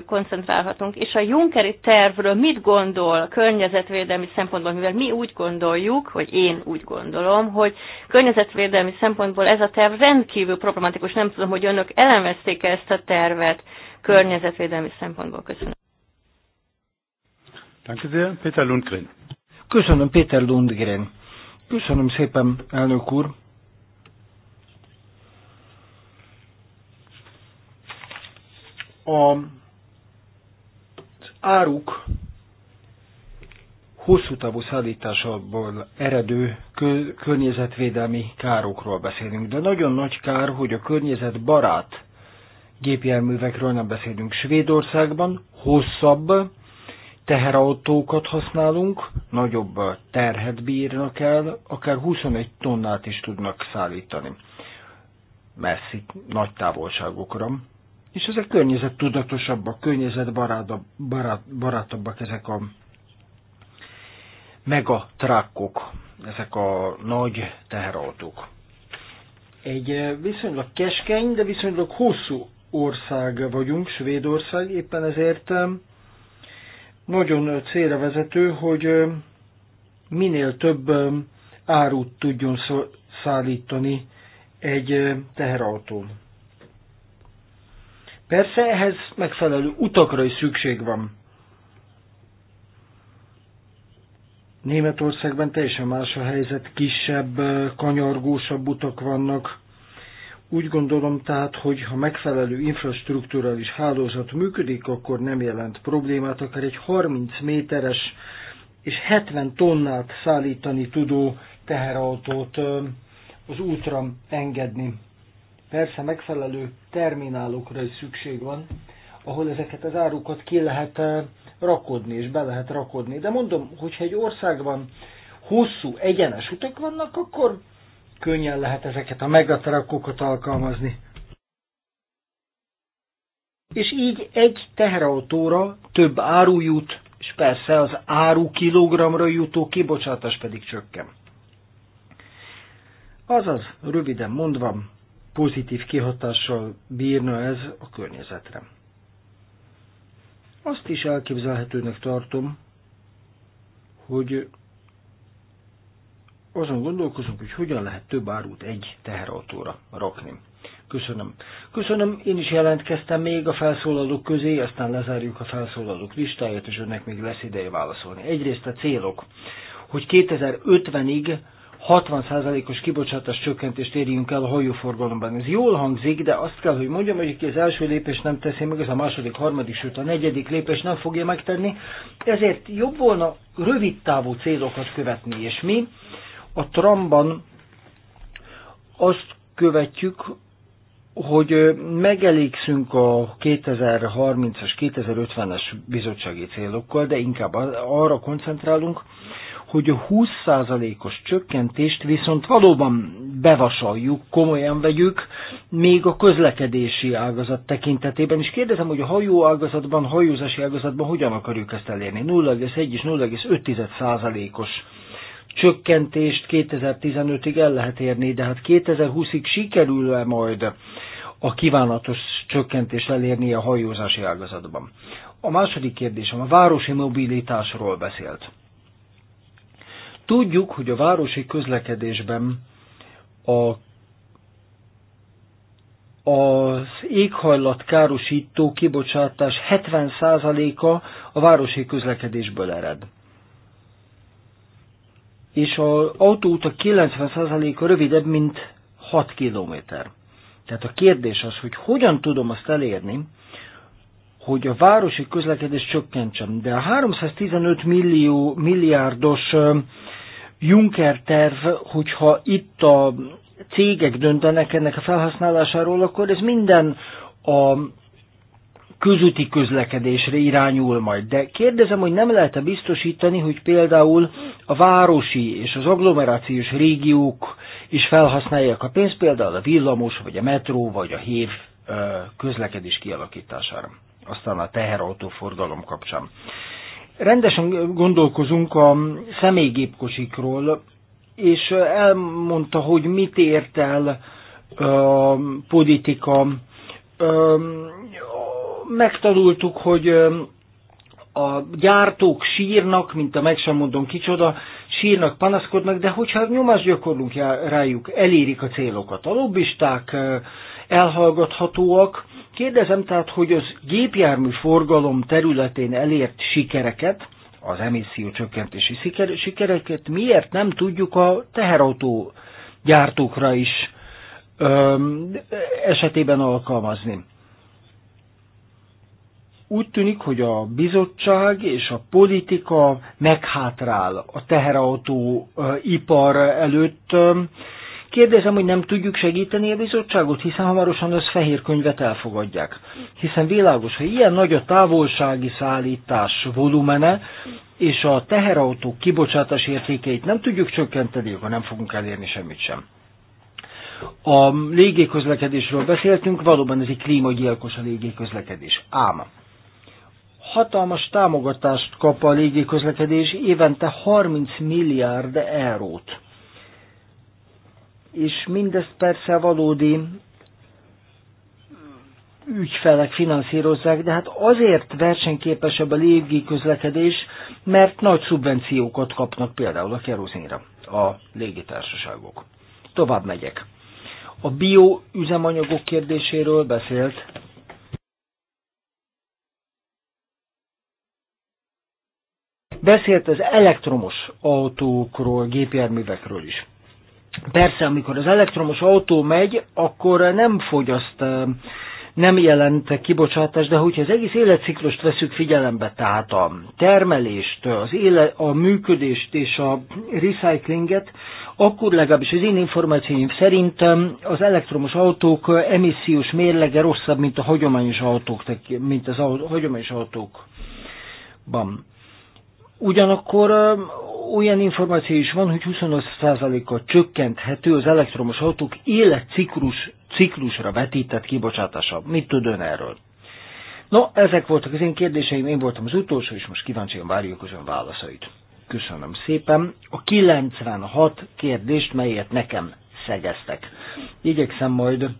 koncentrálhatunk. És a Junkeri tervről mit gondol környezetvédelmi szempontból, mivel mi úgy gondoljuk, hogy én úgy gondolom, hogy környezetvédelmi szempontból ez a terv rendkívül problematikus. Nem tudom, hogy önök elemezték -e ezt a tervet környezetvédelmi szempontból. Köszönöm. Köszönöm Péter Lundgren. Köszönöm, Péter Lundgren. Köszönöm szépen, elnök úr. a áruk hosszú távú szállításából eredő környezetvédelmi károkról beszélünk. De nagyon nagy kár, hogy a környezet barát gépjárművekről nem beszélünk. Svédországban hosszabb teherautókat használunk, nagyobb terhet bírnak el, akár 21 tonnát is tudnak szállítani. Messzi, nagy távolságokra. És ezek tudatosabbak, környezet barátabbak ezek a megatrákkok, ezek a nagy teherautók. Egy eh, viszonylag keskeny, de viszonylag hosszú ország vagyunk, Svédország, éppen ezért eh, nagyon célra vezető, hogy eh, minél több árut tudjon szállítani egy teherautón. Persze ehhez megfelelő utakra is szükség van. Németországban teljesen más a helyzet, kisebb, kanyargósabb utak vannak. Úgy gondolom tehát, hogy ha megfelelő infrastruktúrális hálózat működik, akkor nem jelent problémát, akár egy 30 méteres és 70 tonnát szállítani tudó teherautót az útra engedni. Persze megfelelő terminálokra is szükség van, ahol ezeket az árukat ki lehet eh, rakodni és be lehet rakodni. De mondom, hogyha egy országban hosszú, egyenes utak vannak, akkor könnyen lehet ezeket a megatrakokat alkalmazni. És így egy teherautóra több áru jut, és persze az áru kilogramra jutó kibocsátás pedig csökken. Azaz, röviden mondva, pozitív kihatással bírna ez a környezetre. Azt is elképzelhetőnek tartom, hogy azon gondolkozunk, hogy hogyan lehet több árut egy teherautóra rakni. Köszönöm. Köszönöm, én is jelentkeztem még a felszólalók közé, aztán lezárjuk a felszólalók listáját, és önnek még lesz ideje válaszolni. Egyrészt a célok, hogy 2050-ig 60%-os kibocsátás csökkentést érjünk el a hajóforgalomban. Ez jól hangzik, de azt kell, hogy mondjam, hogy aki az első lépés, nem teszi meg, az a második, harmadik, sőt a negyedik lépés nem fogja megtenni. Ezért jobb volna rövid távú célokat követni, és mi a tramban azt követjük, hogy megelégszünk a 2030-as, 2050-es bizottsági célokkal, de inkább arra koncentrálunk, hogy a 20%-os csökkentést viszont valóban bevasaljuk, komolyan vegyük, még a közlekedési ágazat tekintetében is. Kérdezem, hogy a hajó ágazatban, hajózási ágazatban hogyan akarjuk ezt elérni? 0,1 és 0,5%-os csökkentést 2015-ig el lehet érni, de hát 2020-ig sikerül-e majd a kívánatos csökkentést elérni a hajózási ágazatban? A második kérdésem a városi mobilitásról beszélt. Tudjuk, hogy a városi közlekedésben a az éghajlat károsító kibocsátás 70%-a a városi közlekedésből ered. És az autóutak 90%-a rövidebb, mint 6 km. Tehát a kérdés az, hogy hogyan tudom azt elérni, hogy a városi közlekedés csökkentsem. De a 315 millió, milliárdos Juncker terv, hogyha itt a cégek döntenek ennek a felhasználásáról, akkor ez minden a közúti közlekedésre irányul majd. De kérdezem, hogy nem lehet-e biztosítani, hogy például a városi és az agglomerációs régiók is felhasználják a pénzt, például a villamos, vagy a metró, vagy a hév közlekedés kialakítására, aztán a teherautóforgalom kapcsán rendesen gondolkozunk a személygépkocsikról, és elmondta, hogy mit ért el a politika. Megtanultuk, hogy a gyártók sírnak, mint a meg sem mondom kicsoda, sírnak, panaszkodnak, de hogyha nyomást gyakorlunk rájuk, elérik a célokat. A lobbisták elhallgathatóak, Kérdezem tehát, hogy az gépjármű forgalom területén elért sikereket, az emisszió csökkentési sikereket miért nem tudjuk a teherautó gyártókra is ö, esetében alkalmazni. Úgy tűnik, hogy a bizottság és a politika meghátrál a teherautó ipar előtt, Kérdezem, hogy nem tudjuk segíteni a bizottságot, hiszen hamarosan az fehér könyvet elfogadják. Hiszen világos, hogy ilyen nagy a távolsági szállítás volumene, és a teherautók kibocsátás értékeit nem tudjuk csökkenteni, akkor nem fogunk elérni semmit sem. A légiközlekedésről beszéltünk, valóban ez egy klímagyilkos a légiközlekedés. Ám hatalmas támogatást kap a légiközlekedés, évente 30 milliárd eurót és mindezt persze a valódi ügyfelek finanszírozzák, de hát azért versenyképesebb a közlekedés, mert nagy szubvenciókat kapnak például a kerozinra a légitársaságok. Tovább megyek. A bioüzemanyagok kérdéséről beszélt. Beszélt az elektromos autókról, gépjárművekről is. Persze, amikor az elektromos autó megy, akkor nem fogyaszt, nem jelent kibocsátás, de hogyha az egész életciklust veszük figyelembe, tehát a termelést, az éle, a működést és a recyclinget, akkor legalábbis az én információim szerint az elektromos autók emissziós mérlege rosszabb, mint a hagyományos autók, mint az hagyományos autókban. Ugyanakkor olyan információ is van, hogy 25%-kal csökkenthető az elektromos autók életciklus ciklusra vetített kibocsátása. Mit tud ön erről? No, ezek voltak az én kérdéseim, én voltam az utolsó, és most kíváncsian várjuk az ön válaszait. Köszönöm szépen. A 96 kérdést, melyet nekem szegeztek. Igyekszem majd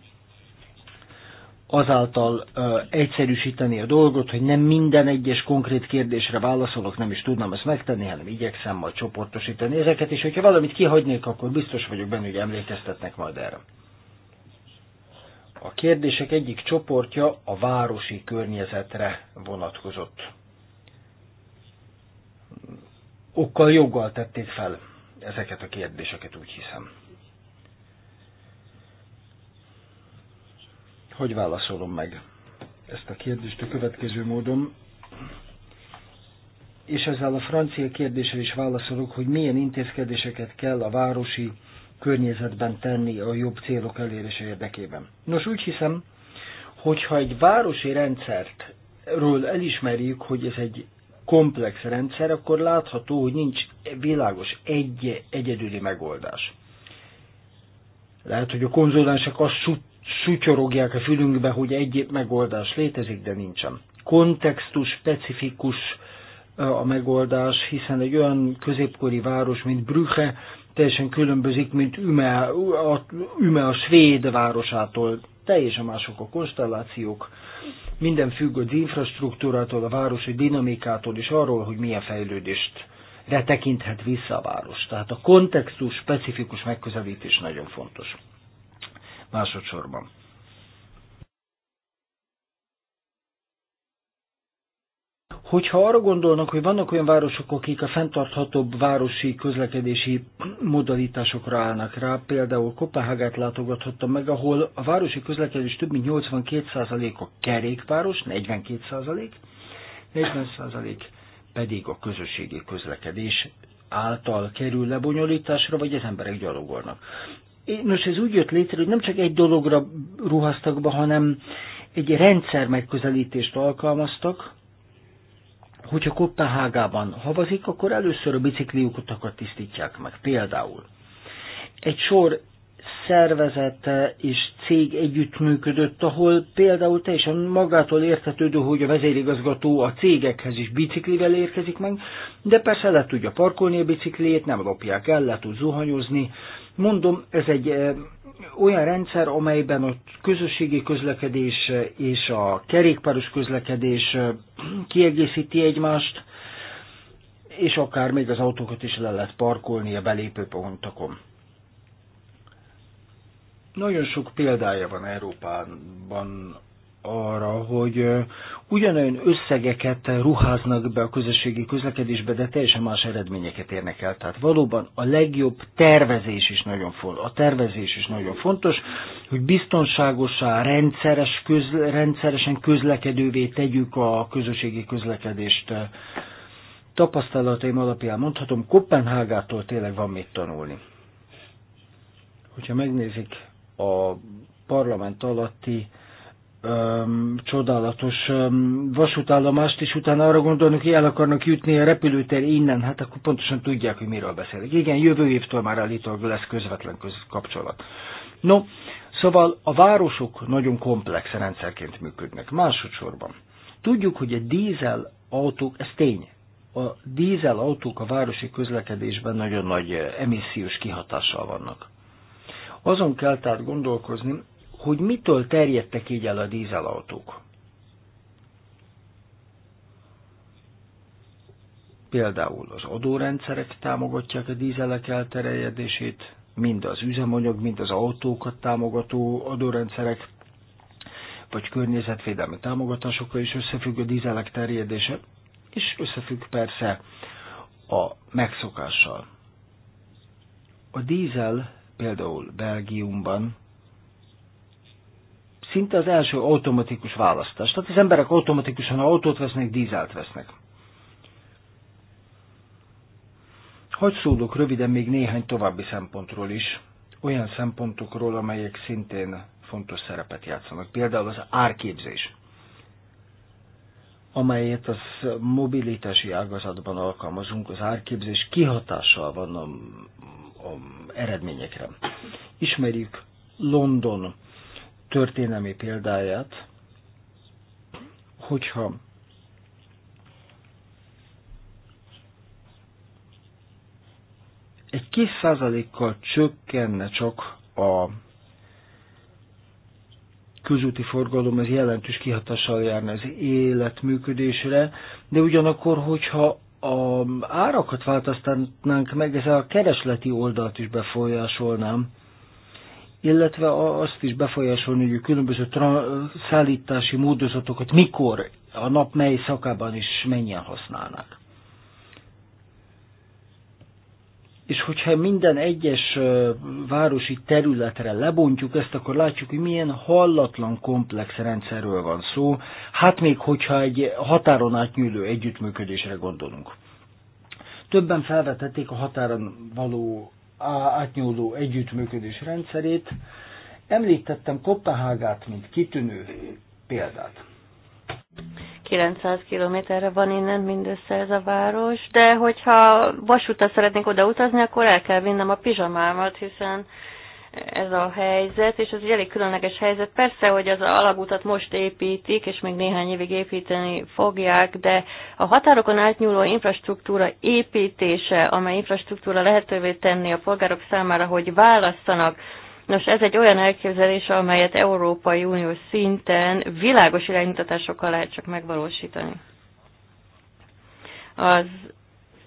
azáltal ö, egyszerűsíteni a dolgot, hogy nem minden egyes konkrét kérdésre válaszolok, nem is tudnám ezt megtenni, hanem igyekszem majd csoportosítani ezeket, és hogyha valamit kihagynék, akkor biztos vagyok benne, hogy emlékeztetnek majd erre. A kérdések egyik csoportja a városi környezetre vonatkozott. Okkal joggal tették fel ezeket a kérdéseket, úgy hiszem. hogy válaszolom meg ezt a kérdést a következő módon, és ezzel a francia kérdéssel is válaszolok, hogy milyen intézkedéseket kell a városi környezetben tenni a jobb célok elérése érdekében. Nos, úgy hiszem, hogyha egy városi rendszert ről elismerjük, hogy ez egy komplex rendszer, akkor látható, hogy nincs világos egy egyedüli megoldás. Lehet, hogy a konzulensek azt sutyorogják a fülünkbe, hogy egy megoldás létezik, de nincsen. Kontextus specifikus a megoldás, hiszen egy olyan középkori város, mint Brüche, teljesen különbözik, mint Üme, a, Üme a svéd városától. Teljesen mások a konstellációk. Minden függ az infrastruktúrától, a városi dinamikától és arról, hogy milyen fejlődést retekinthet vissza a város. Tehát a kontextus specifikus megközelítés nagyon fontos másodszorban. Hogyha arra gondolnak, hogy vannak olyan városok, akik a fenntarthatóbb városi közlekedési modalitásokra állnak rá, például Kopenhágát látogathattam meg, ahol a városi közlekedés több mint 82% a kerékpáros, 42%, 40% pedig a közösségi közlekedés által kerül lebonyolításra, vagy az emberek gyalogolnak. Nos, ez úgy jött létre, hogy nem csak egy dologra ruháztak be, hanem egy rendszer megközelítést alkalmaztak, hogyha Kopenhágában havazik, akkor először a bicikliukatokat tisztítják meg, például. Egy sor szervezet és cég együttműködött, ahol például teljesen magától értetődő, hogy a vezérigazgató a cégekhez is biciklivel érkezik meg, de persze le tudja parkolni a bicikliét, nem lopják el, le tud zuhanyozni, Mondom, ez egy eh, olyan rendszer, amelyben a közösségi közlekedés eh, és a kerékpáros közlekedés eh, kiegészíti egymást, és akár még az autókat is le lehet parkolni a belépő pontokon. Nagyon sok példája van Európában arra, hogy ugyanolyan összegeket ruháznak be a közösségi közlekedésbe, de teljesen más eredményeket érnek el. Tehát valóban a legjobb tervezés is nagyon fontos. A tervezés is nagyon fontos, hogy biztonságosan, rendszeres, közle, rendszeresen közlekedővé tegyük a közösségi közlekedést. Tapasztalataim alapján mondhatom, Kopenhágától tényleg van mit tanulni. Hogyha megnézik a parlament alatti öm, csodálatos öm, vasútállomást, és utána arra gondolnak, hogy el akarnak jutni a repülőtér innen, hát akkor pontosan tudják, hogy miről beszélek. Igen, jövő évtől már állítólag lesz közvetlen kapcsolat. No, szóval a városok nagyon komplex rendszerként működnek. Másodszorban. Tudjuk, hogy a dízel autók, ez tény, a dízel autók a városi közlekedésben nagyon nagy emissziós kihatással vannak. Azon kell tehát gondolkozni, hogy mitől terjedtek így el a dízelautók. Például az adórendszerek támogatják a dízelek elterjedését, mind az üzemanyag, mind az autókat támogató adórendszerek, vagy környezetvédelmi támogatásokkal is összefügg a dízelek terjedése, és összefügg persze a megszokással. A dízel például Belgiumban szinte az első automatikus választás. Tehát az emberek automatikusan autót vesznek, dízelt vesznek. Hogy szólok röviden még néhány további szempontról is, olyan szempontokról, amelyek szintén fontos szerepet játszanak. Például az árképzés, amelyet az mobilitási ágazatban alkalmazunk, az árképzés kihatással van a, a eredményekre. Ismerjük London történelmi példáját, hogyha egy kis százalékkal csökkenne csak a közúti forgalom, ez jelentős kihatással járna az élet de ugyanakkor, hogyha a árakat változtatnánk meg, ezzel a keresleti oldalt is befolyásolnám, illetve azt is befolyásolni, hogy a különböző szállítási módozatokat mikor, a nap mely szakában is mennyien használnak. És hogyha minden egyes városi területre lebontjuk ezt, akkor látjuk, hogy milyen hallatlan komplex rendszerről van szó, hát még hogyha egy határon átnyúló együttműködésre gondolunk. Többen felvetették a határon való átnyúló együttműködés rendszerét. Említettem Kopenhágát, mint kitűnő példát. 900 kilométerre van innen mindössze ez a város, de hogyha vasúttal szeretnénk oda utazni, akkor el kell vinnem a pizsamámat, hiszen ez a helyzet, és ez egy elég különleges helyzet. Persze, hogy az alagutat most építik, és még néhány évig építeni fogják, de a határokon átnyúló infrastruktúra építése, amely infrastruktúra lehetővé tenni a polgárok számára, hogy válasszanak, Nos, ez egy olyan elképzelés, amelyet Európai Unió szinten világos iránymutatásokkal lehet csak megvalósítani. Az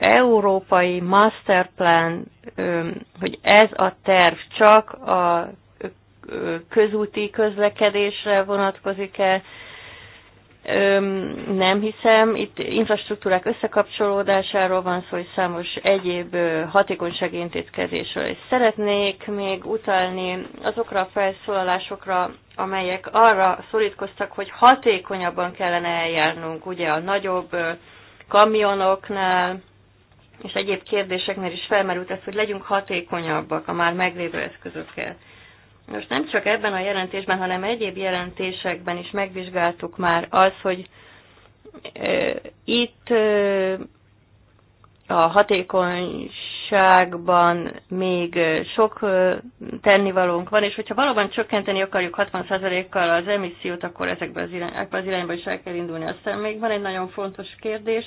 európai masterplan, hogy ez a terv csak a közúti közlekedésre vonatkozik-e, nem hiszem, itt infrastruktúrák összekapcsolódásáról van szó, hogy számos egyéb hatékonysági intézkedésről. is szeretnék még utalni azokra a felszólalásokra, amelyek arra szorítkoztak, hogy hatékonyabban kellene eljárnunk, ugye a nagyobb kamionoknál, és egyéb kérdéseknél is felmerült ez, hogy legyünk hatékonyabbak a már meglévő eszközökkel. Most nem csak ebben a jelentésben, hanem egyéb jelentésekben is megvizsgáltuk már az, hogy itt a hatékonyságban még sok tennivalónk van, és hogyha valóban csökkenteni akarjuk 60%-kal az emissziót, akkor ezekben az, irányban is el kell indulni. Aztán még van egy nagyon fontos kérdés.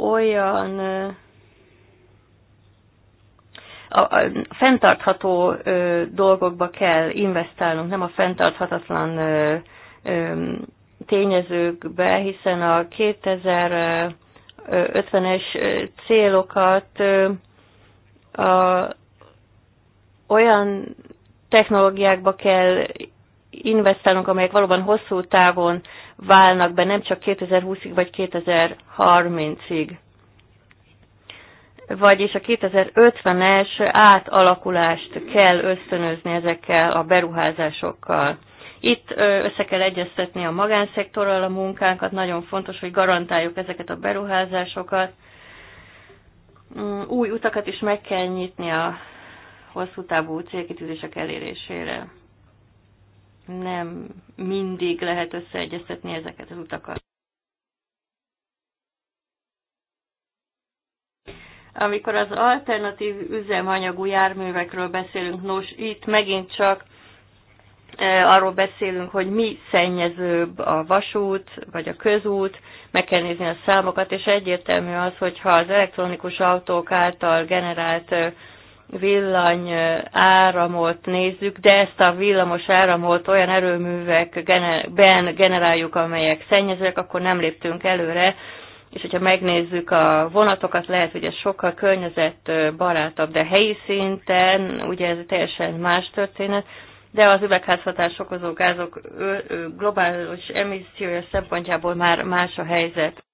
olyan a, a fenntartható ö, dolgokba kell investálnunk, nem a fenntarthatatlan ö, ö, tényezőkbe, hiszen a 2050-es célokat ö, a, olyan technológiákba kell investálnunk, amelyek valóban hosszú távon válnak be, nem csak 2020-ig vagy 2030-ig. Vagyis a 2050-es átalakulást kell ösztönözni ezekkel a beruházásokkal. Itt össze kell egyeztetni a magánszektorral a munkánkat, nagyon fontos, hogy garantáljuk ezeket a beruházásokat. Mm, új utakat is meg kell nyitni a hosszú távú célkitűzések elérésére nem mindig lehet összeegyeztetni ezeket az utakat. Amikor az alternatív üzemanyagú járművekről beszélünk, nos, itt megint csak e, arról beszélünk, hogy mi szennyezőbb a vasút, vagy a közút, meg kell nézni a számokat, és egyértelmű az, hogyha az elektronikus autók által generált e, villany áramot nézzük, de ezt a villamos áramot olyan erőművekben generáljuk, amelyek szennyezőek, akkor nem léptünk előre, és hogyha megnézzük a vonatokat, lehet, hogy ez sokkal környezetbarátabb, de helyi szinten, ugye ez teljesen más történet, de az üvegházhatás okozó gázok globális emissziója szempontjából már más a helyzet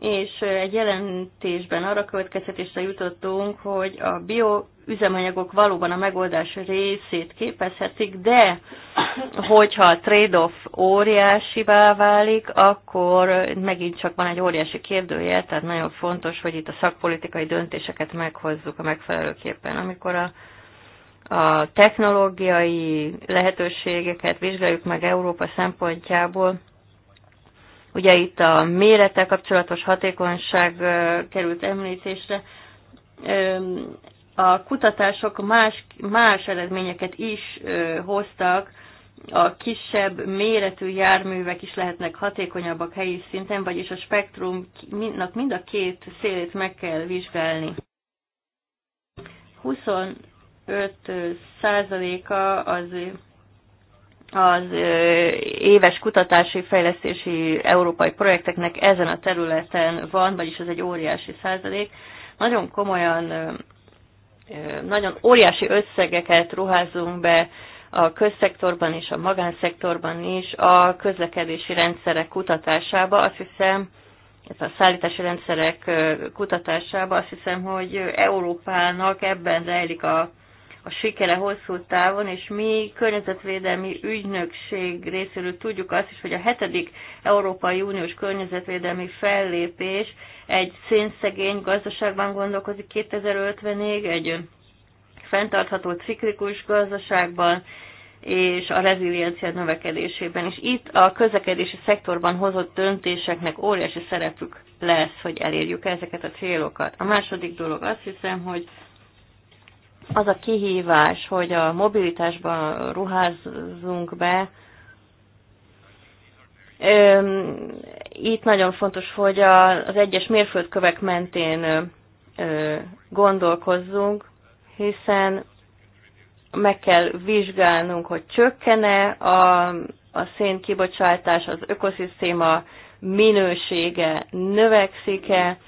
és egy jelentésben arra következtetésre jutottunk, hogy a bioüzemanyagok valóban a megoldás részét képezhetik, de hogyha a trade-off óriásivá válik, akkor megint csak van egy óriási kérdője, tehát nagyon fontos, hogy itt a szakpolitikai döntéseket meghozzuk a megfelelőképpen. Amikor a a technológiai lehetőségeket vizsgáljuk meg Európa szempontjából, Ugye itt a mérete kapcsolatos hatékonyság került említésre. A kutatások más, más eredményeket is hoztak, a kisebb méretű járművek is lehetnek hatékonyabbak helyi szinten, vagyis a spektrumnak mind a két szélét meg kell vizsgálni. 25 százaléka az az éves kutatási fejlesztési európai projekteknek ezen a területen van, vagyis ez egy óriási százalék. Nagyon komolyan, nagyon óriási összegeket ruházunk be a közszektorban és a magánszektorban is a közlekedési rendszerek kutatásába. Azt hiszem, ez a szállítási rendszerek kutatásába, azt hiszem, hogy Európának ebben rejlik a a sikere hosszú távon, és mi környezetvédelmi ügynökség részéről tudjuk azt is, hogy a hetedik Európai Uniós környezetvédelmi fellépés egy szénszegény gazdaságban gondolkozik 2050-ig, egy fenntartható ciklikus gazdaságban, és a reziliencia növekedésében. És itt a közlekedési szektorban hozott döntéseknek óriási szerepük lesz, hogy elérjük ezeket a célokat. A második dolog azt hiszem, hogy az a kihívás, hogy a mobilitásban ruházzunk be, itt nagyon fontos, hogy az egyes mérföldkövek mentén gondolkozzunk, hiszen meg kell vizsgálnunk, hogy csökkene a, a szénkibocsátás, az ökoszisztéma minősége növekszik-e,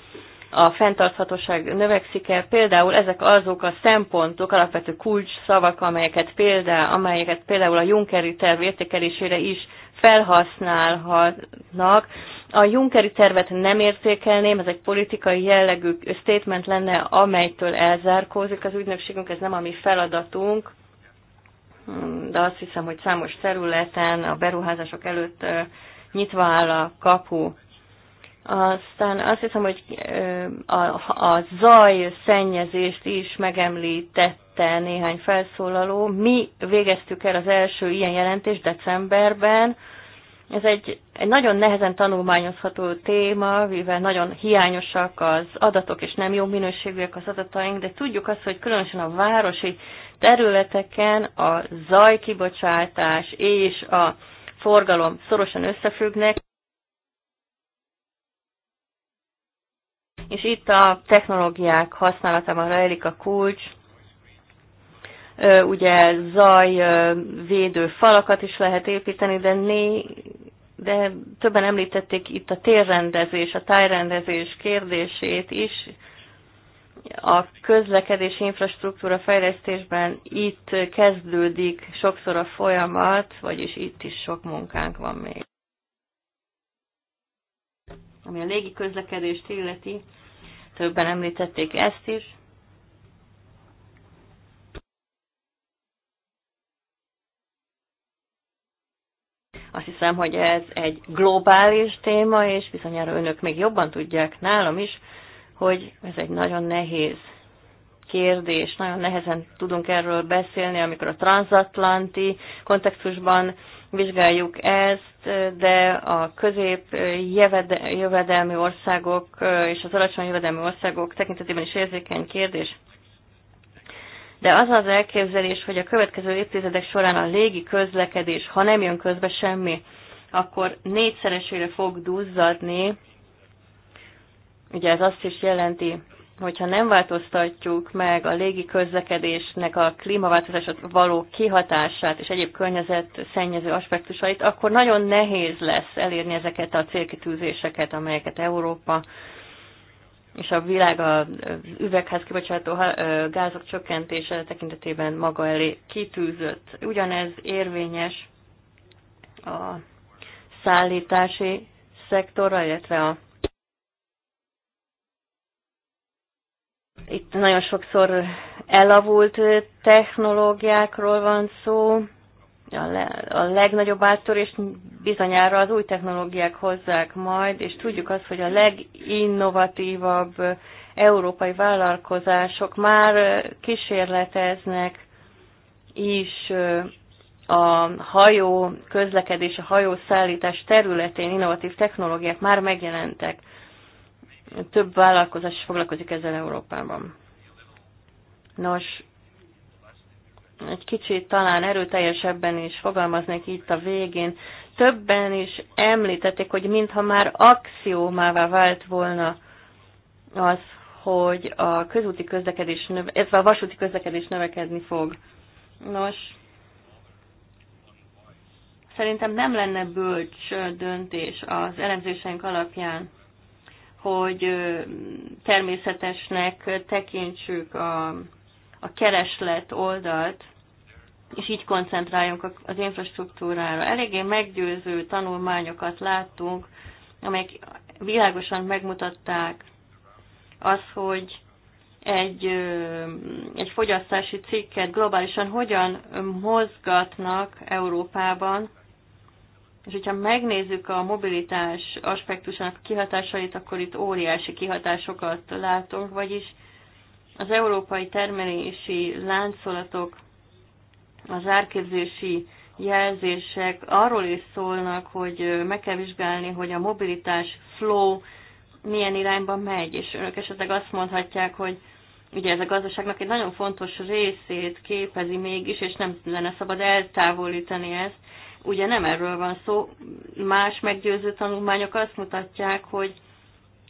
a fenntarthatóság növekszik el Például ezek azok a szempontok, alapvető kulcs szavak, amelyeket, példá, amelyeket például a Junckeri terv értékelésére is felhasználhatnak. A Junckeri tervet nem értékelném, ez egy politikai jellegű statement lenne, amelytől elzárkózik az ügynökségünk, ez nem a mi feladatunk, de azt hiszem, hogy számos területen a beruházások előtt nyitva áll a kapu. Aztán azt hiszem, hogy a, a zaj szennyezést is megemlítette néhány felszólaló. Mi végeztük el az első ilyen jelentést decemberben. Ez egy, egy nagyon nehezen tanulmányozható téma, mivel nagyon hiányosak az adatok, és nem jó minőségűek az adataink, de tudjuk azt, hogy különösen a városi területeken a zajkibocsátás és a forgalom szorosan összefüggnek. és itt a technológiák használatában rejlik a kulcs, ugye védő falakat is lehet építeni, de, né, de többen említették itt a térrendezés, a tájrendezés kérdését is. A közlekedési infrastruktúra fejlesztésben itt kezdődik sokszor a folyamat, vagyis itt is sok munkánk van még ami a légi közlekedést illeti, többen említették ezt is. Azt hiszem, hogy ez egy globális téma, és bizonyára önök még jobban tudják nálam is, hogy ez egy nagyon nehéz kérdés, nagyon nehezen tudunk erről beszélni, amikor a transatlanti kontextusban vizsgáljuk ezt, de a közép jövedelmi országok és az alacsony jövedelmi országok tekintetében is érzékeny kérdés. De az az elképzelés, hogy a következő évtizedek során a légi közlekedés, ha nem jön közbe semmi, akkor négyszeresére fog duzzadni, ugye ez azt is jelenti, hogyha nem változtatjuk meg a légi közlekedésnek a klímaváltozásra való kihatását és egyéb környezet szennyező aspektusait, akkor nagyon nehéz lesz elérni ezeket a célkitűzéseket, amelyeket Európa és a világ a üvegház kibocsátó gázok csökkentése tekintetében maga elé kitűzött. Ugyanez érvényes a szállítási szektorra, illetve a Itt nagyon sokszor elavult technológiákról van szó, a, le, a legnagyobb áttörés bizonyára az új technológiák hozzák majd, és tudjuk azt, hogy a leginnovatívabb európai vállalkozások már kísérleteznek is a hajó közlekedés, a hajószállítás területén innovatív technológiák már megjelentek. Több vállalkozás foglalkozik ezzel Európában. Nos, egy kicsit talán erőteljesebben is fogalmaznék itt a végén. Többen is említették, hogy mintha már axiómává vált volna az, hogy a közúti közlekedés, ez a vasúti közlekedés növekedni fog. Nos, szerintem nem lenne bölcs döntés az elemzéseink alapján hogy természetesnek tekintsük a, a kereslet oldalt, és így koncentráljunk az infrastruktúrára. Eléggé meggyőző tanulmányokat láttunk, amelyek világosan megmutatták az, hogy egy, egy fogyasztási cikket globálisan hogyan mozgatnak Európában, és hogyha megnézzük a mobilitás aspektusának kihatásait, akkor itt óriási kihatásokat látunk, vagyis az európai termelési láncolatok, az árképzési jelzések arról is szólnak, hogy meg kell vizsgálni, hogy a mobilitás flow milyen irányba megy, és önök esetleg azt mondhatják, hogy ugye ez a gazdaságnak egy nagyon fontos részét képezi mégis, és nem lenne szabad eltávolítani ezt ugye nem erről van szó, más meggyőző tanulmányok azt mutatják, hogy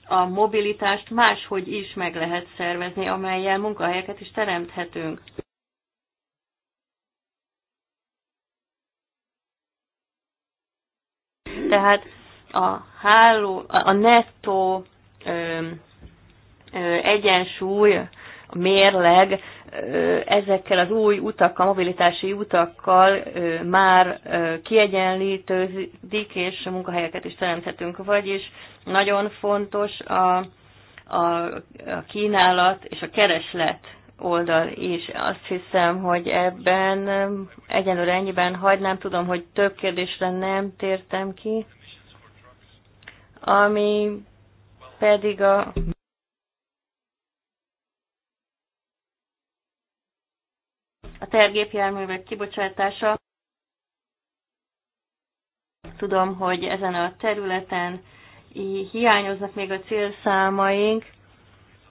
a mobilitást máshogy is meg lehet szervezni, amelyel munkahelyeket is teremthetünk. Tehát a háló, a nettó ö, ö, egyensúly, a mérleg ezekkel az új utakkal, mobilitási utakkal már kiegyenlítődik, és munkahelyeket is teremthetünk. Vagyis nagyon fontos a, a, a kínálat és a kereslet oldal is. Azt hiszem, hogy ebben egyenlőre ennyiben hagynám, tudom, hogy több kérdésre nem tértem ki, ami pedig a a tergépjárművek kibocsátása. Tudom, hogy ezen a területen hiányoznak még a célszámaink.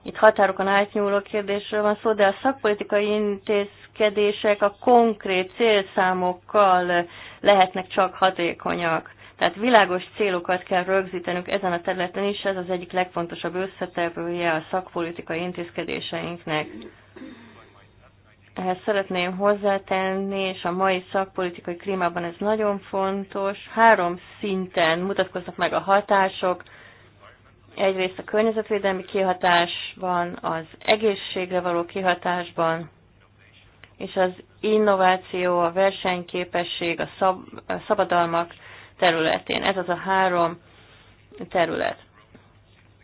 Itt határokon átnyúló kérdésről van szó, de a szakpolitikai intézkedések a konkrét célszámokkal lehetnek csak hatékonyak. Tehát világos célokat kell rögzítenünk ezen a területen is, ez az egyik legfontosabb összetevője a szakpolitikai intézkedéseinknek. Ehhez szeretném hozzátenni, és a mai szakpolitikai klímában ez nagyon fontos, három szinten mutatkoznak meg a hatások. Egyrészt a környezetvédelmi kihatásban, az egészségre való kihatásban, és az innováció, a versenyképesség, a, szab, a szabadalmak területén. Ez az a három terület.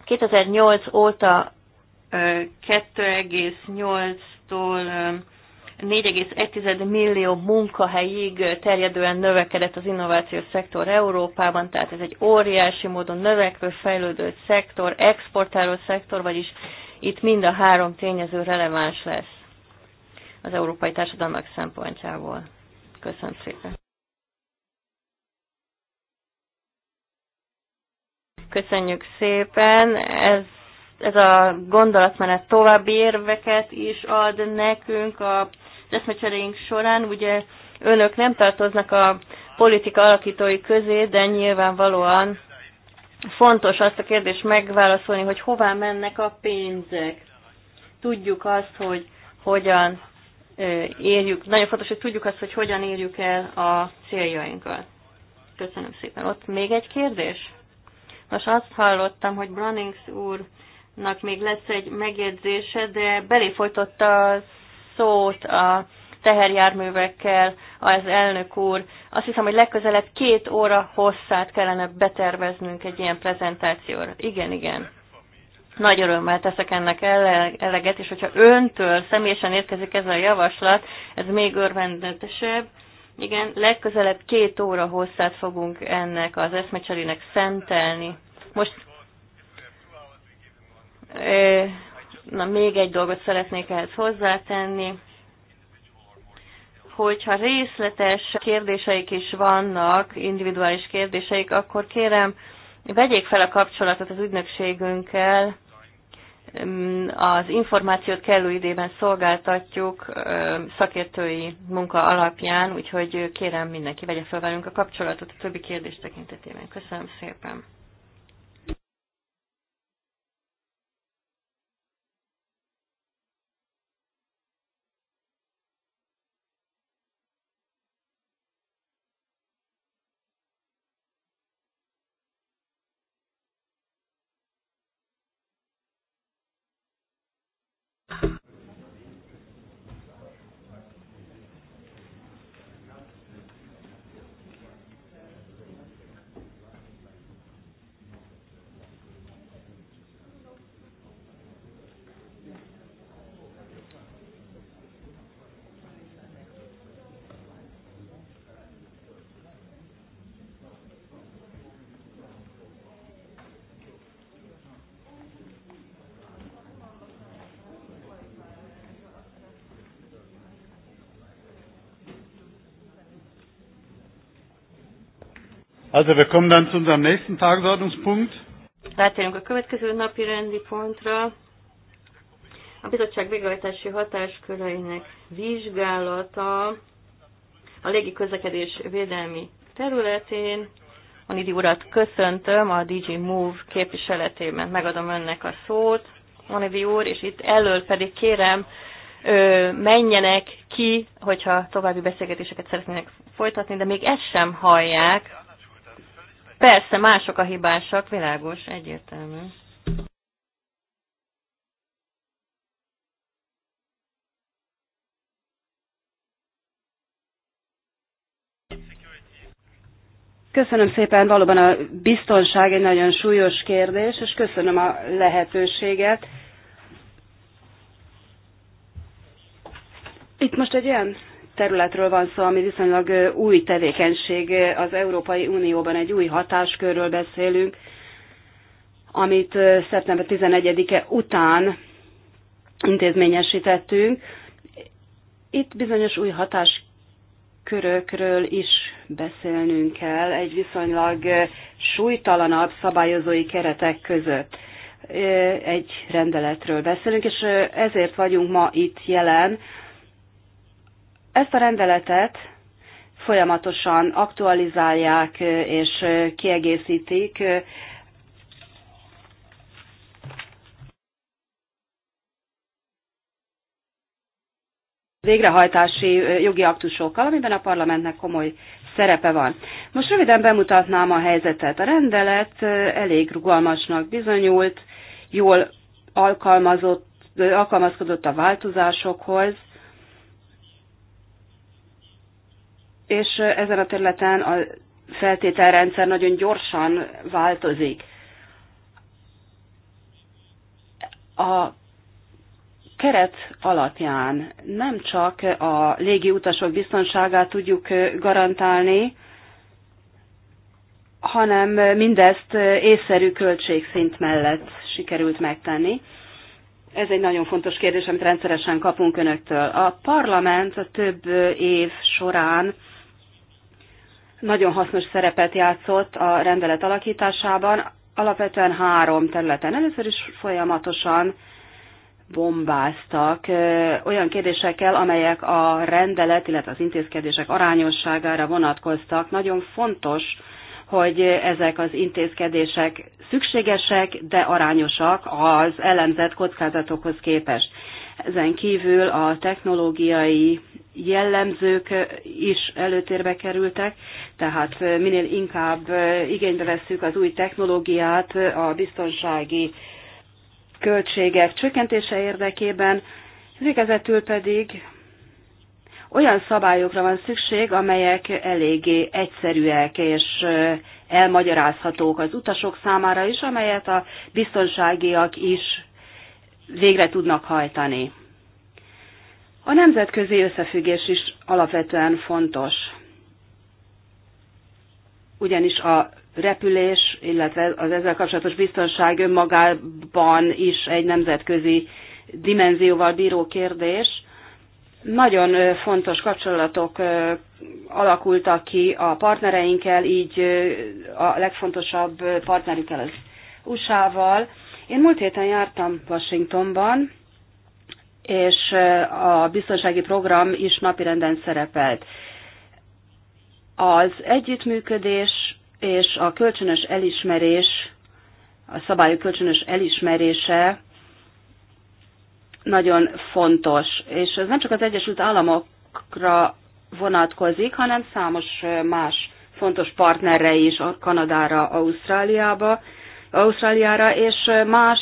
2008 óta 2,8-tól 4,1 millió munkahelyig terjedően növekedett az innovációs szektor Európában, tehát ez egy óriási módon növekvő, fejlődő szektor, exportáló szektor, vagyis itt mind a három tényező releváns lesz az európai társadalmak szempontjából. Köszönöm szépen. Köszönjük szépen. Ez ez a gondolatmenet további érveket is ad nekünk a eszmecseréink során. Ugye önök nem tartoznak a politika alakítói közé, de nyilvánvalóan fontos azt a kérdést megválaszolni, hogy hová mennek a pénzek. Tudjuk azt, hogy hogyan érjük, nagyon fontos, hogy tudjuk azt, hogy hogyan érjük el a céljainkat. Köszönöm szépen. Ott még egy kérdés? Most azt hallottam, hogy Brunnings úrnak még lesz egy megjegyzése, de belé folytotta az szót a teherjárművekkel az elnök úr. Azt hiszem, hogy legközelebb két óra hosszát kellene beterveznünk egy ilyen prezentációra. Igen, igen. Nagy örömmel teszek ennek eleget, és hogyha öntől személyesen érkezik ez a javaslat, ez még örvendetesebb. Igen, legközelebb két óra hosszát fogunk ennek az eszmecserének szentelni. Most Na, még egy dolgot szeretnék ehhez hozzátenni, hogyha részletes kérdéseik is vannak, individuális kérdéseik, akkor kérem, vegyék fel a kapcsolatot az ügynökségünkkel, az információt kellő idében szolgáltatjuk szakértői munka alapján, úgyhogy kérem mindenki vegye fel velünk a kapcsolatot a többi kérdés tekintetében. Köszönöm szépen! Also wir kommen dann zu unserem nächsten Tagesordnungspunkt. Rátérünk a következő napi rendi pontra. A bizottság végrehajtási hatásköreinek vizsgálata a légi közlekedés védelmi területén. A Nidi urat köszöntöm a DG Move képviseletében. Megadom önnek a szót, Onivi úr, és itt elől pedig kérem, menjenek ki, hogyha további beszélgetéseket szeretnének folytatni, de még ezt sem hallják, Persze, mások a hibásak, világos, egyértelmű. Köszönöm szépen, valóban a biztonság egy nagyon súlyos kérdés, és köszönöm a lehetőséget. Itt most egy ilyen területről van szó, ami viszonylag új tevékenység. Az Európai Unióban egy új hatáskörről beszélünk, amit szeptember 11-e után intézményesítettünk. Itt bizonyos új hatáskörökről is beszélnünk kell egy viszonylag súlytalanabb szabályozói keretek között. Egy rendeletről beszélünk, és ezért vagyunk ma itt jelen, ezt a rendeletet folyamatosan aktualizálják és kiegészítik. végrehajtási jogi aktusokkal, amiben a parlamentnek komoly szerepe van. Most röviden bemutatnám a helyzetet. A rendelet elég rugalmasnak bizonyult, jól alkalmazott, alkalmazkodott a változásokhoz, és ezen a területen a feltételrendszer nagyon gyorsan változik. A keret alapján nem csak a légi utasok biztonságát tudjuk garantálni, hanem mindezt észszerű költségszint mellett sikerült megtenni. Ez egy nagyon fontos kérdés, amit rendszeresen kapunk önöktől. A parlament a több év során nagyon hasznos szerepet játszott a rendelet alakításában, alapvetően három területen. Először is folyamatosan bombáztak olyan kérdésekkel, amelyek a rendelet, illetve az intézkedések arányosságára vonatkoztak. Nagyon fontos, hogy ezek az intézkedések szükségesek, de arányosak az ellenzett kockázatokhoz képest. Ezen kívül a technológiai jellemzők is előtérbe kerültek, tehát minél inkább igénybe veszük az új technológiát a biztonsági költségek csökkentése érdekében, végezetül pedig olyan szabályokra van szükség, amelyek eléggé egyszerűek és elmagyarázhatók az utasok számára is, amelyet a biztonságiak is végre tudnak hajtani. A nemzetközi összefüggés is alapvetően fontos, ugyanis a repülés, illetve az ezzel kapcsolatos biztonság önmagában is egy nemzetközi dimenzióval bíró kérdés. Nagyon fontos kapcsolatok alakultak ki a partnereinkkel, így a legfontosabb partnerükkel az USA-val, én múlt héten jártam Washingtonban, és a biztonsági program is napirenden szerepelt. Az együttműködés és a kölcsönös elismerés, a szabályok kölcsönös elismerése nagyon fontos. És ez nem csak az Egyesült Államokra vonatkozik, hanem számos más fontos partnerre is, a Kanadára, Ausztráliába, Ausztráliára és más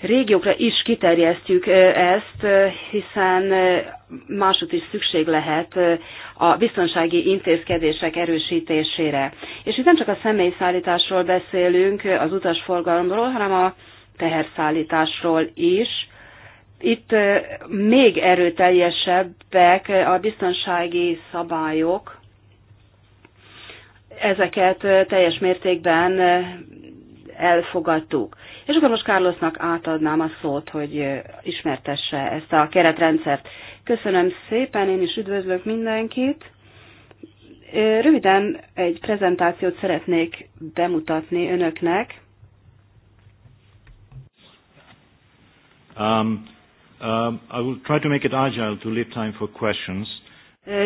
régiókra is kiterjesztjük ezt, hiszen másút is szükség lehet a biztonsági intézkedések erősítésére. És itt nem csak a személyszállításról beszélünk, az utasforgalomról, hanem a teherszállításról is. Itt még erőteljesebbek a biztonsági szabályok, ezeket teljes mértékben elfogadtuk. És akkor most Carlosnak átadnám a szót, hogy ismertesse ezt a keretrendszert. Köszönöm szépen, én is üdvözlök mindenkit. Röviden egy prezentációt szeretnék bemutatni önöknek. Um, um, I will try to make it agile to leave time for questions.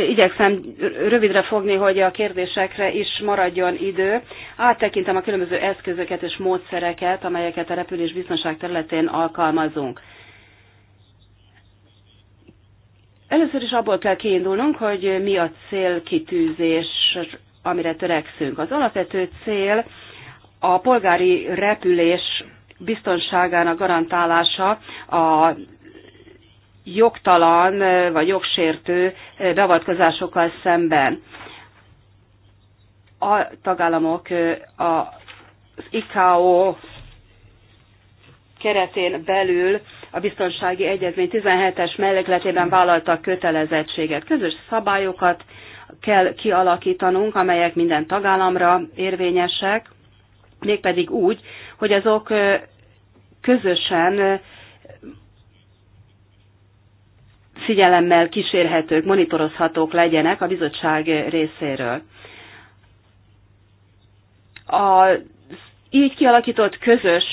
Igyekszem rövidre fogni, hogy a kérdésekre is maradjon idő. Áttekintem a különböző eszközöket és módszereket, amelyeket a repülés biztonság területén alkalmazunk. Először is abból kell kiindulnunk, hogy mi a célkitűzés, amire törekszünk. Az alapvető cél a polgári repülés biztonságának garantálása a jogtalan vagy jogsértő beavatkozásokkal szemben. A tagállamok az ICAO keretén belül a biztonsági egyezmény 17-es mellékletében vállaltak kötelezettséget. Közös szabályokat kell kialakítanunk, amelyek minden tagállamra érvényesek, mégpedig úgy, hogy azok közösen figyelemmel kísérhetők, monitorozhatók legyenek a bizottság részéről. A így kialakított közös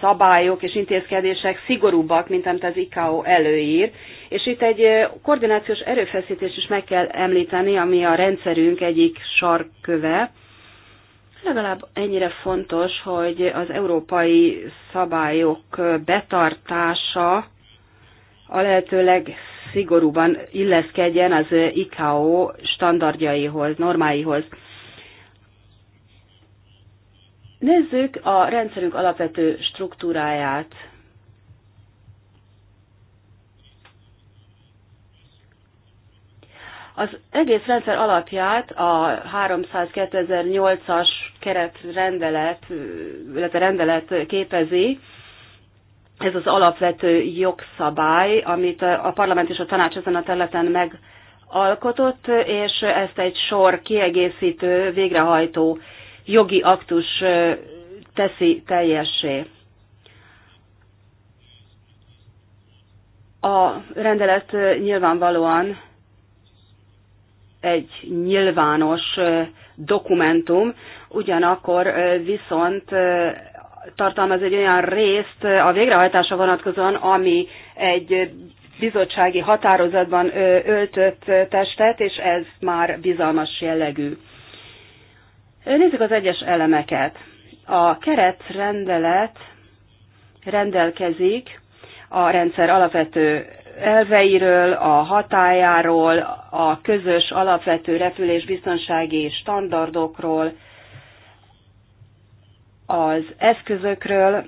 szabályok és intézkedések szigorúbbak, mint amit az ICAO előír, és itt egy koordinációs erőfeszítés is meg kell említeni, ami a rendszerünk egyik sarköve. Legalább ennyire fontos, hogy az európai szabályok betartása a lehető szigorúban illeszkedjen az ICAO standardjaihoz, normáihoz. Nézzük a rendszerünk alapvető struktúráját. Az egész rendszer alapját a 302.008-as keretrendelet, illetve rendelet képezi, ez az alapvető jogszabály, amit a parlament és a tanács ezen a területen megalkotott, és ezt egy sor kiegészítő, végrehajtó jogi aktus teszi teljessé. A rendelet nyilvánvalóan egy nyilvános dokumentum, ugyanakkor viszont tartalmaz egy olyan részt a végrehajtása vonatkozóan, ami egy bizottsági határozatban öltött testet, és ez már bizalmas jellegű. Nézzük az egyes elemeket. A keretrendelet rendelkezik a rendszer alapvető elveiről, a hatájáról, a közös alapvető repülésbiztonsági standardokról, az eszközökről,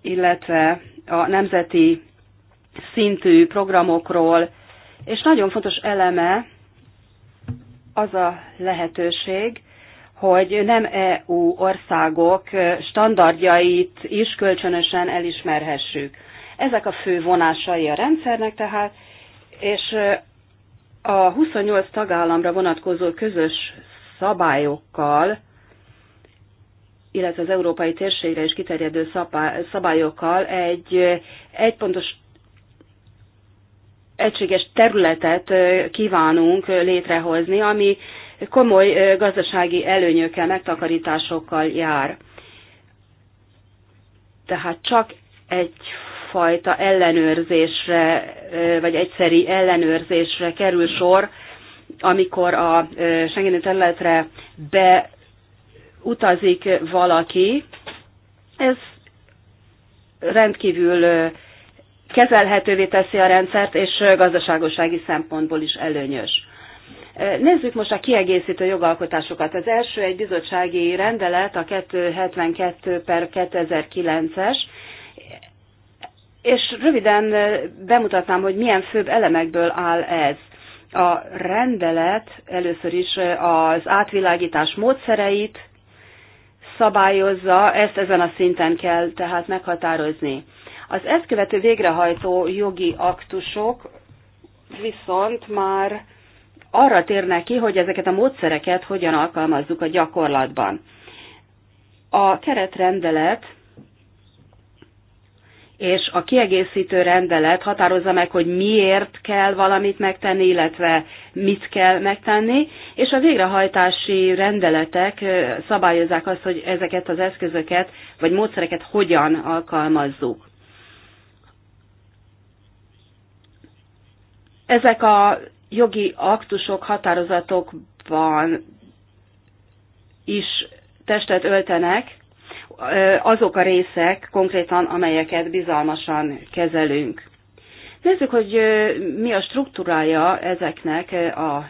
illetve a nemzeti szintű programokról, és nagyon fontos eleme az a lehetőség, hogy nem EU országok standardjait is kölcsönösen elismerhessük. Ezek a fő vonásai a rendszernek tehát, és a 28 tagállamra vonatkozó közös szabályokkal illetve az európai térségre is kiterjedő szabályokkal egy egypontos egységes területet kívánunk létrehozni, ami komoly gazdasági előnyökkel, megtakarításokkal jár. Tehát csak egyfajta ellenőrzésre, vagy egyszeri ellenőrzésre kerül sor, amikor a Schengeni területre be utazik valaki, ez rendkívül kezelhetővé teszi a rendszert, és gazdaságosági szempontból is előnyös. Nézzük most a kiegészítő jogalkotásokat. Az első egy bizottsági rendelet, a 272 per 2009-es, és röviden bemutatnám, hogy milyen főbb elemekből áll ez. A rendelet először is az átvilágítás módszereit szabályozza, ezt ezen a szinten kell tehát meghatározni. Az ezt követő végrehajtó jogi aktusok viszont már arra térnek ki, hogy ezeket a módszereket hogyan alkalmazzuk a gyakorlatban. A keretrendelet és a kiegészítő rendelet határozza meg, hogy miért kell valamit megtenni, illetve mit kell megtenni, és a végrehajtási rendeletek szabályozzák azt, hogy ezeket az eszközöket vagy módszereket hogyan alkalmazzuk. Ezek a jogi aktusok, határozatokban is testet öltenek, azok a részek konkrétan, amelyeket bizalmasan kezelünk. Nézzük, hogy mi a struktúrája ezeknek a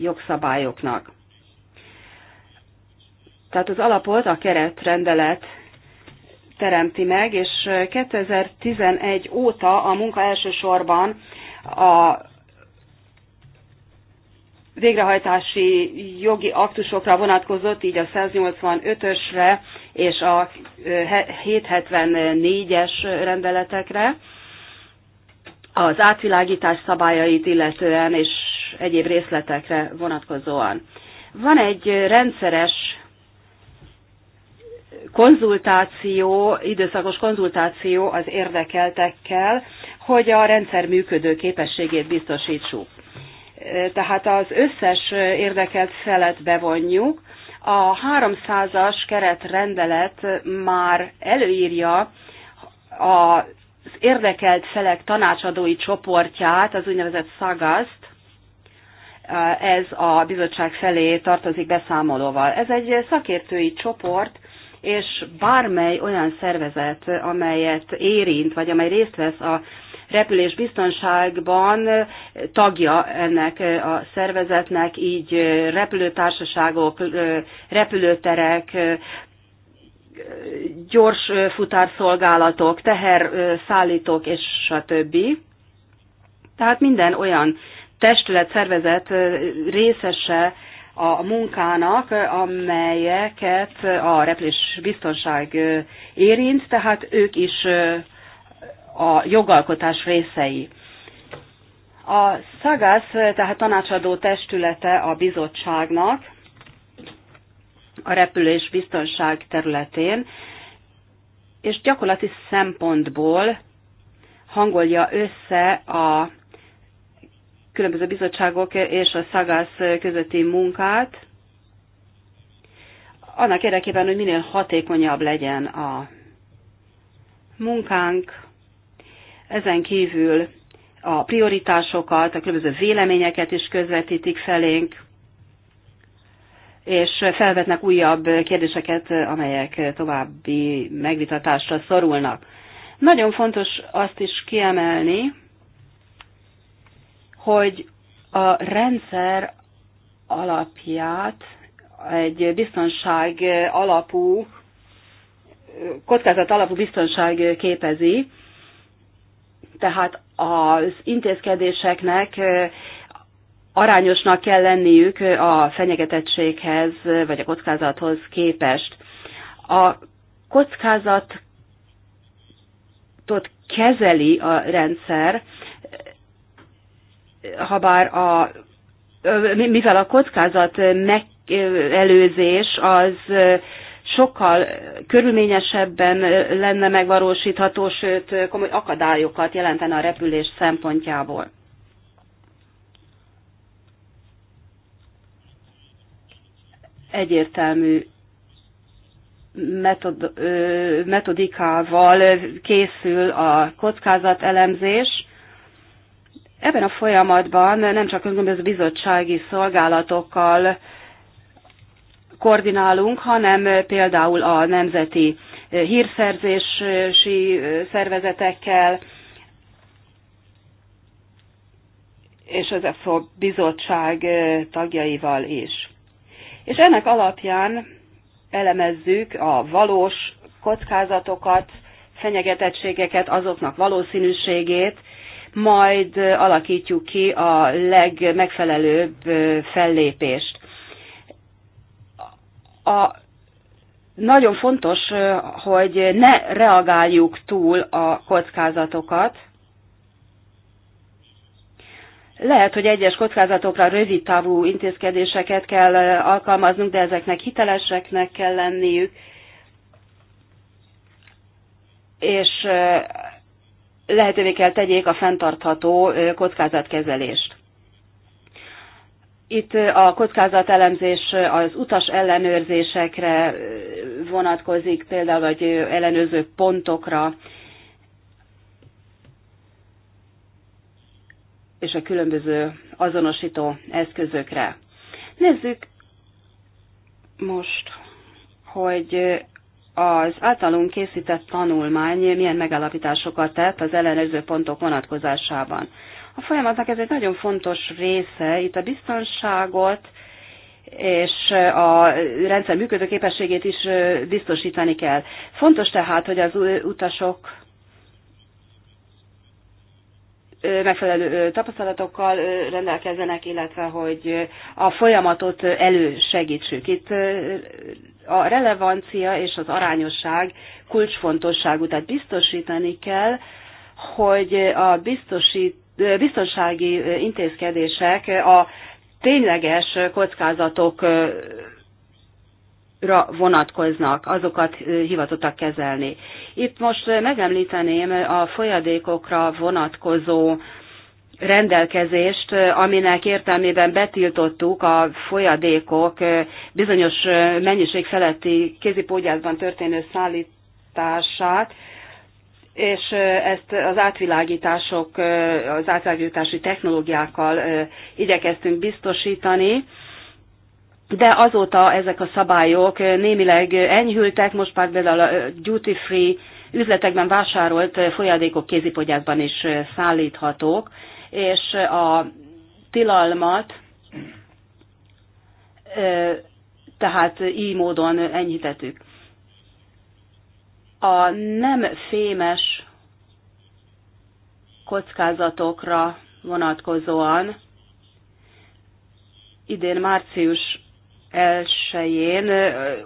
jogszabályoknak. Tehát az alapot a keretrendelet teremti meg, és 2011 óta a munka elsősorban a végrehajtási jogi aktusokra vonatkozott, így a 185-ösre és a 774-es rendeletekre, az átvilágítás szabályait illetően és egyéb részletekre vonatkozóan. Van egy rendszeres konzultáció, időszakos konzultáció az érdekeltekkel, hogy a rendszer működő képességét biztosítsuk tehát az összes érdekelt felet bevonjuk. A 300-as keretrendelet már előírja az érdekelt felek tanácsadói csoportját, az úgynevezett szagaszt, ez a bizottság felé tartozik beszámolóval. Ez egy szakértői csoport, és bármely olyan szervezet, amelyet érint, vagy amely részt vesz a repülés biztonságban tagja ennek a szervezetnek, így repülőtársaságok, repülőterek, gyors futárszolgálatok, teherszállítók és stb. Tehát minden olyan testület, szervezet részese a munkának, amelyeket a repülés biztonság érint, tehát ők is a jogalkotás részei. A SZAGASZ, tehát tanácsadó testülete a bizottságnak a repülés biztonság területén, és gyakorlati szempontból hangolja össze a különböző bizottságok és a szagász közötti munkát, annak érdekében, hogy minél hatékonyabb legyen a munkánk, ezen kívül a prioritásokat, a különböző véleményeket is közvetítik felénk, és felvetnek újabb kérdéseket, amelyek további megvitatásra szorulnak. Nagyon fontos azt is kiemelni, hogy a rendszer alapját egy biztonság alapú, kockázat alapú biztonság képezi, tehát az intézkedéseknek arányosnak kell lenniük a fenyegetettséghez vagy a kockázathoz képest. A kockázatot kezeli a rendszer, ha bár a, mivel a kockázat megelőzés az sokkal körülményesebben lenne megvalósítható, sőt komoly akadályokat jelentene a repülés szempontjából. Egyértelmű metod, metodikával készül a kockázatelemzés. Ebben a folyamatban nem csak önkormányzati bizottsági szolgálatokkal koordinálunk, hanem például a nemzeti hírszerzési szervezetekkel, és az EFO bizottság tagjaival is. És ennek alapján elemezzük a valós kockázatokat, fenyegetettségeket, azoknak valószínűségét, majd alakítjuk ki a legmegfelelőbb fellépést a, nagyon fontos, hogy ne reagáljuk túl a kockázatokat. Lehet, hogy egyes kockázatokra rövid távú intézkedéseket kell alkalmaznunk, de ezeknek hiteleseknek kell lenniük, és lehetővé kell tegyék a fenntartható kockázatkezelést. Itt a kockázatelemzés az utas ellenőrzésekre vonatkozik, például vagy ellenőrző pontokra, és a különböző azonosító eszközökre. Nézzük most, hogy az általunk készített tanulmány milyen megállapításokat tett az ellenőrző pontok vonatkozásában. A folyamatnak ez egy nagyon fontos része. Itt a biztonságot és a rendszer működőképességét is biztosítani kell. Fontos tehát, hogy az utasok megfelelő tapasztalatokkal rendelkezzenek, illetve hogy a folyamatot elősegítsük. Itt a relevancia és az arányosság kulcsfontosságú, tehát biztosítani kell, hogy a biztosít biztonsági intézkedések a tényleges kockázatokra vonatkoznak, azokat hivatottak kezelni. Itt most megemlíteném a folyadékokra vonatkozó rendelkezést, aminek értelmében betiltottuk a folyadékok bizonyos mennyiség feletti kézipógyászban történő szállítását, és ezt az átvilágítások, az átvilágítási technológiákkal igyekeztünk biztosítani, de azóta ezek a szabályok némileg enyhültek, most már például a duty free üzletekben vásárolt folyadékok kézipogyákban is szállíthatók, és a tilalmat tehát így módon enyhítettük a nem fémes kockázatokra vonatkozóan idén március elsőjén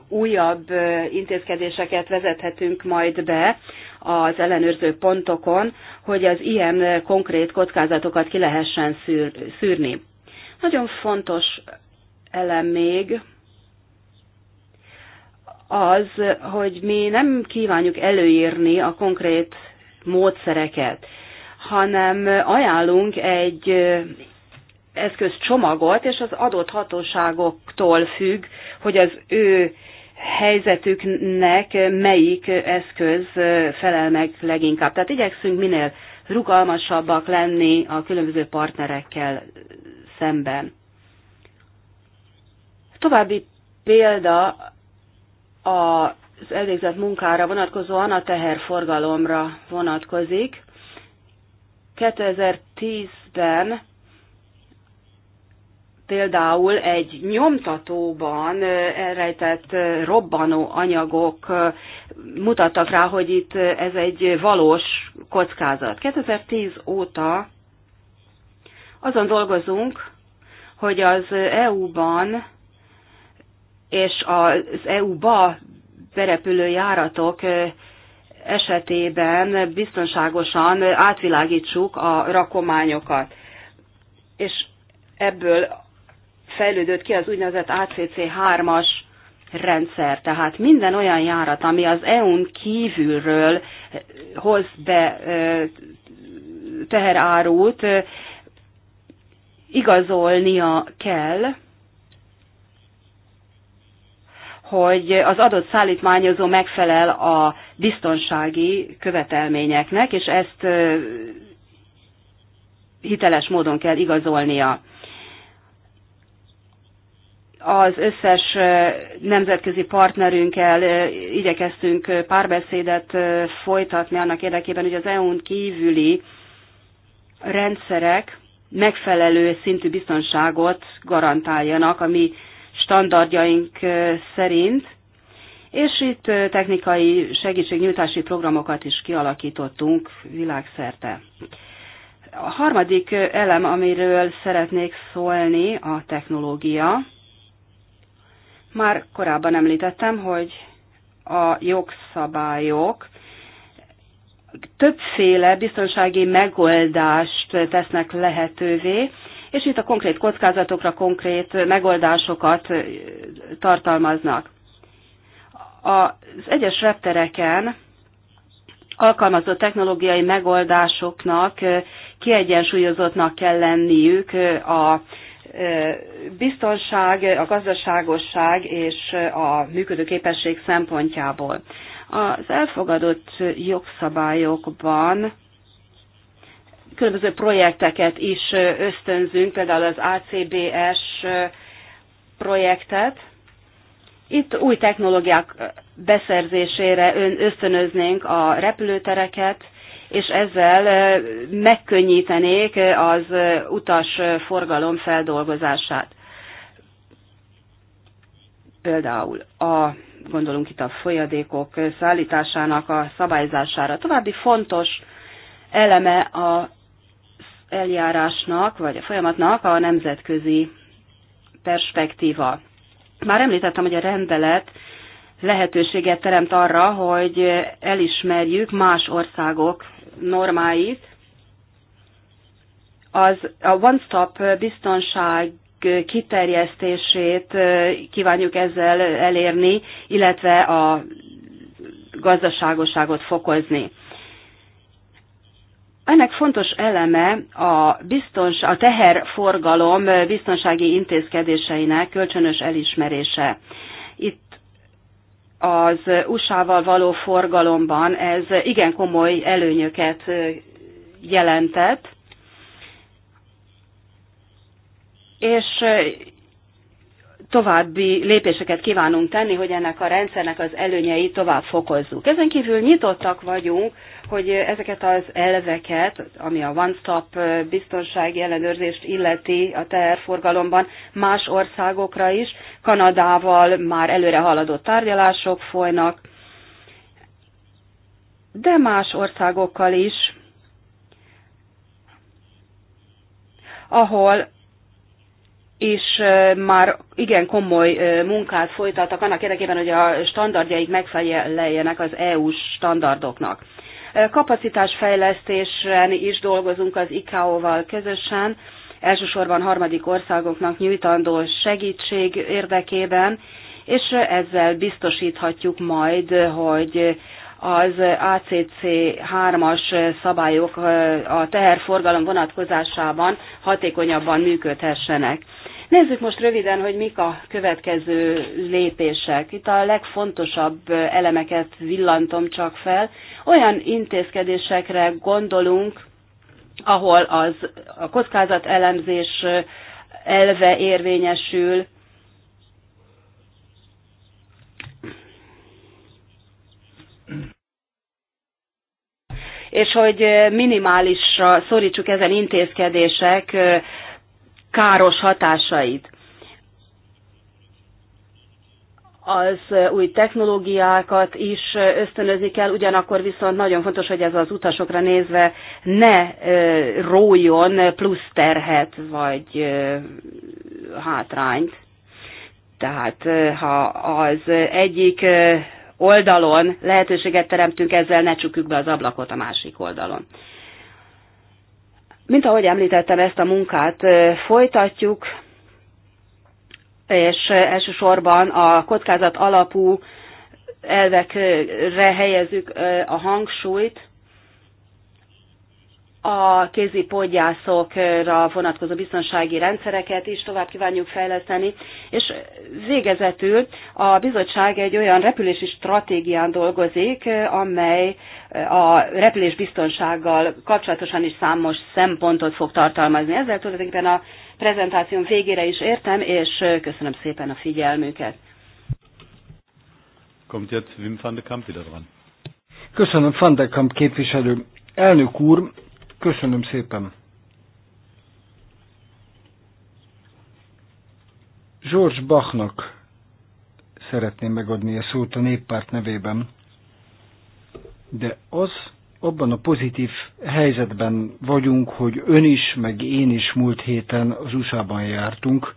újabb intézkedéseket vezethetünk majd be az ellenőrző pontokon, hogy az ilyen konkrét kockázatokat ki lehessen szűrni. Nagyon fontos elem még, az, hogy mi nem kívánjuk előírni a konkrét módszereket, hanem ajánlunk egy eszközcsomagot, és az adott hatóságoktól függ, hogy az ő helyzetüknek melyik eszköz felel meg leginkább. Tehát igyekszünk minél rugalmasabbak lenni a különböző partnerekkel szemben. További példa az elvégzett munkára vonatkozóan a teherforgalomra vonatkozik. 2010-ben például egy nyomtatóban elrejtett robbanó anyagok mutattak rá, hogy itt ez egy valós kockázat. 2010 óta azon dolgozunk, hogy az EU-ban és az EU-ba berepülő járatok esetében biztonságosan átvilágítsuk a rakományokat. És ebből fejlődött ki az úgynevezett ACC3-as rendszer. Tehát minden olyan járat, ami az EU-n kívülről hoz be teherárút, igazolnia kell, hogy az adott szállítmányozó megfelel a biztonsági követelményeknek, és ezt hiteles módon kell igazolnia. Az összes nemzetközi partnerünkkel igyekeztünk párbeszédet folytatni annak érdekében, hogy az EU-n kívüli rendszerek megfelelő szintű biztonságot garantáljanak ami standardjaink szerint, és itt technikai segítségnyújtási programokat is kialakítottunk világszerte. A harmadik elem, amiről szeretnék szólni, a technológia. Már korábban említettem, hogy a jogszabályok többféle biztonsági megoldást tesznek lehetővé, és itt a konkrét kockázatokra konkrét megoldásokat tartalmaznak. Az egyes reptereken alkalmazott technológiai megoldásoknak kiegyensúlyozottnak kell lenniük a biztonság, a gazdaságosság és a működőképesség szempontjából. Az elfogadott jogszabályokban különböző projekteket is ösztönzünk, például az ACBS projektet. Itt új technológiák beszerzésére ösztönöznénk a repülőtereket, és ezzel megkönnyítenék az utas forgalom feldolgozását. Például a gondolunk itt a folyadékok szállításának a szabályzására. További fontos eleme a eljárásnak, vagy a folyamatnak a nemzetközi perspektíva. Már említettem, hogy a rendelet lehetőséget teremt arra, hogy elismerjük más országok normáit. Az a one-stop biztonság kiterjesztését kívánjuk ezzel elérni, illetve a gazdaságosságot fokozni. Ennek fontos eleme a, biztons, a teherforgalom biztonsági intézkedéseinek kölcsönös elismerése. Itt az USA-val való forgalomban ez igen komoly előnyöket jelentett, és további lépéseket kívánunk tenni, hogy ennek a rendszernek az előnyei tovább fokozzuk. Ezen kívül nyitottak vagyunk, hogy ezeket az elveket, ami a one-stop biztonsági ellenőrzést illeti a teherforgalomban, más országokra is, Kanadával már előre haladott tárgyalások folynak, de más országokkal is, ahol és már igen komoly munkát folytattak annak érdekében, hogy a standardjaik megfeleljenek az EU-s standardoknak. Kapacitásfejlesztésen is dolgozunk az ICAO-val közösen, elsősorban harmadik országoknak nyújtandó segítség érdekében, és ezzel biztosíthatjuk majd, hogy az ACC 3-as szabályok a teherforgalom vonatkozásában hatékonyabban működhessenek. Nézzük most röviden, hogy mik a következő lépések. Itt a legfontosabb elemeket villantom csak fel. Olyan intézkedésekre gondolunk, ahol az, a kockázat elve érvényesül, és hogy minimálisra szorítsuk ezen intézkedések káros hatásait. Az új technológiákat is ösztönözni kell, ugyanakkor viszont nagyon fontos, hogy ez az utasokra nézve ne rójon plusz terhet vagy hátrányt. Tehát ha az egyik oldalon lehetőséget teremtünk, ezzel ne csukjuk be az ablakot a másik oldalon. Mint ahogy említettem, ezt a munkát folytatjuk, és elsősorban a kockázat alapú elvekre helyezzük a hangsúlyt, a kézi podgyászokra vonatkozó biztonsági rendszereket is tovább kívánjuk fejleszteni, és végezetül a bizottság egy olyan repülési stratégián dolgozik, amely a repülés biztonsággal kapcsolatosan is számos szempontot fog tartalmazni. Ezzel tulajdonképpen a prezentációm végére is értem, és köszönöm szépen a figyelmüket. Kommt jetzt Wim van Kamp wieder dran. Köszönöm, van de Kamp képviselő. Elnök úr, Köszönöm szépen. George Bachnak szeretném megadni a szót a néppárt nevében, de az abban a pozitív helyzetben vagyunk, hogy ön is, meg én is múlt héten az USA-ban jártunk,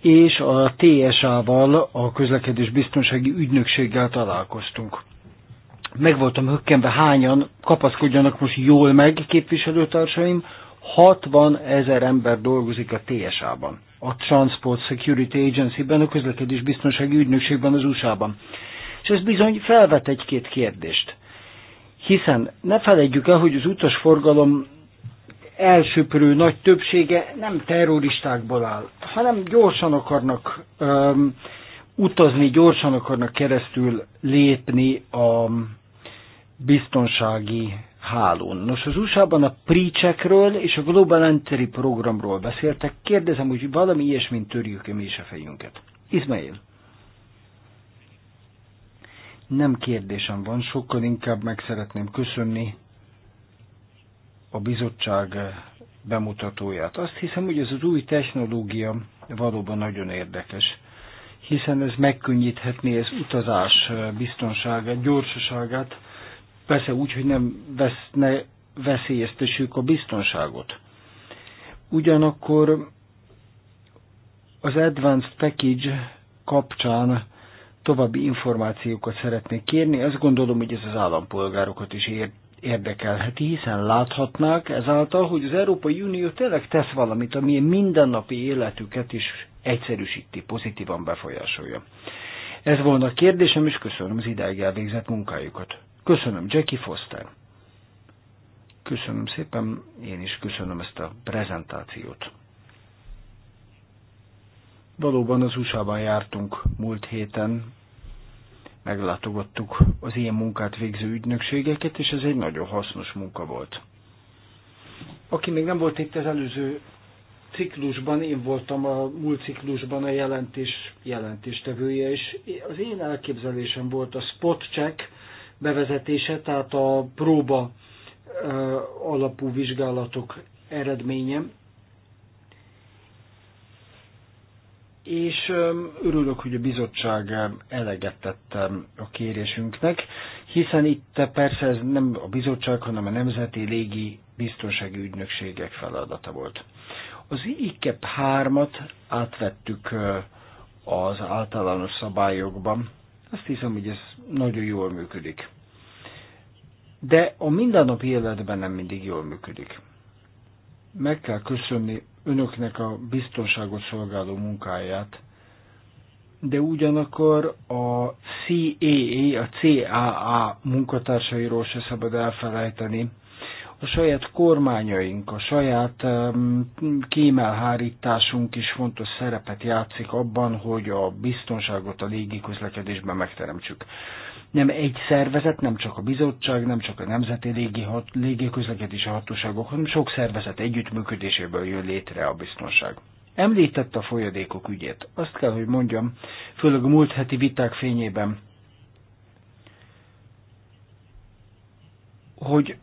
és a TSA-val, a közlekedés biztonsági ügynökséggel találkoztunk meg voltam hökkenve hányan, kapaszkodjanak most jól meg képviselőtársaim, 60 ezer ember dolgozik a TSA-ban, a Transport Security Agency-ben, a közlekedés biztonsági ügynökségben az USA-ban. És ez bizony felvet egy-két kérdést. Hiszen ne felejtjük el, hogy az utasforgalom elsőprő nagy többsége nem terroristákból áll, hanem gyorsan akarnak um, utazni, gyorsan akarnak keresztül lépni a biztonsági hálón. Nos, az USA-ban a PRICSEKről és a Global Entry programról beszéltek. Kérdezem, hogy valami ilyesmint törjük-e mi is a fejünket. Izmail. Nem kérdésem van, sokkal inkább meg szeretném köszönni a bizottság bemutatóját. Azt hiszem, hogy ez az új technológia valóban nagyon érdekes, hiszen ez megkönnyíthetné az utazás biztonságát, gyorsaságát, Persze úgy, hogy nem veszne, veszélyeztessük a biztonságot. Ugyanakkor az Advanced Package kapcsán további információkat szeretnék kérni. Azt gondolom, hogy ez az állampolgárokat is ér érdekelheti, hiszen láthatnák ezáltal, hogy az Európai Unió tényleg tesz valamit, ami mindennapi életüket is egyszerűsíti, pozitívan befolyásolja. Ez volna a kérdésem, és köszönöm az ideig elvégzett munkájukat. Köszönöm, Jackie Foster. Köszönöm szépen, én is köszönöm ezt a prezentációt. Valóban az USA-ban jártunk múlt héten, meglátogattuk az ilyen munkát végző ügynökségeket, és ez egy nagyon hasznos munka volt. Aki még nem volt itt az előző ciklusban, én voltam a múlt ciklusban a jelentés jelentéstevője, és az én elképzelésem volt a spot check, bevezetése, tehát a próba alapú vizsgálatok eredménye. És örülök, hogy a bizottság eleget tette a kérésünknek, hiszen itt persze ez nem a bizottság, hanem a Nemzeti Légi Biztonsági Ügynökségek feladata volt. Az IKEP 3-at átvettük az általános szabályokban, azt hiszem, hogy ez nagyon jól működik. De a mindennapi életben nem mindig jól működik. Meg kell köszönni önöknek a biztonságot szolgáló munkáját, de ugyanakkor a CAA, a CAA munkatársairól se szabad elfelejteni, a saját kormányaink, a saját kémelhárításunk is fontos szerepet játszik abban, hogy a biztonságot a légi közlekedésben megteremtsük. Nem egy szervezet, nem csak a bizottság, nem csak a Nemzeti légi hat, Légiközlekedési Hatóságok, hanem sok szervezet együttműködéséből jön létre a biztonság. Említett a folyadékok ügyét. Azt kell, hogy mondjam, főleg a múlt heti viták fényében, hogy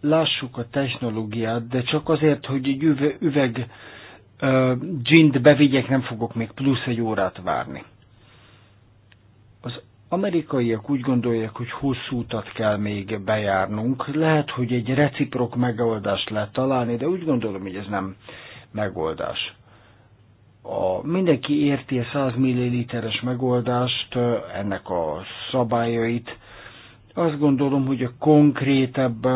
lássuk a technológiát, de csak azért, hogy egy üveg, üveg uh, gint bevigyek, nem fogok még plusz egy órát várni. Az amerikaiak úgy gondolják, hogy hosszú utat kell még bejárnunk. Lehet, hogy egy reciprok megoldást lehet találni, de úgy gondolom, hogy ez nem megoldás. A, mindenki érti a 100 ml-es megoldást, ennek a szabályait. Azt gondolom, hogy a konkrétebb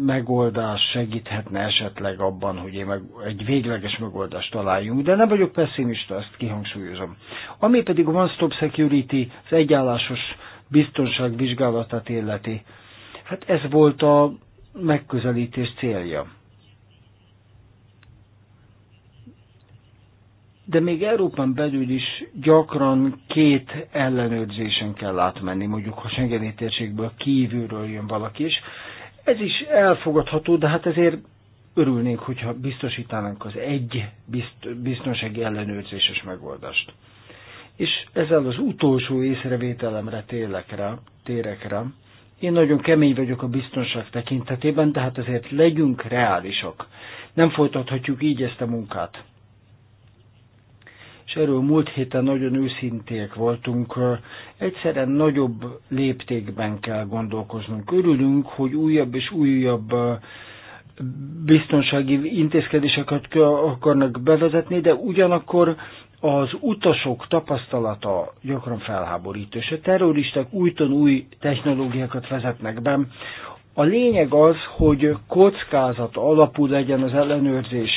megoldás segíthetne esetleg abban, hogy én meg, egy végleges megoldást találjunk, de nem vagyok pessimista, ezt kihangsúlyozom. Ami pedig a One Stop Security, az egyállásos biztonság vizsgálatát illeti, hát ez volt a megközelítés célja. de még Európán belül is gyakran két ellenőrzésen kell átmenni, mondjuk ha Schengeni térségből kívülről jön valaki is. Ez is elfogadható, de hát ezért örülnénk, hogyha biztosítanánk az egy biztonsági ellenőrzéses megoldást. És ezzel az utolsó észrevételemre térek rá, térek rá. Én nagyon kemény vagyok a biztonság tekintetében, de hát azért legyünk reálisak. Nem folytathatjuk így ezt a munkát és erről múlt héten nagyon őszinték voltunk, egyszerűen nagyobb léptékben kell gondolkoznunk. Örülünk, hogy újabb és újabb biztonsági intézkedéseket akarnak bevezetni, de ugyanakkor az utasok tapasztalata gyakran felháborító, és a terroristák újton új technológiákat vezetnek be. A lényeg az, hogy kockázat alapú legyen az ellenőrzés,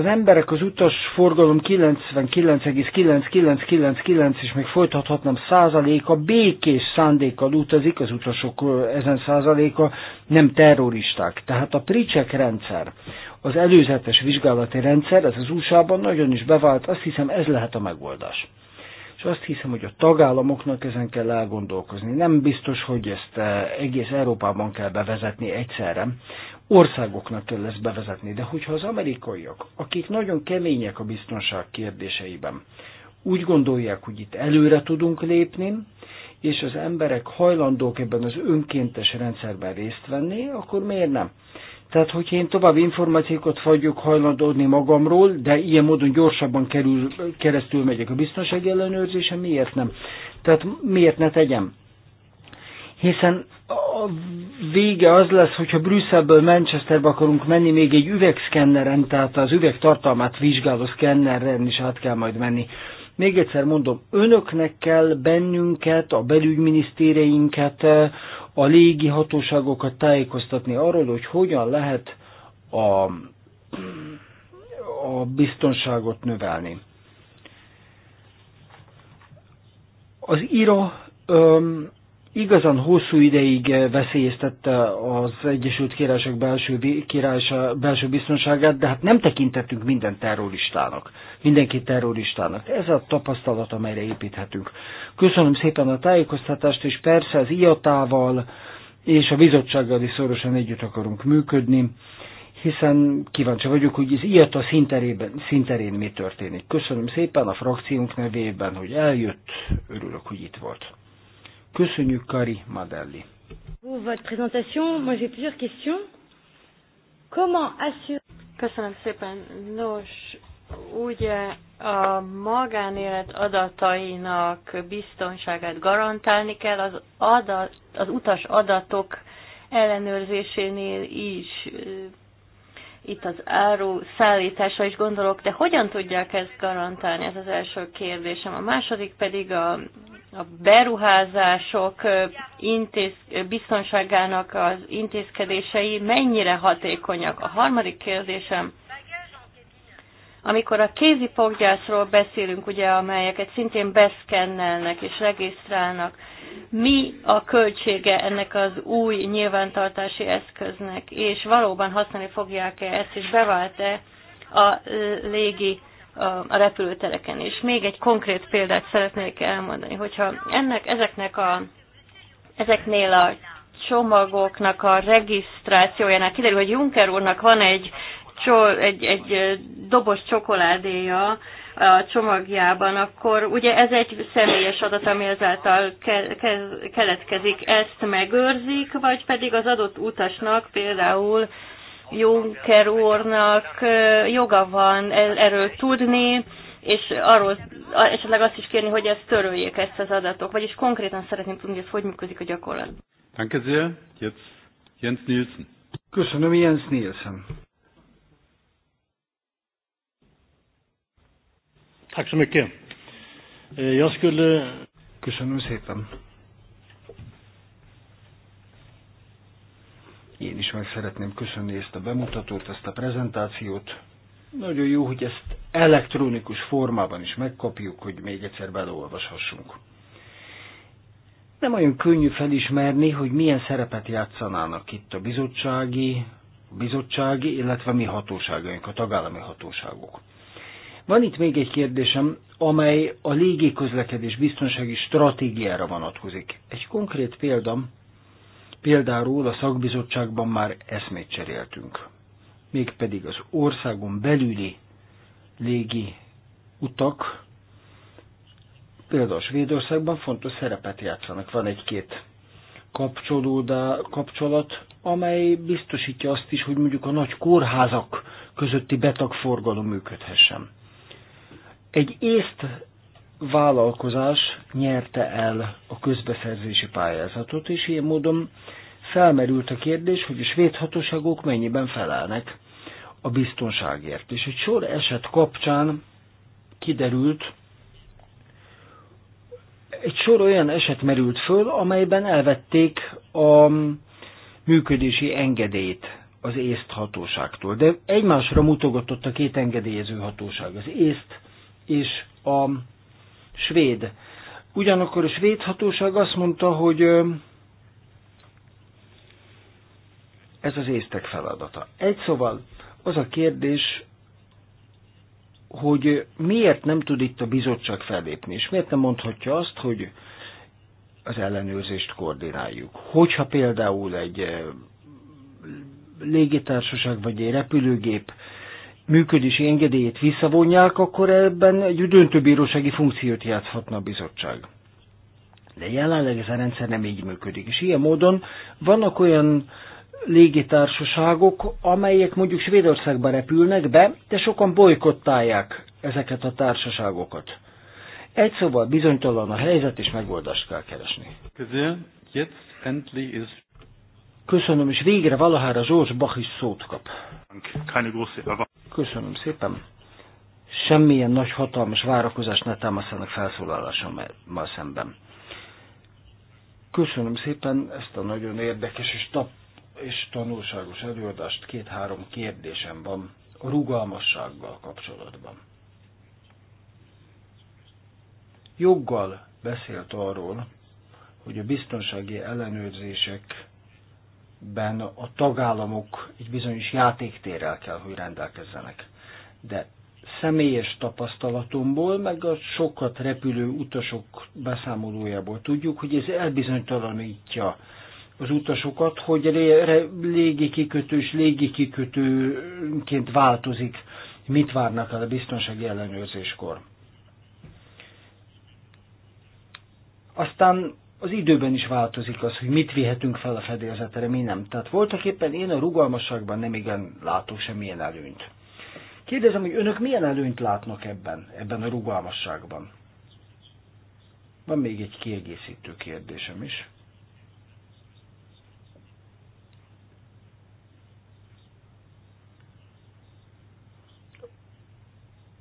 az emberek az utas forgalom 99,9999 és még folytathatnám százaléka békés szándékkal utazik, az utasok ezen százaléka nem terroristák. Tehát a pricsek rendszer, az előzetes vizsgálati rendszer, ez az USA-ban nagyon is bevált, azt hiszem ez lehet a megoldás és azt hiszem, hogy a tagállamoknak ezen kell elgondolkozni. Nem biztos, hogy ezt egész Európában kell bevezetni egyszerre országoknak kell ezt bevezetni, de hogyha az amerikaiak, akik nagyon kemények a biztonság kérdéseiben, úgy gondolják, hogy itt előre tudunk lépni, és az emberek hajlandók ebben az önkéntes rendszerben részt venni, akkor miért nem? Tehát, hogyha én tovább információkat fagyok hajlandódni magamról, de ilyen módon gyorsabban kerül, keresztül megyek a biztonsági ellenőrzése, miért nem? Tehát miért ne tegyem? Hiszen a vége az lesz, hogyha Brüsszelből Manchesterbe akarunk menni, még egy üvegszkenneren, tehát az üveg tartalmát vizsgáló szkenneren is át kell majd menni. Még egyszer mondom, önöknek kell bennünket, a belügyminisztéreinket, a légi hatóságokat tájékoztatni arról, hogy hogyan lehet a, a biztonságot növelni. Az IRA igazán hosszú ideig eh, veszélyeztette az Egyesült Királyság belső, királysa, belső biztonságát, de hát nem tekintettünk minden terroristának, mindenki terroristának. Ez a tapasztalat, amelyre építhetünk. Köszönöm szépen a tájékoztatást, és persze az IATA-val és a bizottsággal is szorosan együtt akarunk működni, hiszen kíváncsi vagyok, hogy az IATA szinterében, szinterén mi történik. Köszönöm szépen a frakciónk nevében, hogy eljött, örülök, hogy itt volt. Köszönjük, Kari Madelli. Köszönöm szépen. Nos, ugye a magánélet adatainak biztonságát garantálni kell az, adat, az utas adatok ellenőrzésénél is. Itt az áru szállításra is gondolok, de hogyan tudják ezt garantálni? Ez az első kérdésem. A második pedig a a beruházások intéz, biztonságának az intézkedései mennyire hatékonyak. A harmadik kérdésem, amikor a kézi foggyászról beszélünk, ugye, amelyeket szintén beszkennelnek és regisztrálnak, mi a költsége ennek az új nyilvántartási eszköznek, és valóban használni fogják-e ezt, és bevált-e a légi a repülőtereken is. Még egy konkrét példát szeretnék elmondani, hogyha ennek, ezeknek a, ezeknél a csomagoknak a regisztrációjánál kiderül, hogy Juncker úrnak van egy, egy, egy dobos csokoládéja, a csomagjában, akkor ugye ez egy személyes adat, ami ezáltal ke- ke- keletkezik, ezt megőrzik, vagy pedig az adott utasnak például Juncker úrnak joga van erről tudni, és arról esetleg azt is kérni, hogy ezt töröljék ezt az adatok, vagyis konkrétan szeretném tudni, hogy ez hogy működik a gyakorlatban. Danke sehr. Jetzt Jens Nielsen. Köszönöm, Jens Nielsen. Tack så mycket. Eh, jag skulle... Köszönöm szépen. Én is meg szeretném köszönni ezt a bemutatót, ezt a prezentációt. Nagyon jó, hogy ezt elektronikus formában is megkapjuk, hogy még egyszer beleolvashassunk. Nem olyan könnyű felismerni, hogy milyen szerepet játszanának itt a bizottsági, a bizottsági, illetve mi hatóságaink, a tagállami hatóságok. Van itt még egy kérdésem, amely a légiközlekedés biztonsági stratégiára vonatkozik. Egy konkrét példa, Például a szakbizottságban már eszmét cseréltünk, mégpedig az országon belüli légi utak, például Svédországban fontos szerepet játszanak. Van egy-két kapcsolat, amely biztosítja azt is, hogy mondjuk a nagy kórházak közötti betagforgalom működhessen. Egy észt vállalkozás nyerte el a közbeszerzési pályázatot, és ilyen módon felmerült a kérdés, hogy a svéd hatóságok mennyiben felelnek a biztonságért. És egy sor eset kapcsán kiderült, egy sor olyan eset merült föl, amelyben elvették a működési engedélyt az észt hatóságtól. De egymásra mutogatott a két engedélyező hatóság, az észt és a svéd. Ugyanakkor a svéd hatóság azt mondta, hogy ez az észtek feladata. Egy szóval az a kérdés, hogy miért nem tud itt a bizottság fellépni, és miért nem mondhatja azt, hogy az ellenőrzést koordináljuk. Hogyha például egy légitársaság vagy egy repülőgép működési engedélyét visszavonják, akkor ebben egy döntőbírósági funkciót játszhatna a bizottság. De jelenleg ez a rendszer nem így működik. És ilyen módon vannak olyan légitársaságok, amelyek mondjuk Svédországba repülnek be, de sokan bolykottálják ezeket a társaságokat. Egy szóval bizonytalan a helyzet, és megoldást kell keresni. Köszönöm, és végre valahára Zsors Bach is szót kap. Köszönöm szépen. Semmilyen nagy hatalmas várakozást ne támasztanak felszólalásommal szemben. Köszönöm szépen ezt a nagyon érdekes és, tap és tanulságos előadást. Két-három kérdésem van a rugalmassággal kapcsolatban. Joggal beszélt arról, hogy a biztonsági ellenőrzések ben a tagállamok egy bizonyos játéktérrel kell, hogy rendelkezzenek. De személyes tapasztalatomból, meg a sokat repülő utasok beszámolójából tudjuk, hogy ez elbizonytalanítja az utasokat, hogy légikikötő és légikikötőként változik, mit várnak el a biztonsági ellenőrzéskor. Aztán az időben is változik az, hogy mit vihetünk fel a fedélzetre, mi nem. Tehát voltak éppen én a rugalmasságban nem igen látok semmilyen előnyt. Kérdezem, hogy önök milyen előnyt látnak ebben, ebben a rugalmasságban? Van még egy kiegészítő kérdésem is.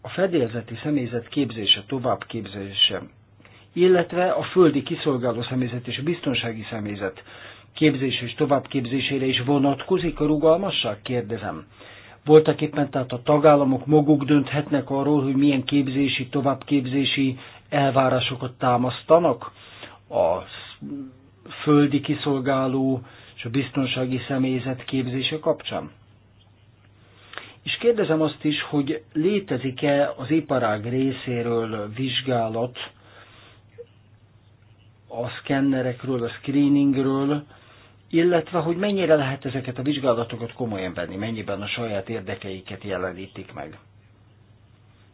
A fedélzeti személyzet képzése, továbbképzése illetve a földi kiszolgáló személyzet és a biztonsági személyzet képzés és továbbképzésére is vonatkozik a rugalmasság? Kérdezem. Voltak éppen tehát a tagállamok maguk dönthetnek arról, hogy milyen képzési, továbbképzési elvárásokat támasztanak a földi kiszolgáló és a biztonsági személyzet képzése kapcsán? És kérdezem azt is, hogy létezik-e az iparág részéről vizsgálat a szkennerekről, a screeningről, illetve hogy mennyire lehet ezeket a vizsgálatokat komolyan venni, mennyiben a saját érdekeiket jelenítik meg.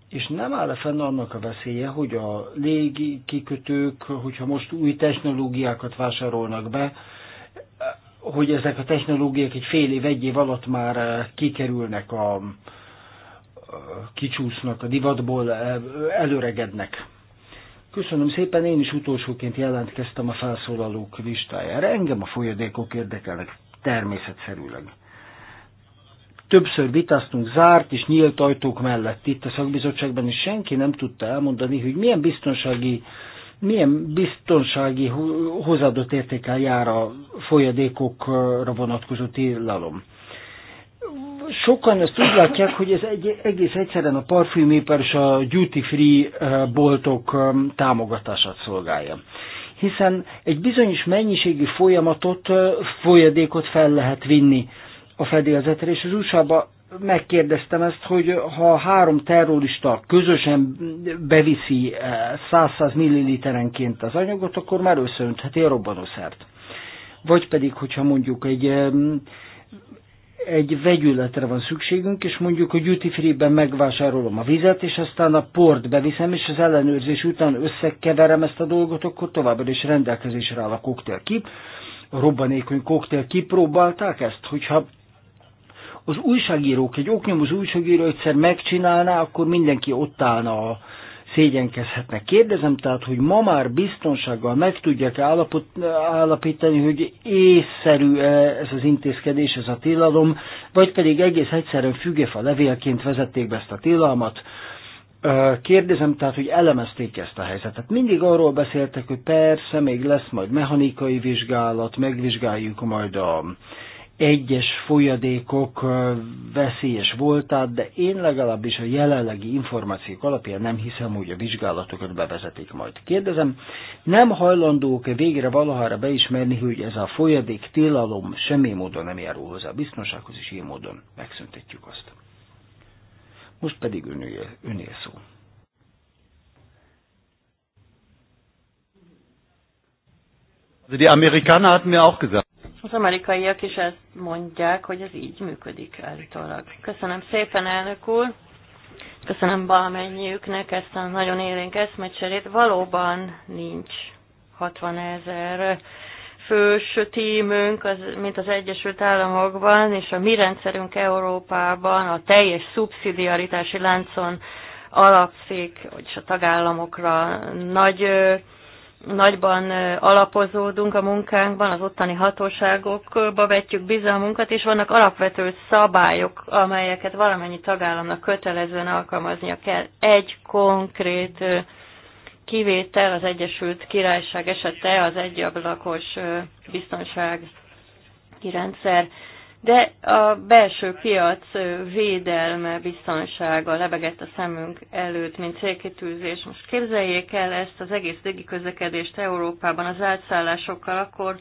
És nem áll -e fenn annak a veszélye, hogy a légi kikötők, hogyha most új technológiákat vásárolnak be, hogy ezek a technológiák egy fél év, egy év alatt már kikerülnek a, kicsúsznak a divatból, előregednek. Köszönöm szépen, én is utolsóként jelentkeztem a felszólalók listájára. Engem a folyadékok érdekelnek természetszerűleg. Többször vitáztunk zárt és nyílt ajtók mellett itt a szakbizottságban, és senki nem tudta elmondani, hogy milyen biztonsági milyen biztonsági hozadott értékel jár a folyadékokra vonatkozó tilalom sokan ezt úgy látják, hogy ez egy, egész egyszerűen a parfümipar és a duty free eh, boltok eh, támogatását szolgálja. Hiszen egy bizonyos mennyiségű folyamatot, eh, folyadékot fel lehet vinni a fedélzetre, és az usa megkérdeztem ezt, hogy ha három terrorista közösen beviszi 100-100 milliliterenként az anyagot, akkor már összeöntheti a robbanószert. Vagy pedig, hogyha mondjuk egy egy vegyületre van szükségünk, és mondjuk a duty free-ben megvásárolom a vizet, és aztán a port beviszem, és az ellenőrzés után összekeverem ezt a dolgot, akkor továbbra is rendelkezésre áll a koktélkip. A robbanékony koktél kipróbálták ezt, hogyha az újságírók, egy oknyomozó újságíró egyszer megcsinálná, akkor mindenki ott állna a szégyenkezhetnek. Kérdezem tehát, hogy ma már biztonsággal meg tudják állapot, állapítani, hogy észszerű -e ez az intézkedés, ez a tilalom, vagy pedig egész egyszerűen fügefa levélként vezették be ezt a tilalmat. Kérdezem tehát, hogy elemezték -e ezt a helyzetet. Mindig arról beszéltek, hogy persze, még lesz majd mechanikai vizsgálat, megvizsgáljuk majd a egyes folyadékok veszélyes voltát, de én legalábbis a jelenlegi információk alapján nem hiszem, hogy a vizsgálatokat bevezetik majd. Kérdezem, nem hajlandók végre valahára beismerni, hogy ez a folyadék tilalom semmi módon nem járul hozzá a biztonsághoz, és ilyen módon megszüntetjük azt. Most pedig önél, önél szó. Also die Amerikaner hatten mir auch gesagt. Az amerikaiak is ezt mondják, hogy ez így működik állítólag. Köszönöm szépen, elnök úr! Köszönöm valamennyiüknek ezt a nagyon élénk eszmecserét. Valóban nincs 60 ezer fős tímünk, az, mint az Egyesült Államokban, és a mi rendszerünk Európában a teljes szubszidiaritási láncon alapszik, hogy a tagállamokra nagy nagyban alapozódunk a munkánkban, az ottani hatóságokba vetjük bizalmunkat, és vannak alapvető szabályok, amelyeket valamennyi tagállamnak kötelezően alkalmaznia kell. Egy konkrét kivétel az Egyesült Királyság esete az egyablakos biztonsági rendszer de a belső piac védelme, biztonsága lebegett a szemünk előtt, mint célkitűzés. Most képzeljék el ezt az egész közlekedést Európában az átszállásokkal, akkor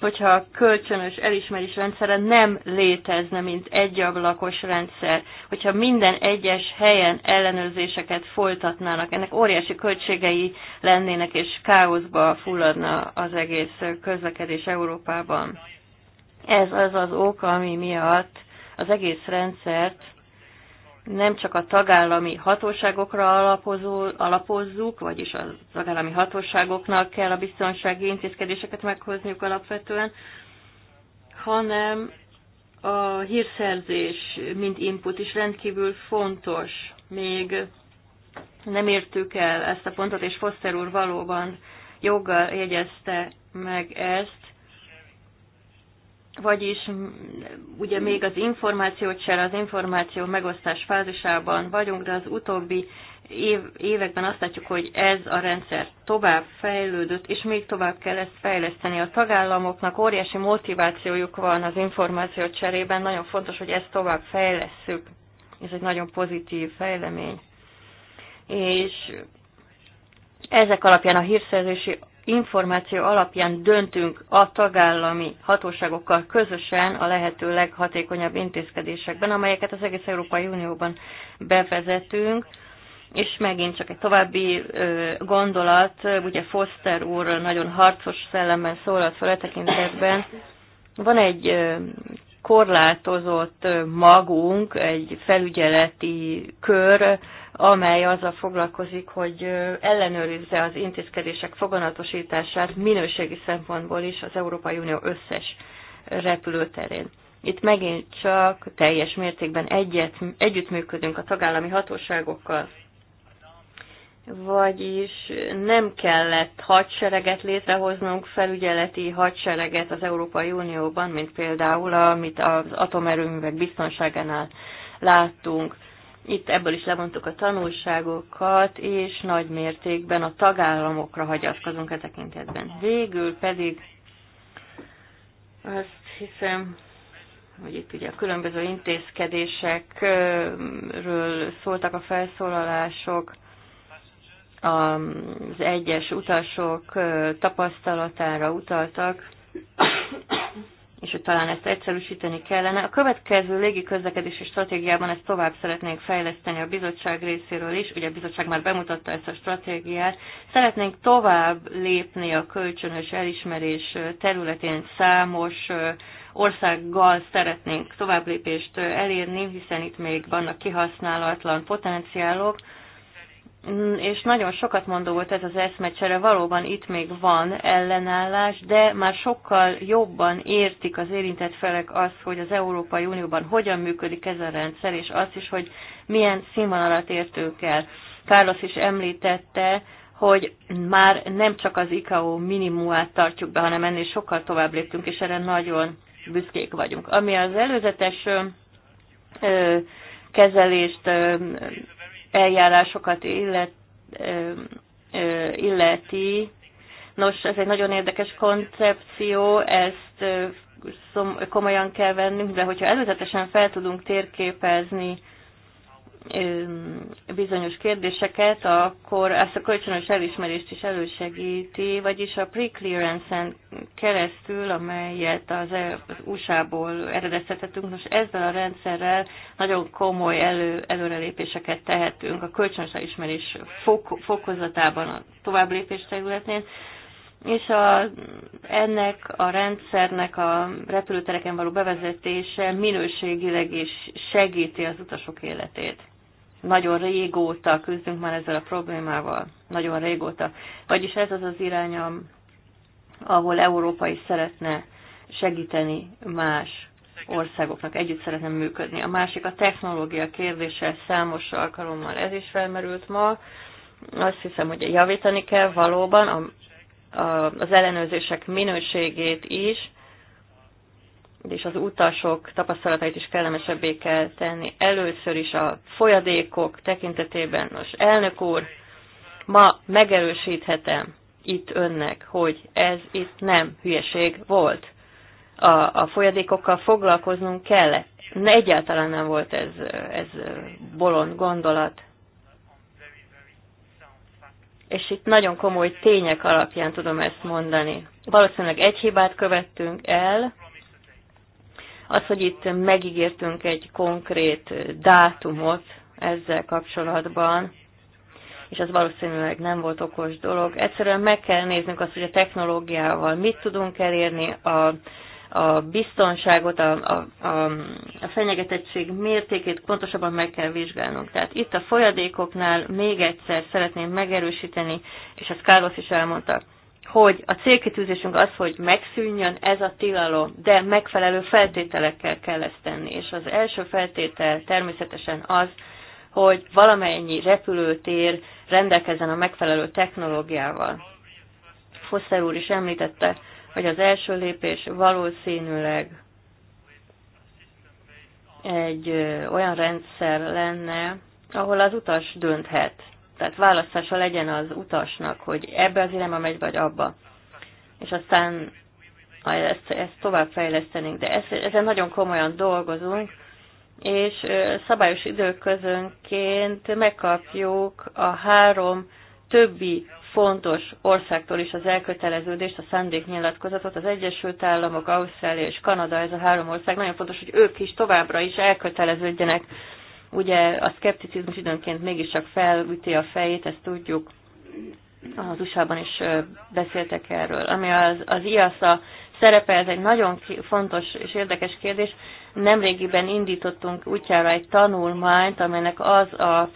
hogyha a kölcsönös elismerés rendszere nem létezne, mint egyablakos rendszer, hogyha minden egyes helyen ellenőrzéseket folytatnának, ennek óriási költségei lennének, és káoszba fulladna az egész közlekedés Európában ez az az ok, ami miatt az egész rendszert nem csak a tagállami hatóságokra alapozul, alapozzuk, vagyis a tagállami hatóságoknak kell a biztonsági intézkedéseket meghozniuk alapvetően, hanem a hírszerzés, mint input is rendkívül fontos. Még nem értük el ezt a pontot, és Foster úr valóban joggal jegyezte meg ezt, vagyis ugye még az információt sem, az információ megosztás fázisában vagyunk, de az utóbbi év, években azt látjuk, hogy ez a rendszer tovább fejlődött, és még tovább kell ezt fejleszteni. A tagállamoknak óriási motivációjuk van az információ cserében, nagyon fontos, hogy ezt tovább fejlesszük. Ez egy nagyon pozitív fejlemény. És ezek alapján, a hírszerzési információ alapján döntünk a tagállami hatóságokkal közösen a lehető leghatékonyabb intézkedésekben, amelyeket az egész Európai Unióban bevezetünk. És megint csak egy további gondolat, ugye Foster úr nagyon harcos szellemmel szólalt fel a tekintetben. Van egy korlátozott magunk, egy felügyeleti kör, amely azzal foglalkozik, hogy ellenőrizze az intézkedések foganatosítását minőségi szempontból is az Európai Unió összes repülőterén. Itt megint csak teljes mértékben egyet, együttműködünk a tagállami hatóságokkal, vagyis nem kellett hadsereget létrehoznunk, felügyeleti hadsereget az Európai Unióban, mint például, amit az atomerőművek biztonságánál láttunk. Itt ebből is levontuk a tanulságokat, és nagy mértékben a tagállamokra hagyatkozunk e tekintetben. Végül pedig azt hiszem, hogy itt ugye a különböző intézkedésekről szóltak a felszólalások, az egyes utasok tapasztalatára utaltak, és hogy talán ezt egyszerűsíteni kellene. A következő légiközlekedési stratégiában ezt tovább szeretnénk fejleszteni a bizottság részéről is, ugye a bizottság már bemutatta ezt a stratégiát. Szeretnénk tovább lépni a kölcsönös elismerés területén számos országgal szeretnénk továbblépést elérni, hiszen itt még vannak kihasználatlan potenciálok, Mm, és nagyon sokat mondó volt ez az eszmecsere, valóban itt még van ellenállás, de már sokkal jobban értik az érintett felek azt, hogy az Európai Unióban hogyan működik ez a rendszer, és azt is, hogy milyen színvonalat értők el. Carlos is említette, hogy már nem csak az ICAO minimumát tartjuk be, hanem ennél sokkal tovább léptünk, és erre nagyon büszkék vagyunk. Ami az előzetes ö, kezelést ö, eljárásokat illet, illeti. Nos, ez egy nagyon érdekes koncepció, ezt komolyan kell vennünk, de hogyha előzetesen fel tudunk térképezni bizonyos kérdéseket, akkor ezt a kölcsönös elismerést is elősegíti, vagyis a pre-clearance-en keresztül, amelyet az e- USA-ból eredeztethetünk, most ezzel a rendszerrel nagyon komoly elő, előrelépéseket tehetünk a kölcsönös elismerés fok, fokozatában a tovább lépés területén, és a, ennek a rendszernek a repülőtereken való bevezetése minőségileg is segíti az utasok életét. Nagyon régóta küzdünk már ezzel a problémával, nagyon régóta. Vagyis ez az az irány, ahol Európa is szeretne segíteni más országoknak együtt szeretne működni. A másik a technológia kérdése számos alkalommal ez is felmerült ma. Azt hiszem, hogy javítani kell valóban a, a, az ellenőrzések minőségét is, és az utasok tapasztalatait is kellemesebbé kell tenni. Először is a folyadékok tekintetében, most elnök úr, ma megerősíthetem itt önnek, hogy ez itt nem hülyeség volt. A, a folyadékokkal foglalkoznunk kellett. Ne, egyáltalán nem volt ez, ez bolond gondolat. És itt nagyon komoly tények alapján tudom ezt mondani. Valószínűleg egy hibát követtünk el, az, hogy itt megígértünk egy konkrét dátumot ezzel kapcsolatban, és az valószínűleg nem volt okos dolog. Egyszerűen meg kell néznünk azt, hogy a technológiával mit tudunk elérni, a, a biztonságot, a, a, a, a fenyegetettség mértékét pontosabban meg kell vizsgálnunk. Tehát itt a folyadékoknál még egyszer szeretném megerősíteni, és ezt Carlos is elmondta, hogy a célkitűzésünk az, hogy megszűnjön ez a tilalom, de megfelelő feltételekkel kell ezt tenni. És az első feltétel természetesen az, hogy valamennyi repülőtér rendelkezzen a megfelelő technológiával. Fosszer úr is említette, hogy az első lépés valószínűleg egy olyan rendszer lenne, ahol az utas dönthet tehát választása legyen az utasnak, hogy ebbe az irányba megy, vagy abba. És aztán ezt, ezt tovább fejlesztenénk, de ezt, ezen nagyon komolyan dolgozunk, és szabályos időközönként megkapjuk a három többi fontos országtól is az elköteleződést, a szándéknyilatkozatot, az Egyesült Államok, Ausztrália és Kanada, ez a három ország, nagyon fontos, hogy ők is továbbra is elköteleződjenek Ugye a szkepticizmus időnként mégiscsak felüti a fejét, ezt tudjuk. Az USA-ban is beszéltek erről. Ami az, az IASA szerepe, ez egy nagyon fontos és érdekes kérdés. Nemrégiben indítottunk útjára egy tanulmányt, amelynek az a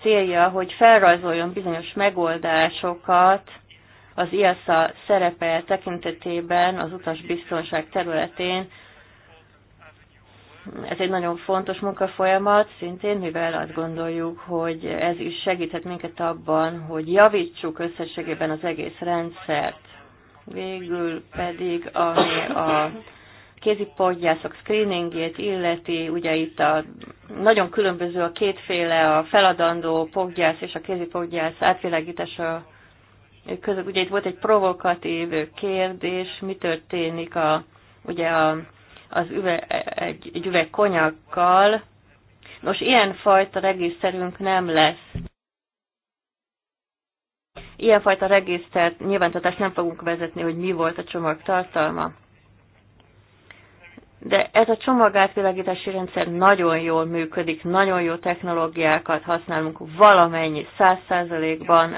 célja, hogy felrajzoljon bizonyos megoldásokat az IASA szerepe tekintetében az utasbiztonság területén, ez egy nagyon fontos munkafolyamat, szintén, mivel azt gondoljuk, hogy ez is segíthet minket abban, hogy javítsuk összességében az egész rendszert. Végül pedig, ami a kézipodgyászok screeningét illeti, ugye itt a, nagyon különböző a kétféle, a feladandó poggyász és a kézipodgyász átvilágítása között. Ugye itt volt egy provokatív kérdés, mi történik a, ugye a az üveg, egy, egy üveg konyakkal. Nos, fajta regiszterünk nem lesz. Ilyenfajta regisztert nyilvántartást nem fogunk vezetni, hogy mi volt a csomag tartalma. De ez a csomagátvilágítási rendszer nagyon jól működik, nagyon jó technológiákat használunk, valamennyi száz százalékban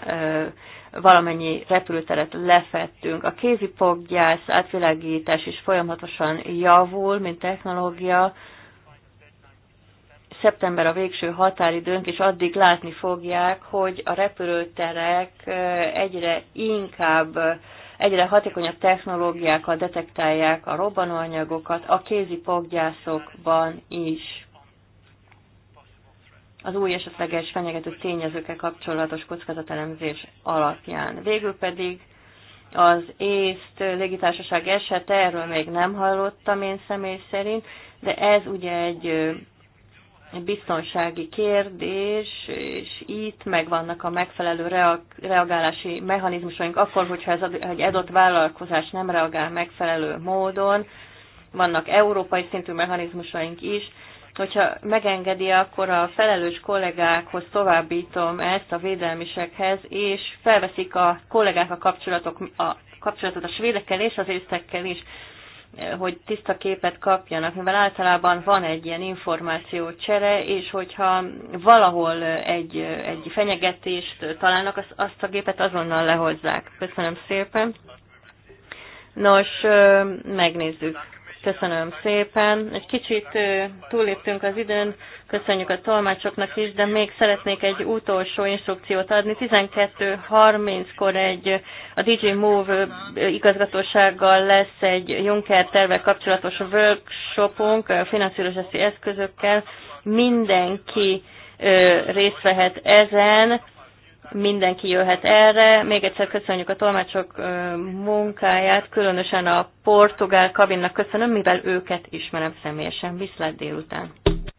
valamennyi repülőteret lefettünk. A kézipoggyász átvilágítás is folyamatosan javul, mint technológia. Szeptember a végső határidőnk, és addig látni fogják, hogy a repülőterek egyre inkább egyre hatékonyabb technológiákkal detektálják a robbanóanyagokat a kézi poggyászokban is az új esetleges fenyegető tényezőkkel kapcsolatos kockázatelemzés alapján. Végül pedig az észt légitársaság esete, erről még nem hallottam én személy szerint, de ez ugye egy biztonsági kérdés, és itt megvannak a megfelelő reagálási mechanizmusaink, akkor, hogyha ez egy adott vállalkozás nem reagál megfelelő módon, vannak európai szintű mechanizmusaink is, Hogyha megengedi, akkor a felelős kollégákhoz továbbítom ezt a védelmisekhez, és felveszik a kollégák a, kapcsolatok, a kapcsolatot a svédekkel és az észtekkel is, hogy tiszta képet kapjanak, mivel általában van egy ilyen csere, és hogyha valahol egy, egy fenyegetést találnak, azt, azt a gépet azonnal lehozzák. Köszönöm szépen. Nos, megnézzük Köszönöm szépen. Egy kicsit túléptünk az időn, köszönjük a tolmácsoknak is, de még szeretnék egy utolsó instrukciót adni. 12.30-kor egy, a DJ Move igazgatósággal lesz egy Juncker tervek kapcsolatos workshopunk finanszírozási eszközökkel. Mindenki részt vehet ezen mindenki jöhet erre. Még egyszer köszönjük a tolmácsok munkáját, különösen a portugál kabinnak köszönöm, mivel őket ismerem személyesen. Viszlát délután!